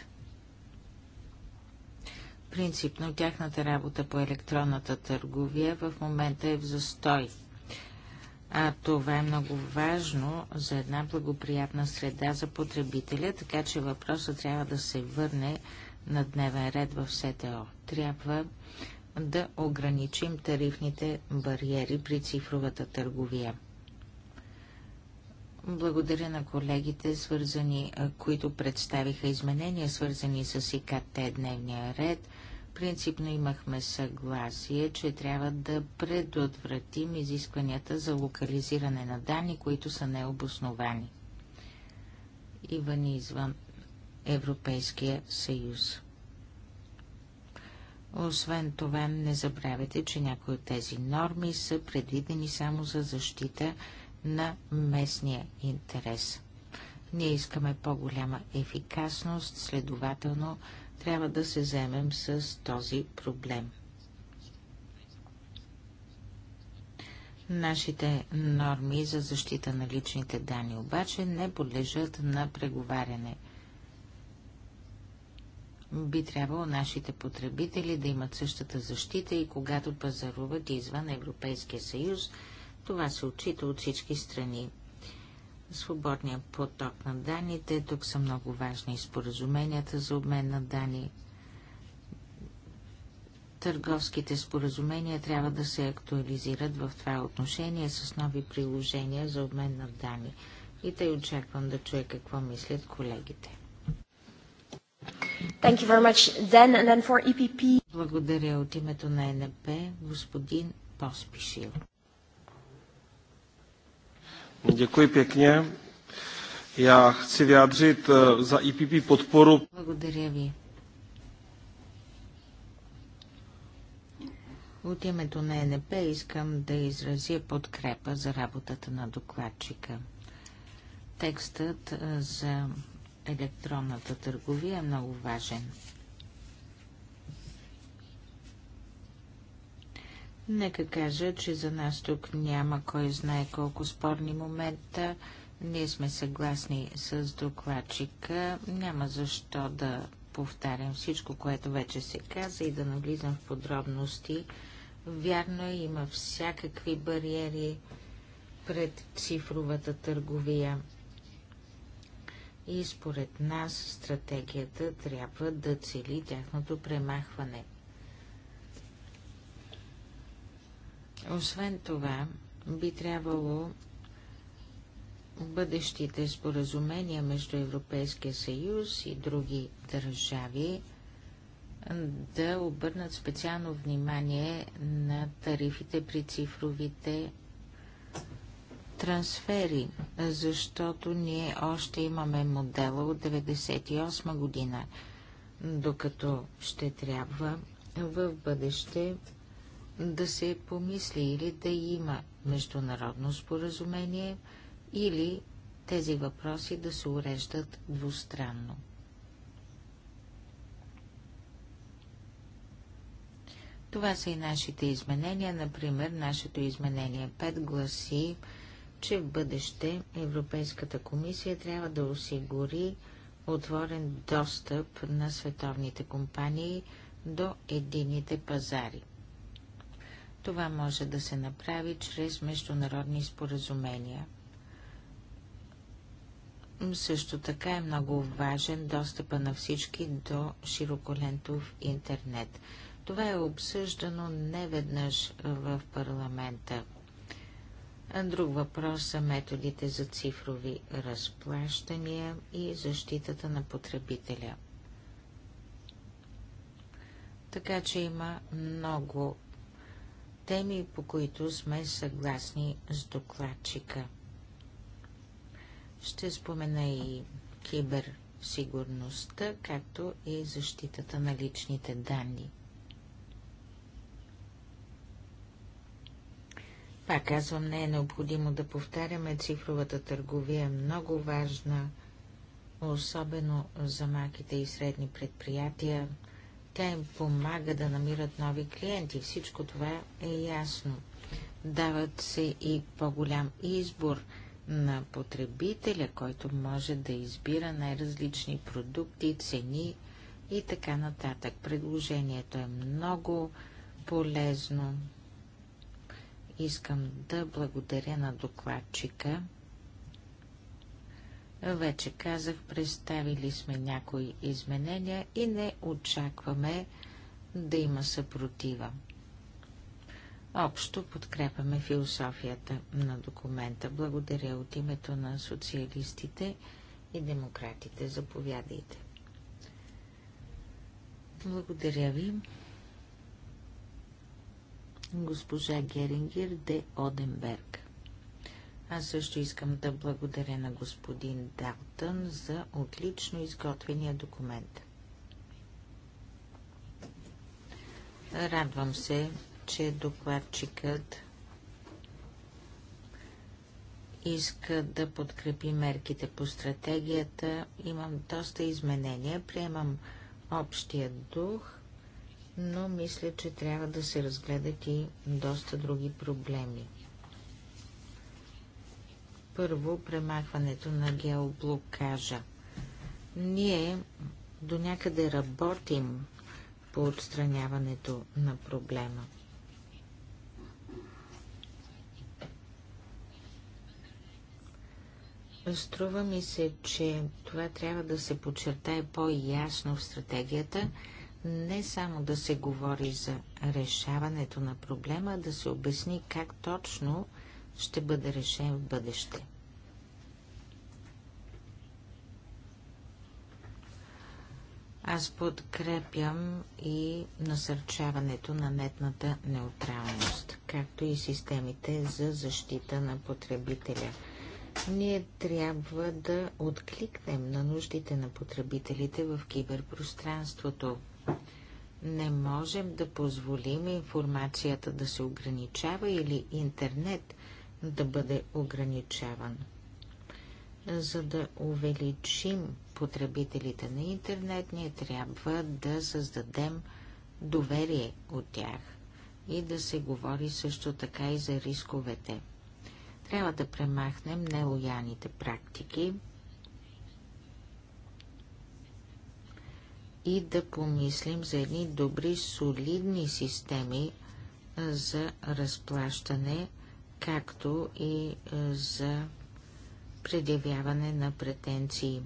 Принципно тяхната работа по електронната търговия в момента е в застой. А това е много важно за една благоприятна среда за потребителя, така че въпросът трябва да се върне на дневен ред в СТО. Трябва да ограничим тарифните бариери при цифровата търговия. Благодаря на колегите, свързани, които представиха изменения, свързани с ИКТ дневния ред. Принципно имахме съгласие, че трябва да предотвратим изискванията за локализиране на данни, които са необосновани Ивани извън Европейския съюз. Освен това, не забравяйте, че някои от тези норми са предвидени само за защита на местния интерес. Ние искаме по-голяма ефикасност, следователно трябва да се вземем с този проблем. Нашите норми за защита на личните данни обаче не подлежат на преговаряне – би трябвало нашите потребители да имат същата защита и когато пазаруват извън Европейския съюз, това се отчита от всички страни. Свободният поток на данните, тук са много важни споразуменията за обмен на данни. Търговските споразумения трябва да се актуализират в това отношение с нови приложения за обмен на данни. И тъй очаквам да чуя какво мислят колегите. Thank you very much. Then, and then for EPP. Благодаря от името на НП, господин Поспишил. Děkuji pěkně. Já chci vyjádřit eh, za e podporu. Благодаря ви. От името на НП искам да изразя подкрепа за работата на докладчика. Текстът е, за електронната търговия е много важен. Нека кажа, че за нас тук няма кой знае колко спорни момента. Ние сме съгласни с докладчика. Няма защо да повтарям всичко, което вече се каза и да навлизам в подробности. Вярно е, има всякакви бариери пред цифровата търговия и според нас стратегията трябва да цели тяхното премахване. Освен това, би трябвало бъдещите споразумения между Европейския съюз и други държави да обърнат специално внимание на тарифите при цифровите трансфери, защото ние още имаме модела от 1998 година, докато ще трябва в бъдеще да се помисли или да има международно споразумение, или тези въпроси да се уреждат двустранно. Това са и нашите изменения. Например, нашето изменение 5 гласи че в бъдеще Европейската комисия трябва да осигури отворен достъп на световните компании до едините пазари. Това може да се направи чрез международни споразумения. Също така е много важен достъпа на всички до широколентов интернет. Това е обсъждано неведнъж в парламента. Друг въпрос са методите за цифрови разплащания и защитата на потребителя. Така че има много теми, по които сме съгласни с докладчика. Ще спомена и киберсигурността, както и защитата на личните данни. Пак казвам, не е необходимо да повтаряме, цифровата търговия е много важна, особено за малките и средни предприятия. Тя им помага да намират нови клиенти. Всичко това е ясно. Дават се и по-голям избор на потребителя, който може да избира най-различни продукти, цени и така нататък. Предложението е много полезно. Искам да благодаря на докладчика. Вече казах, представили сме някои изменения и не очакваме да има съпротива. Общо подкрепяме философията на документа. Благодаря от името на социалистите и демократите. Заповядайте. Благодаря ви госпожа Герингер де Оденберг. Аз също искам да благодаря на господин Далтън за отлично изготвения документ. Радвам се, че докладчикът иска да подкрепи мерките по стратегията. Имам доста изменения. Приемам общия дух, но мисля, че трябва да се разгледат и доста други проблеми. Първо, премахването на геоблокажа. Ние до някъде работим по отстраняването на проблема. Струва ми се, че това трябва да се подчертае по-ясно в стратегията – не само да се говори за решаването на проблема, а да се обясни как точно ще бъде решен в бъдеще. Аз подкрепям и насърчаването на нетната неутралност, както и системите за защита на потребителя. Ние трябва да откликнем на нуждите на потребителите в киберпространството. Не можем да позволим информацията да се ограничава или интернет да бъде ограничаван. За да увеличим потребителите на интернет, ние трябва да създадем доверие от тях и да се говори също така и за рисковете. Трябва да премахнем нелояните практики, и да помислим за едни добри, солидни системи за разплащане, както и е, за предявяване на претенции.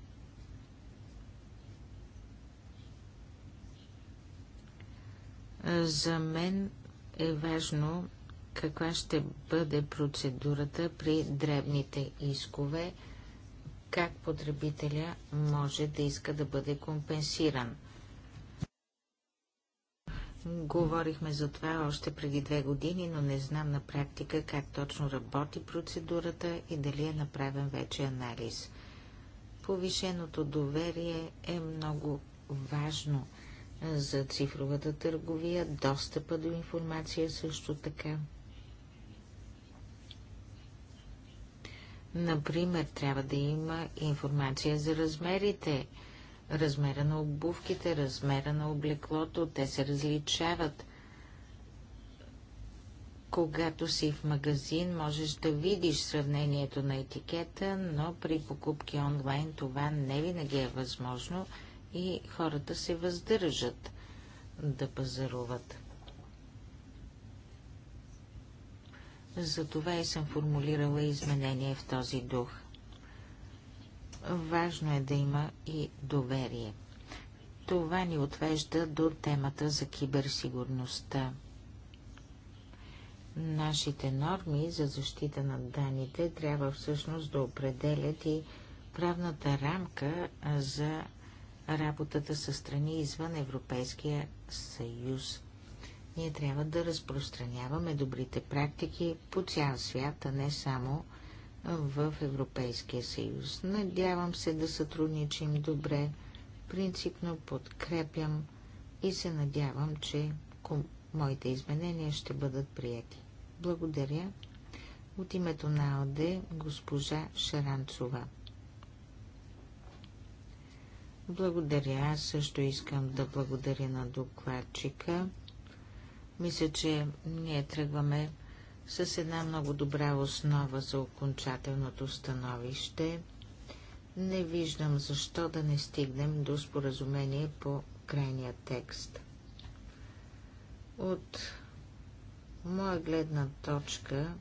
За мен е важно каква ще бъде процедурата при дребните искове, как потребителя може да иска да бъде компенсиран. Говорихме за това още преди две години, но не знам на практика как точно работи процедурата и дали е направен вече анализ. Повишеното доверие е много важно за цифровата търговия, достъпа до информация също така. Например, трябва да има информация за размерите размера на обувките, размера на облеклото, те се различават. Когато си в магазин, можеш да видиш сравнението на етикета, но при покупки онлайн това не винаги е възможно и хората се въздържат да пазаруват. Затова и съм формулирала изменение в този дух. Важно е да има и доверие. Това ни отвежда до темата за киберсигурността. Нашите норми за защита на данните трябва всъщност да определят и правната рамка за работата с страни извън Европейския съюз. Ние трябва да разпространяваме добрите практики по цял свят, а не само в Европейския съюз. Надявам се да сътрудничим добре. Принципно подкрепям и се надявам, че моите изменения ще бъдат прияти. Благодаря. От името на АЛД госпожа Шаранцова. Благодаря. Аз също искам да благодаря на докладчика. Мисля, че ние тръгваме с една много добра основа за окончателното становище. Не виждам защо да не стигнем до споразумение по крайния текст. От моя гледна точка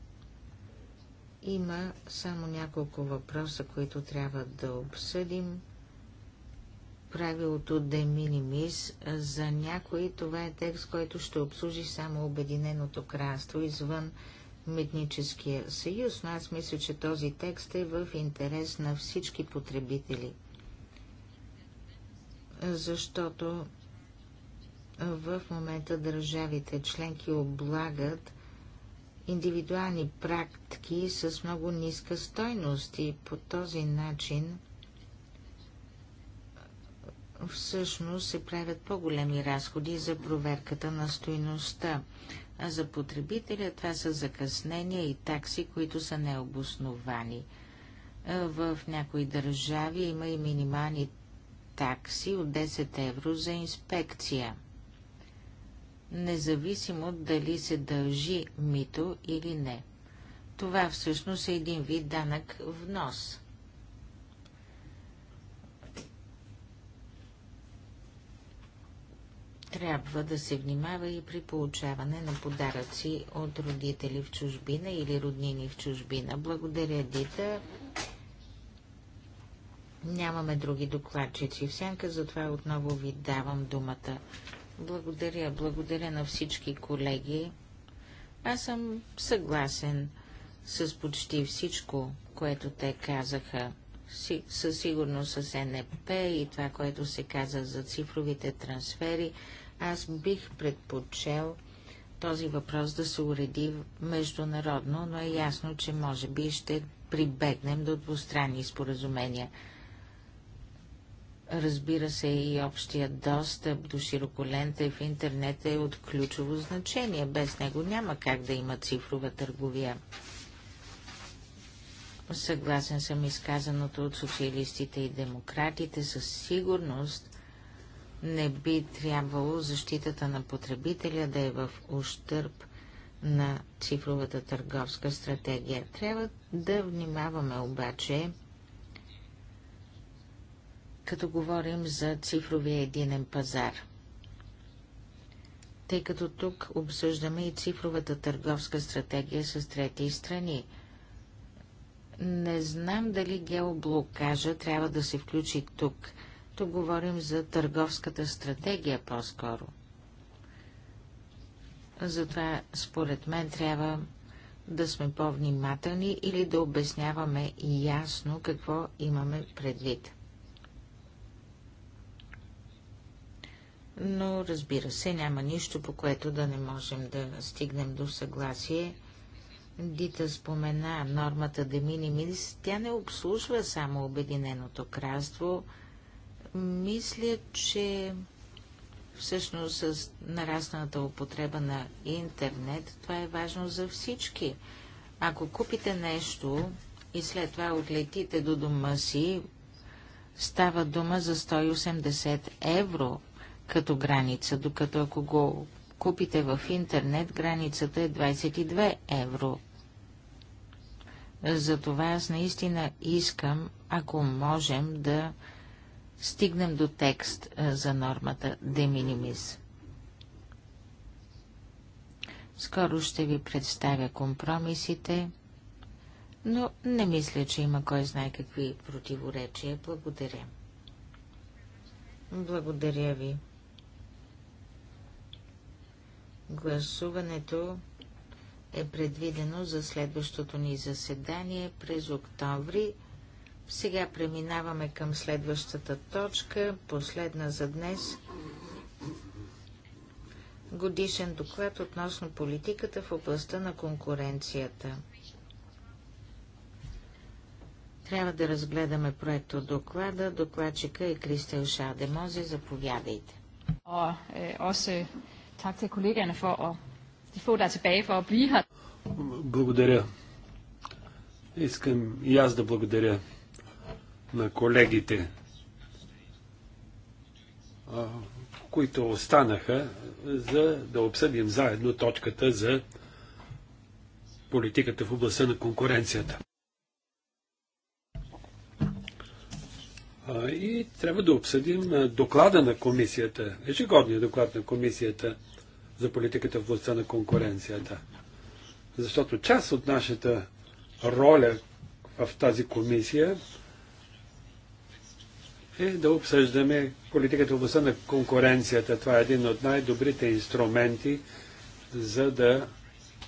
има само няколко въпроса, които трябва да обсъдим правилото de minimis, за някои това е текст, който ще обслужи само Обединеното кралство извън Митническия съюз, но аз мисля, че този текст е в интерес на всички потребители. Защото в момента държавите членки облагат индивидуални практики с много ниска стойност и по този начин – всъщност се правят по-големи разходи за проверката на стоиността, а за потребителя това са закъснения и такси, които са необосновани. В някои държави има и минимални такси от 10 евро за инспекция, независимо дали се дължи мито или не. Това всъщност е един вид данък внос. Трябва да се внимава и при получаване на подаръци от родители в чужбина или роднини в чужбина. Благодаря, Дита. Нямаме други докладчици. В сянка, затова отново ви давам думата. Благодаря, благодаря на всички колеги. Аз съм съгласен с почти всичко, което те казаха. Си, със сигурност с НП и това, което се каза за цифровите трансфери. Аз бих предпочел този въпрос да се уреди международно, но е ясно, че може би ще прибегнем до двустранни споразумения. Разбира се, и общия достъп до широколента и в интернет е от ключово значение. Без него няма как да има цифрова търговия. Съгласен съм изказаното от социалистите и демократите. Със сигурност не би трябвало защитата на потребителя да е в ущърп на цифровата търговска стратегия. Трябва да внимаваме обаче, като говорим за цифровия единен пазар. Тъй като тук обсъждаме и цифровата търговска стратегия с трети страни. Не знам дали геоблокажа трябва да се включи тук – тук говорим за търговската стратегия по-скоро. Затова, според мен, трябва да сме по-внимателни или да обясняваме ясно какво имаме предвид. Но, разбира се, няма нищо, по което да не можем да стигнем до съгласие. Дита спомена нормата Деминимис. тя не обслужва само Обединеното кралство, мисля, че всъщност с нарасналата употреба на интернет, това е важно за всички. Ако купите нещо и след това отлетите до дома си, става дума за 180 евро като граница, докато ако го купите в интернет, границата е 22 евро. Затова аз наистина искам, ако можем, да стигнем до текст е, за нормата de minimis. Скоро ще ви представя компромисите, но не мисля, че има кой знае какви противоречия. Благодаря. Благодаря ви. Гласуването е предвидено за следващото ни заседание през октомври сега преминаваме към следващата точка, последна за днес. Годишен доклад относно политиката в областта на конкуренцията. Трябва да разгледаме проекто доклада. Докладчика е Кристел Шадемозе. Заповядайте. Øh, er благодаря. Искам и аз да благодаря на колегите, които останаха, за да обсъдим заедно точката за политиката в областта на конкуренцията. И трябва да обсъдим доклада на комисията, ежегодния доклад на комисията за политиката в областта на конкуренцията. Защото част от нашата роля в тази комисия е да обсъждаме политиката в областта на конкуренцията. Това е един от най-добрите инструменти, за да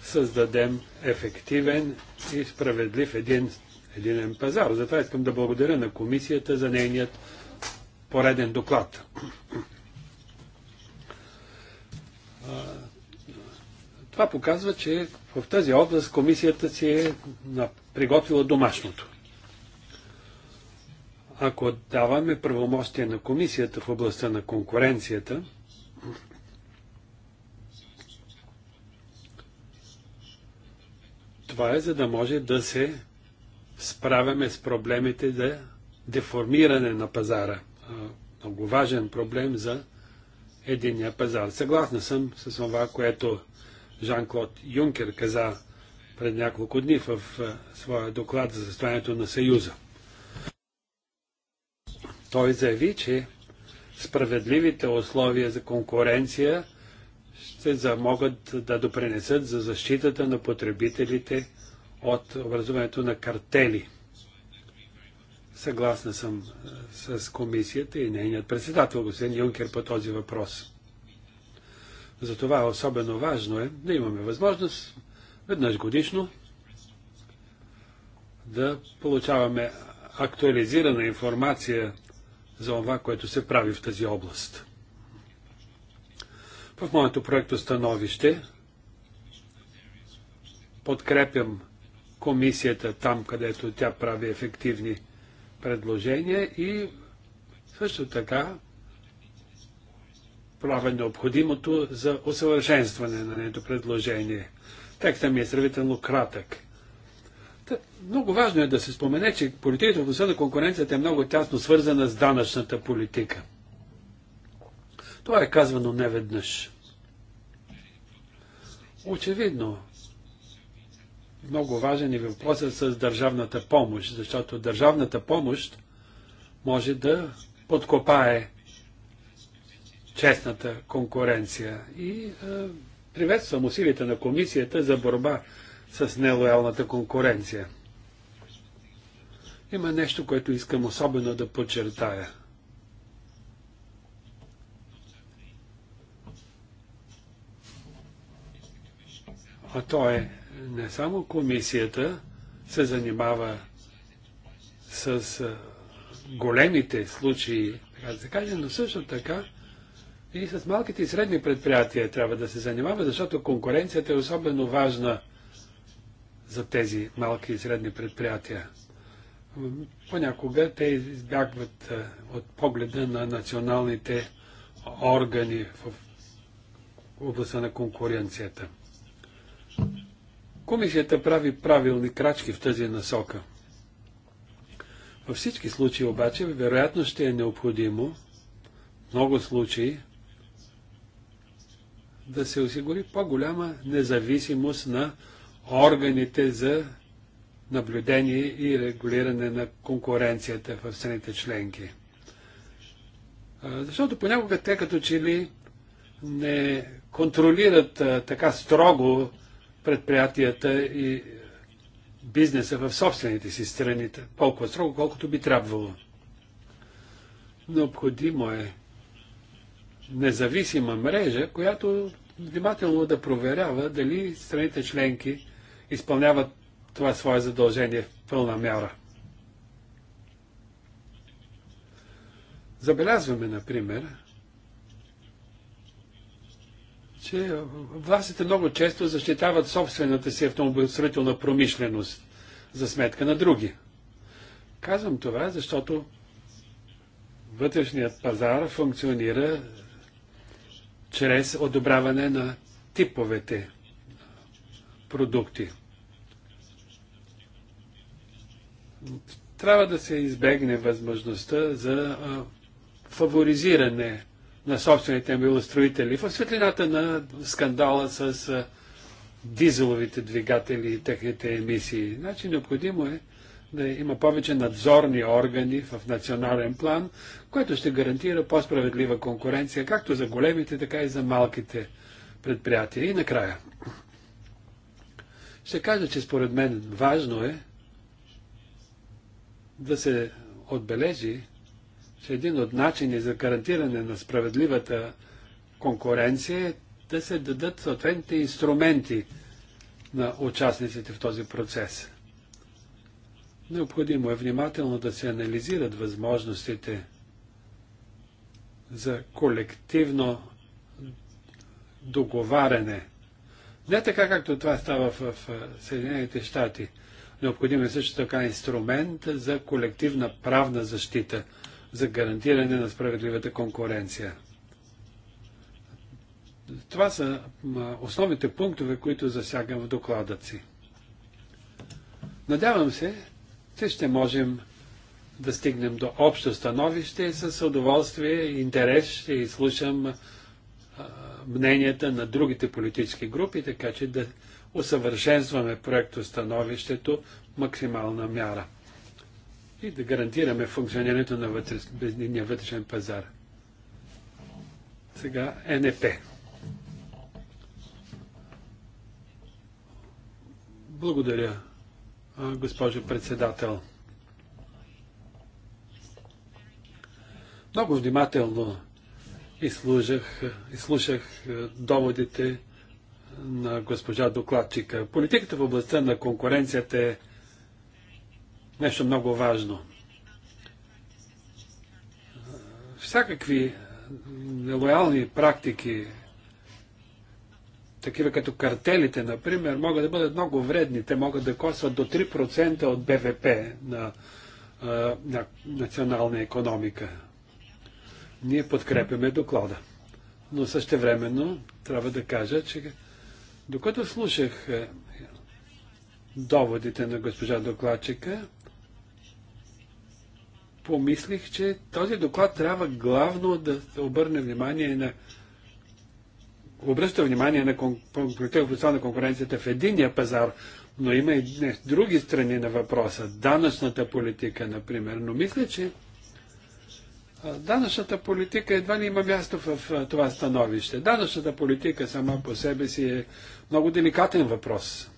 създадем ефективен и справедлив един, единен пазар. Затова искам да благодаря на комисията за нейният пореден доклад. Това показва, че в тази област комисията си е приготвила домашното. Ако даваме правомощия на комисията в областта на конкуренцията, това е за да може да се справяме с проблемите за деформиране на пазара. Много важен проблем за единия пазар. Съгласна съм с това, което Жан-Клод Юнкер каза пред няколко дни в своя доклад за състоянието на Съюза. Той заяви, че справедливите условия за конкуренция ще могат да допринесат за защитата на потребителите от образуването на картели. Съгласна съм е, с комисията и нейният председател, господин Юнкер, по този въпрос. Затова особено важно е да имаме възможност веднъж годишно да получаваме актуализирана информация за това, което се прави в тази област. В моето проекто становище подкрепям комисията там, където тя прави ефективни предложения и също така правя необходимото за усъвършенстване на нето предложение. Текстът ми е сравнително кратък. Много важно е да се спомене, че политиката в областта на конкуренцията е много тясно свързана с данъчната политика. Това е казвано неведнъж. Очевидно, много важен е въпросът с държавната помощ, защото държавната помощ може да подкопае честната конкуренция. И е, приветствам усилията на комисията за борба с нелоялната конкуренция. Има нещо, което искам особено да подчертая. А то е не само комисията се занимава с големите случаи, така да се каже, но също така и с малките и средни предприятия трябва да се занимава, защото конкуренцията е особено важна за тези малки и средни предприятия. Понякога те избягват от погледа на националните органи в областта на конкуренцията. Комисията прави правилни крачки в тази насока. Във всички случаи обаче, вероятно ще е необходимо, много случаи, да се осигури по-голяма независимост на органите за наблюдение и регулиране на конкуренцията в страните членки. Защото понякога те като че ли не контролират така строго предприятията и бизнеса в собствените си страни, толкова строго, колкото би трябвало. Необходимо е независима мрежа, която внимателно да проверява дали страните членки изпълняват това свое задължение в пълна мяра. Забелязваме, например, че властите много често защитават собствената си автомобилостроителна промишленост за сметка на други. Казвам това, защото вътрешният пазар функционира чрез одобряване на типовете продукти. Трябва да се избегне възможността за фаворизиране на собствените милостроители, в светлината на скандала с дизеловите двигатели и техните емисии. Значи необходимо е да има повече надзорни органи в национален план, което ще гарантира по-справедлива конкуренция, както за големите, така и за малките предприятия. И накрая. Ще кажа, че според мен важно е да се отбележи, че един от начини за гарантиране на справедливата конкуренция е да се дадат съответните инструменти на участниците в този процес. Необходимо е внимателно да се анализират възможностите за колективно договаряне – не така, както това става в, Съединените щати. Необходим е също така инструмент за колективна правна защита, за гарантиране на справедливата конкуренция. Това са основните пунктове, които засягам в докладът си. Надявам се, че ще можем да стигнем до общо становище и с удоволствие и интерес ще изслушам мненията на другите политически групи, така че да усъвършенстваме проектостановището становището максимална мяра и да гарантираме функционирането на вътрешния вътрешен пазар. Сега НП. Благодаря, госпожо председател. Много внимателно и слушах е, доводите на госпожа докладчика. Политиката в областта на конкуренцията е нещо много важно. Всякакви е, нелоялни практики, такива като картелите, например, могат да бъдат много вредни. Те могат да косват до 3% от БВП на, е, на националната економика. Ние подкрепяме доклада. Но същевременно трябва да кажа, че докато слушах е, доводите на госпожа докладчика, помислих, че този доклад трябва главно да се обърне внимание на обръща внимание на конкуренцията на конкуренцията в единия пазар, но има и други страни на въпроса. Данъчната политика, например. Но мисля, че Данъчната политика едва ли има място в това становище. Данъчната политика сама по себе си е много деликатен въпрос.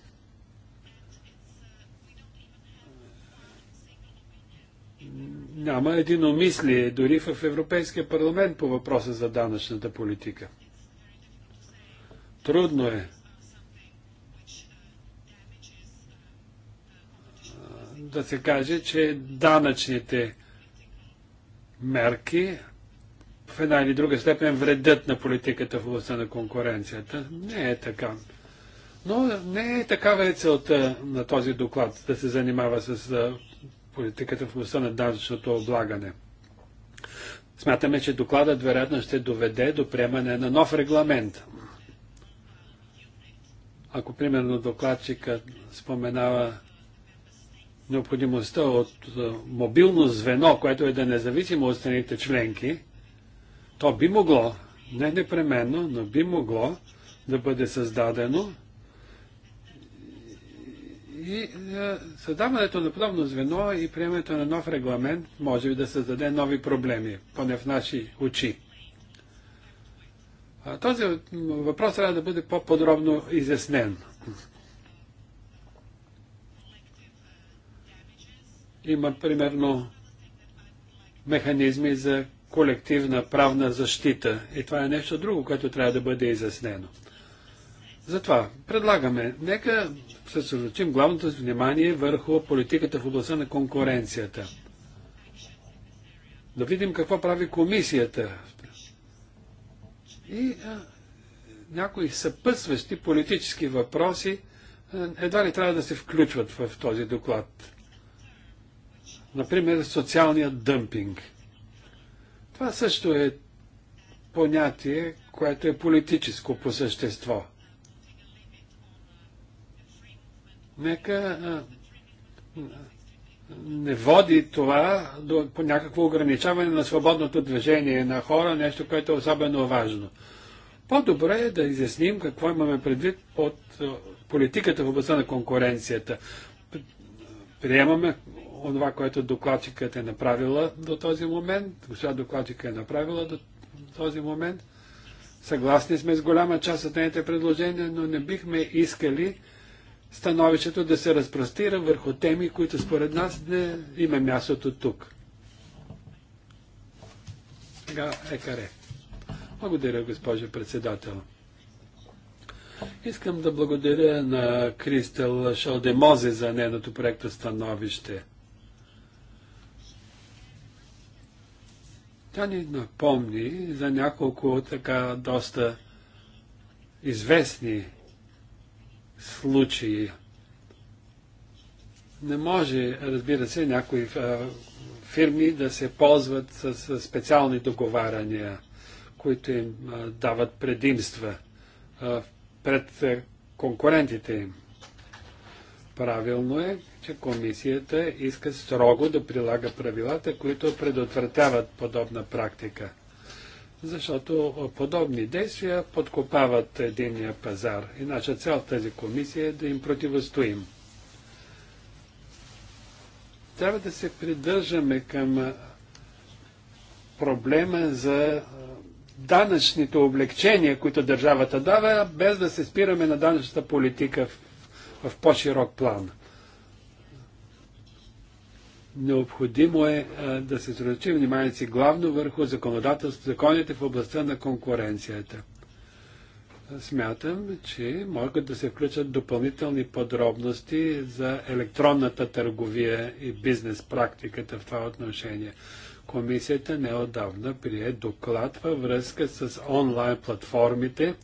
Няма единомислие дори в Европейския парламент по въпроса за данъчната политика. Трудно е да се каже, че данъчните мерки в една или друга степен вредят на политиката в областта на конкуренцията. Не е така. Но не е такава е целта на този доклад да се занимава с политиката в областта на данъчното облагане. Смятаме, че докладът вероятно ще доведе до приемане на нов регламент. Ако примерно докладчика споменава необходимостта от мобилно звено, което е да е независимо от страните членки, то би могло, не непременно, но би могло да бъде създадено и създаването на подобно звено и приемането на нов регламент може би да създаде нови проблеми, поне в наши очи. Този въпрос трябва да бъде по-подробно изяснен. Има примерно механизми за колективна правна защита. И това е нещо друго, което трябва да бъде изяснено. Затова предлагаме, нека се съсредоточим главното внимание върху политиката в областта на конкуренцията. Да видим какво прави комисията. И а, някои съпъсващи политически въпроси а, едва ли трябва да се включват в този доклад. Например, социалният дъмпинг. Това също е понятие, което е политическо по същество. Нека не води това до, по някакво ограничаване на свободното движение на хора, нещо, което е особено важно. По-добре е да изясним какво имаме предвид от политиката в областта на конкуренцията. Приемаме това, което докладчикът е направила до този момент. Госпожа докладчика е направила до този момент. Съгласни сме с голяма част от нейните предложения, но не бихме искали становището да се разпростира върху теми, които според нас не има мястото тук. Сега е каре. Благодаря, госпожа председател. Искам да благодаря на Кристал Шалдемозе за нейното проекто становище. Тя ни напомни за няколко така доста известни случаи. Не може, разбира се, някои фирми да се ползват с специални договарания, които им дават предимства пред конкурентите им. Правилно е, че комисията иска строго да прилага правилата, които предотвратяват подобна практика. Защото подобни действия подкопават единния пазар. И наша цел в тази комисия е да им противостоим. Трябва да се придържаме към проблема за данъчните облегчения, които държавата дава, без да се спираме на данъчната политика в, в по-широк план. Необходимо е да се сръчи вниманието си главно върху законодателството, законите в областта на конкуренцията. Смятам, че могат да се включат допълнителни подробности за електронната търговия и бизнес практиката в това отношение. Комисията неодавна прие доклад във връзка с онлайн платформите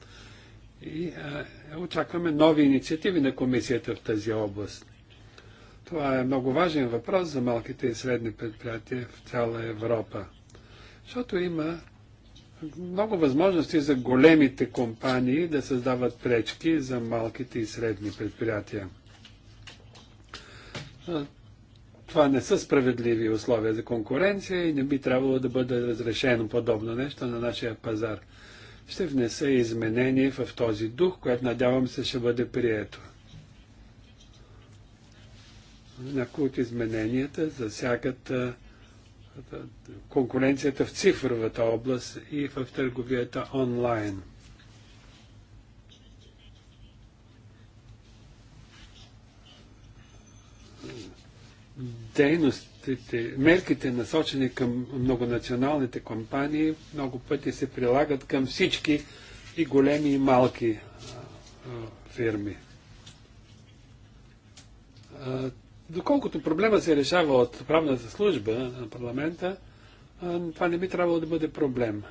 и а, очакваме нови инициативи на комисията в тази област. Това е много важен въпрос за малките и средни предприятия в цяла Европа. Защото има много възможности за големите компании да създават пречки за малките и средни предприятия. Това не са справедливи условия за конкуренция и не би трябвало да бъде разрешено подобно нещо на нашия пазар. Ще внеса изменение в този дух, което надявам се ще бъде прието. Някои от измененията засягат конкуренцията в цифровата област и в търговията онлайн. Дейностите, мерките насочени към многонационалните компании много пъти се прилагат към всички и големи и малки фирми Доколкото проблема се решава от правната служба на парламента, това не би трябвало да бъде проблем.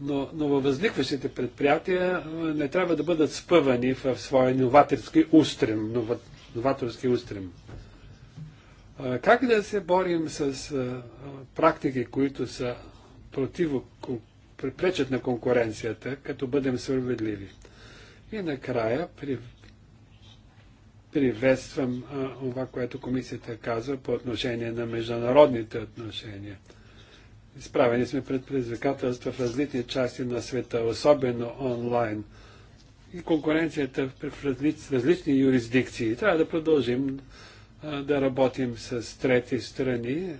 Но, но във възникващите предприятия не трябва да бъдат спъвани в своя новаторски устрем. Нова, новаторски устрем. Как да се борим с практики, които са противо, препречат на конкуренцията, като бъдем справедливи? И накрая, при приветствам а, това, което комисията казва по отношение на международните отношения. Изправени сме пред предизвикателства в различни части на света, особено онлайн. И конкуренцията в различни юрисдикции. Трябва да продължим а, да работим с трети страни,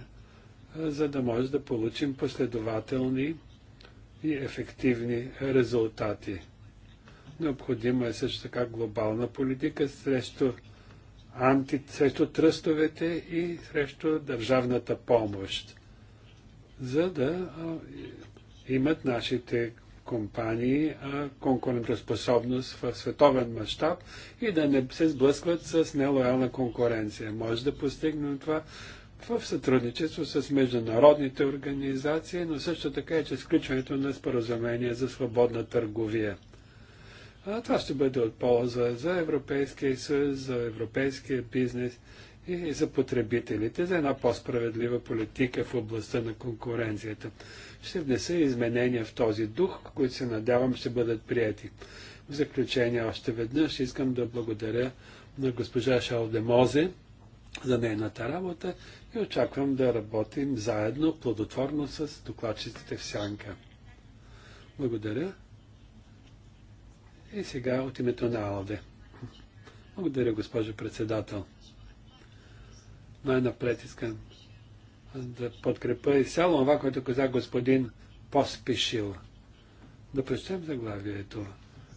а, за да може да получим последователни и ефективни резултати. Необходима е също така глобална политика срещу, анти, срещу тръстовете и срещу държавната помощ, за да имат нашите компании конкурентоспособност в световен мащаб и да не се сблъскват с нелоялна конкуренция. Може да постигнем това в сътрудничество с международните организации, но също така и е, чрез включването на споразумение за свободна търговия. А, това ще бъде от полза за Европейския съюз, за европейския бизнес и за потребителите, за една по-справедлива политика в областта на конкуренцията. Ще внеса изменения в този дух, които се надявам ще бъдат прияти. В заключение още веднъж искам да благодаря на госпожа Шалдемозе за нейната работа и очаквам да работим заедно плодотворно с докладчиците в Сянка. Благодаря. И сега от името на Алде. Благодаря, госпожо председател. Най-напред искам да подкрепа и цяло това, което каза господин Поспешил. Да прочетем заглавието.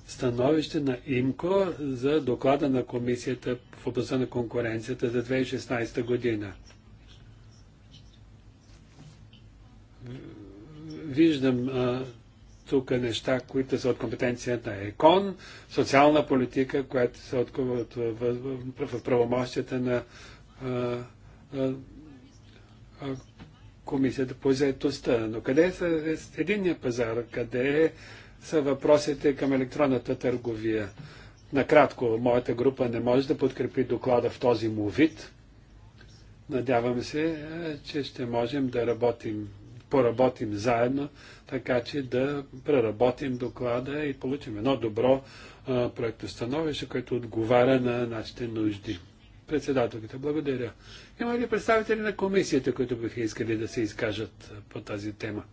Становище на ИМКО за доклада на комисията в областта на конкуренцията за 2016 година. Виждам тук неща, които са от компетенцията на ЕКОН, социална политика, която се от, в, в, в правомощията на а, а, Комисията по заедостта. Но къде е са е, единния пазар? Къде е, са въпросите към електронната търговия? Накратко, моята група не може да подкрепи доклада в този му вид. Надявам се, че ще можем да работим поработим заедно, така че да преработим доклада и получим едно добро проекто становище, което отговаря на нашите нужди. Председателката, благодаря. Има ли представители на комисията, които биха искали да се изкажат по тази тема?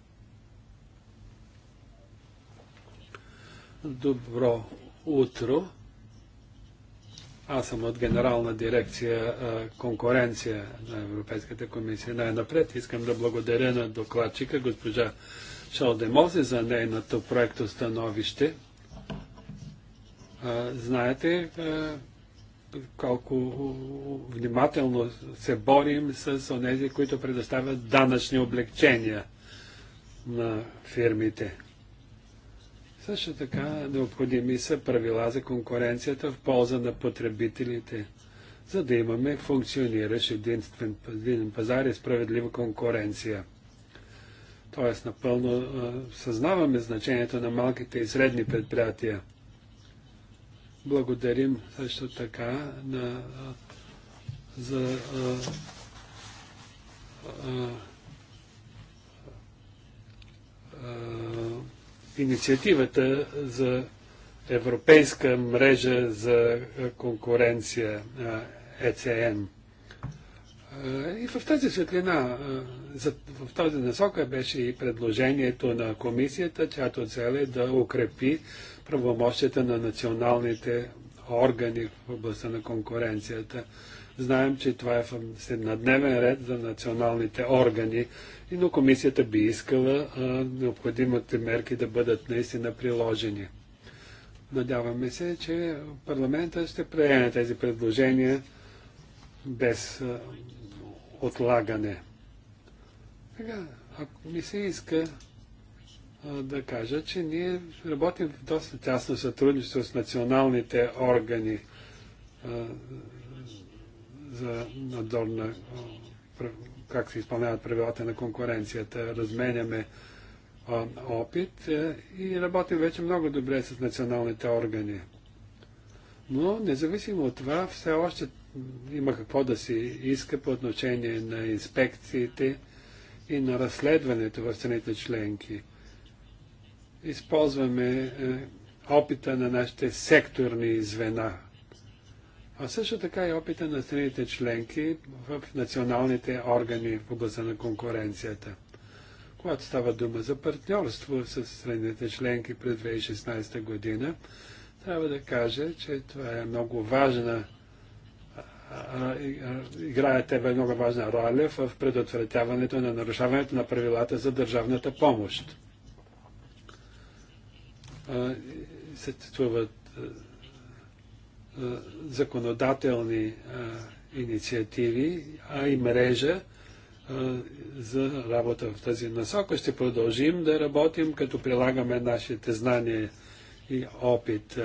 Добро утро. Аз съм от Генерална дирекция конкуренция на Европейската комисия. Най-напред искам да благодаря на докладчика госпожа Шалдемози за нейното проекто становище. Знаете колко внимателно се борим с онези, които предоставят данъчни облегчения на фирмите. Също така необходими са правила за конкуренцията в полза на потребителите, за да имаме функциониращ единствен, пазар и справедлива конкуренция. Тоест, напълно съзнаваме значението на малките и средни предприятия. Благодарим също така на, за а, а, а, инициативата за Европейска мрежа за конкуренция ЕЦН. И в тази светлина, в тази насока беше и предложението на комисията, чиято цел е да укрепи правомощията на националните органи в областта на конкуренцията. Знаем, че това е на дневен ред за националните органи, но комисията би искала а, необходимите мерки да бъдат наистина приложени. Надяваме се, че парламента ще приеме тези предложения без а, отлагане. Сега, ако ми се иска а, да кажа, че ние работим в доста тясно сътрудничество с националните органи а, за надзор на как се изпълняват правилата на конкуренцията. Разменяме опит е, и работим вече много добре с националните органи. Но независимо от това, все още има какво да се иска по отношение на инспекциите и на разследването в страните членки. Използваме е, опита на нашите секторни звена а също така и опита на страните членки в националните органи в областта на конкуренцията. Когато става дума за партньорство с страните членки през 2016 година, трябва да кажа, че това е много важна играе тебе много важна роля в предотвратяването на нарушаването на правилата за държавната помощ. Съществуват е, законодателни е, инициативи, а и мрежа е, за работа в тази насока. Ще продължим да работим, като прилагаме нашите знания и опит.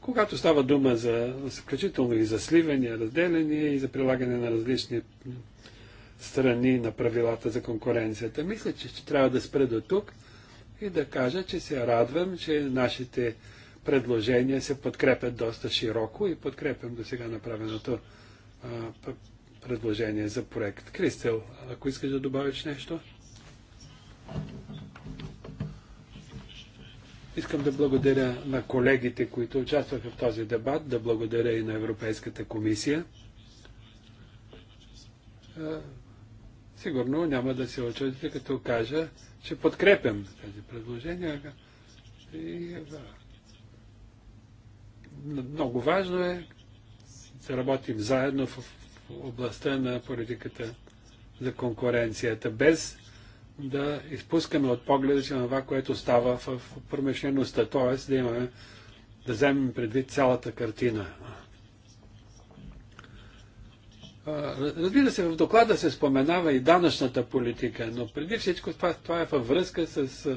Когато става дума за, включително и за сливане, разделение и за прилагане на различни страни на правилата за конкуренцията, мисля, че ще трябва да спра до тук и да кажа, че се радвам, че нашите предложения се подкрепят доста широко и подкрепям до сега направеното а, предложение за проект. Кристел, ако искаш да добавиш нещо? Искам да благодаря на колегите, които участваха в този дебат, да благодаря и на Европейската комисия. сигурно няма да се очудите, като кажа, че подкрепям тези предложения. И, да много важно е да работим заедно в областта на политиката за конкуренцията, без да изпускаме от погледа, че на това, което става в промишлеността, т.е. да имаме, да вземем предвид цялата картина. Разбира се, в доклада се споменава и данъчната политика, но преди всичко това, това е във връзка с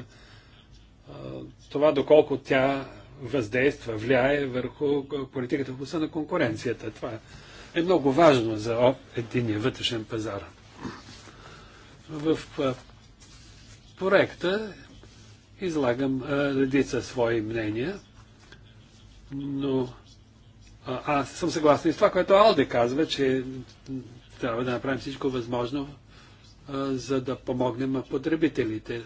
това, доколко тя въздейства, влияе върху политиката в областта на конкуренцията. Това е много важно за единия вътрешен пазар. В проекта излагам редица свои мнения, но аз съм съгласен с това, което Алде казва, че трябва да направим всичко възможно, за да помогнем потребителите.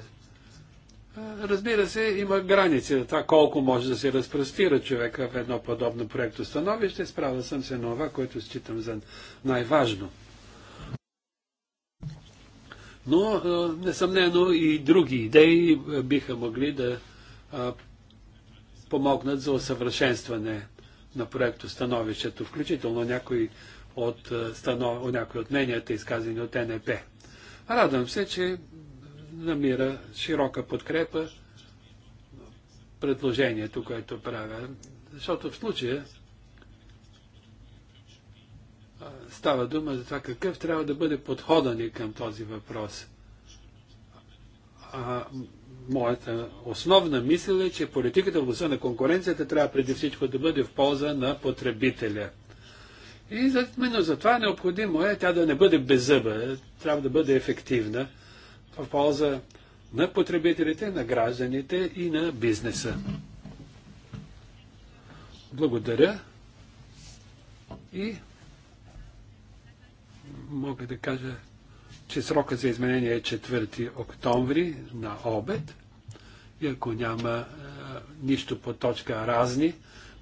Разбира се, има граници за това колко може да се разпростира човека в едно подобно проекто становище. Справя съм се на това, което считам за най-важно. Но, несъмнено, и други идеи биха могли да помогнат за усъвършенстване на проекто становището, включително някои от, станов... някои от мненията, изказани от НЕП. Радвам се, че намира широка подкрепа предложението, което правя. Защото в случая става дума за това какъв трябва да бъде подходът ни към този въпрос. А, моята основна мисъл е, че политиката в областта на конкуренцията трябва преди всичко да бъде в полза на потребителя. И именно затова е необходимо е тя да не бъде беззъба, трябва да бъде ефективна в полза на потребителите, на гражданите и на бизнеса. Благодаря и мога да кажа, че срока за изменение е 4 октомври на обед. И ако няма е, нищо по точка разни,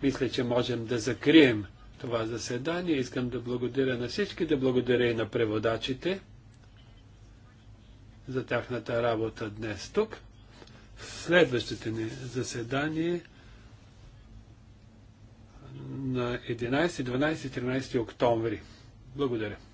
мисля, че можем да закрием това заседание. Искам да благодаря на всички, да благодаря и на преводачите за тяхната работа днес тук. Следващите ни заседание на 11, 12, 13 октомври. Благодаря.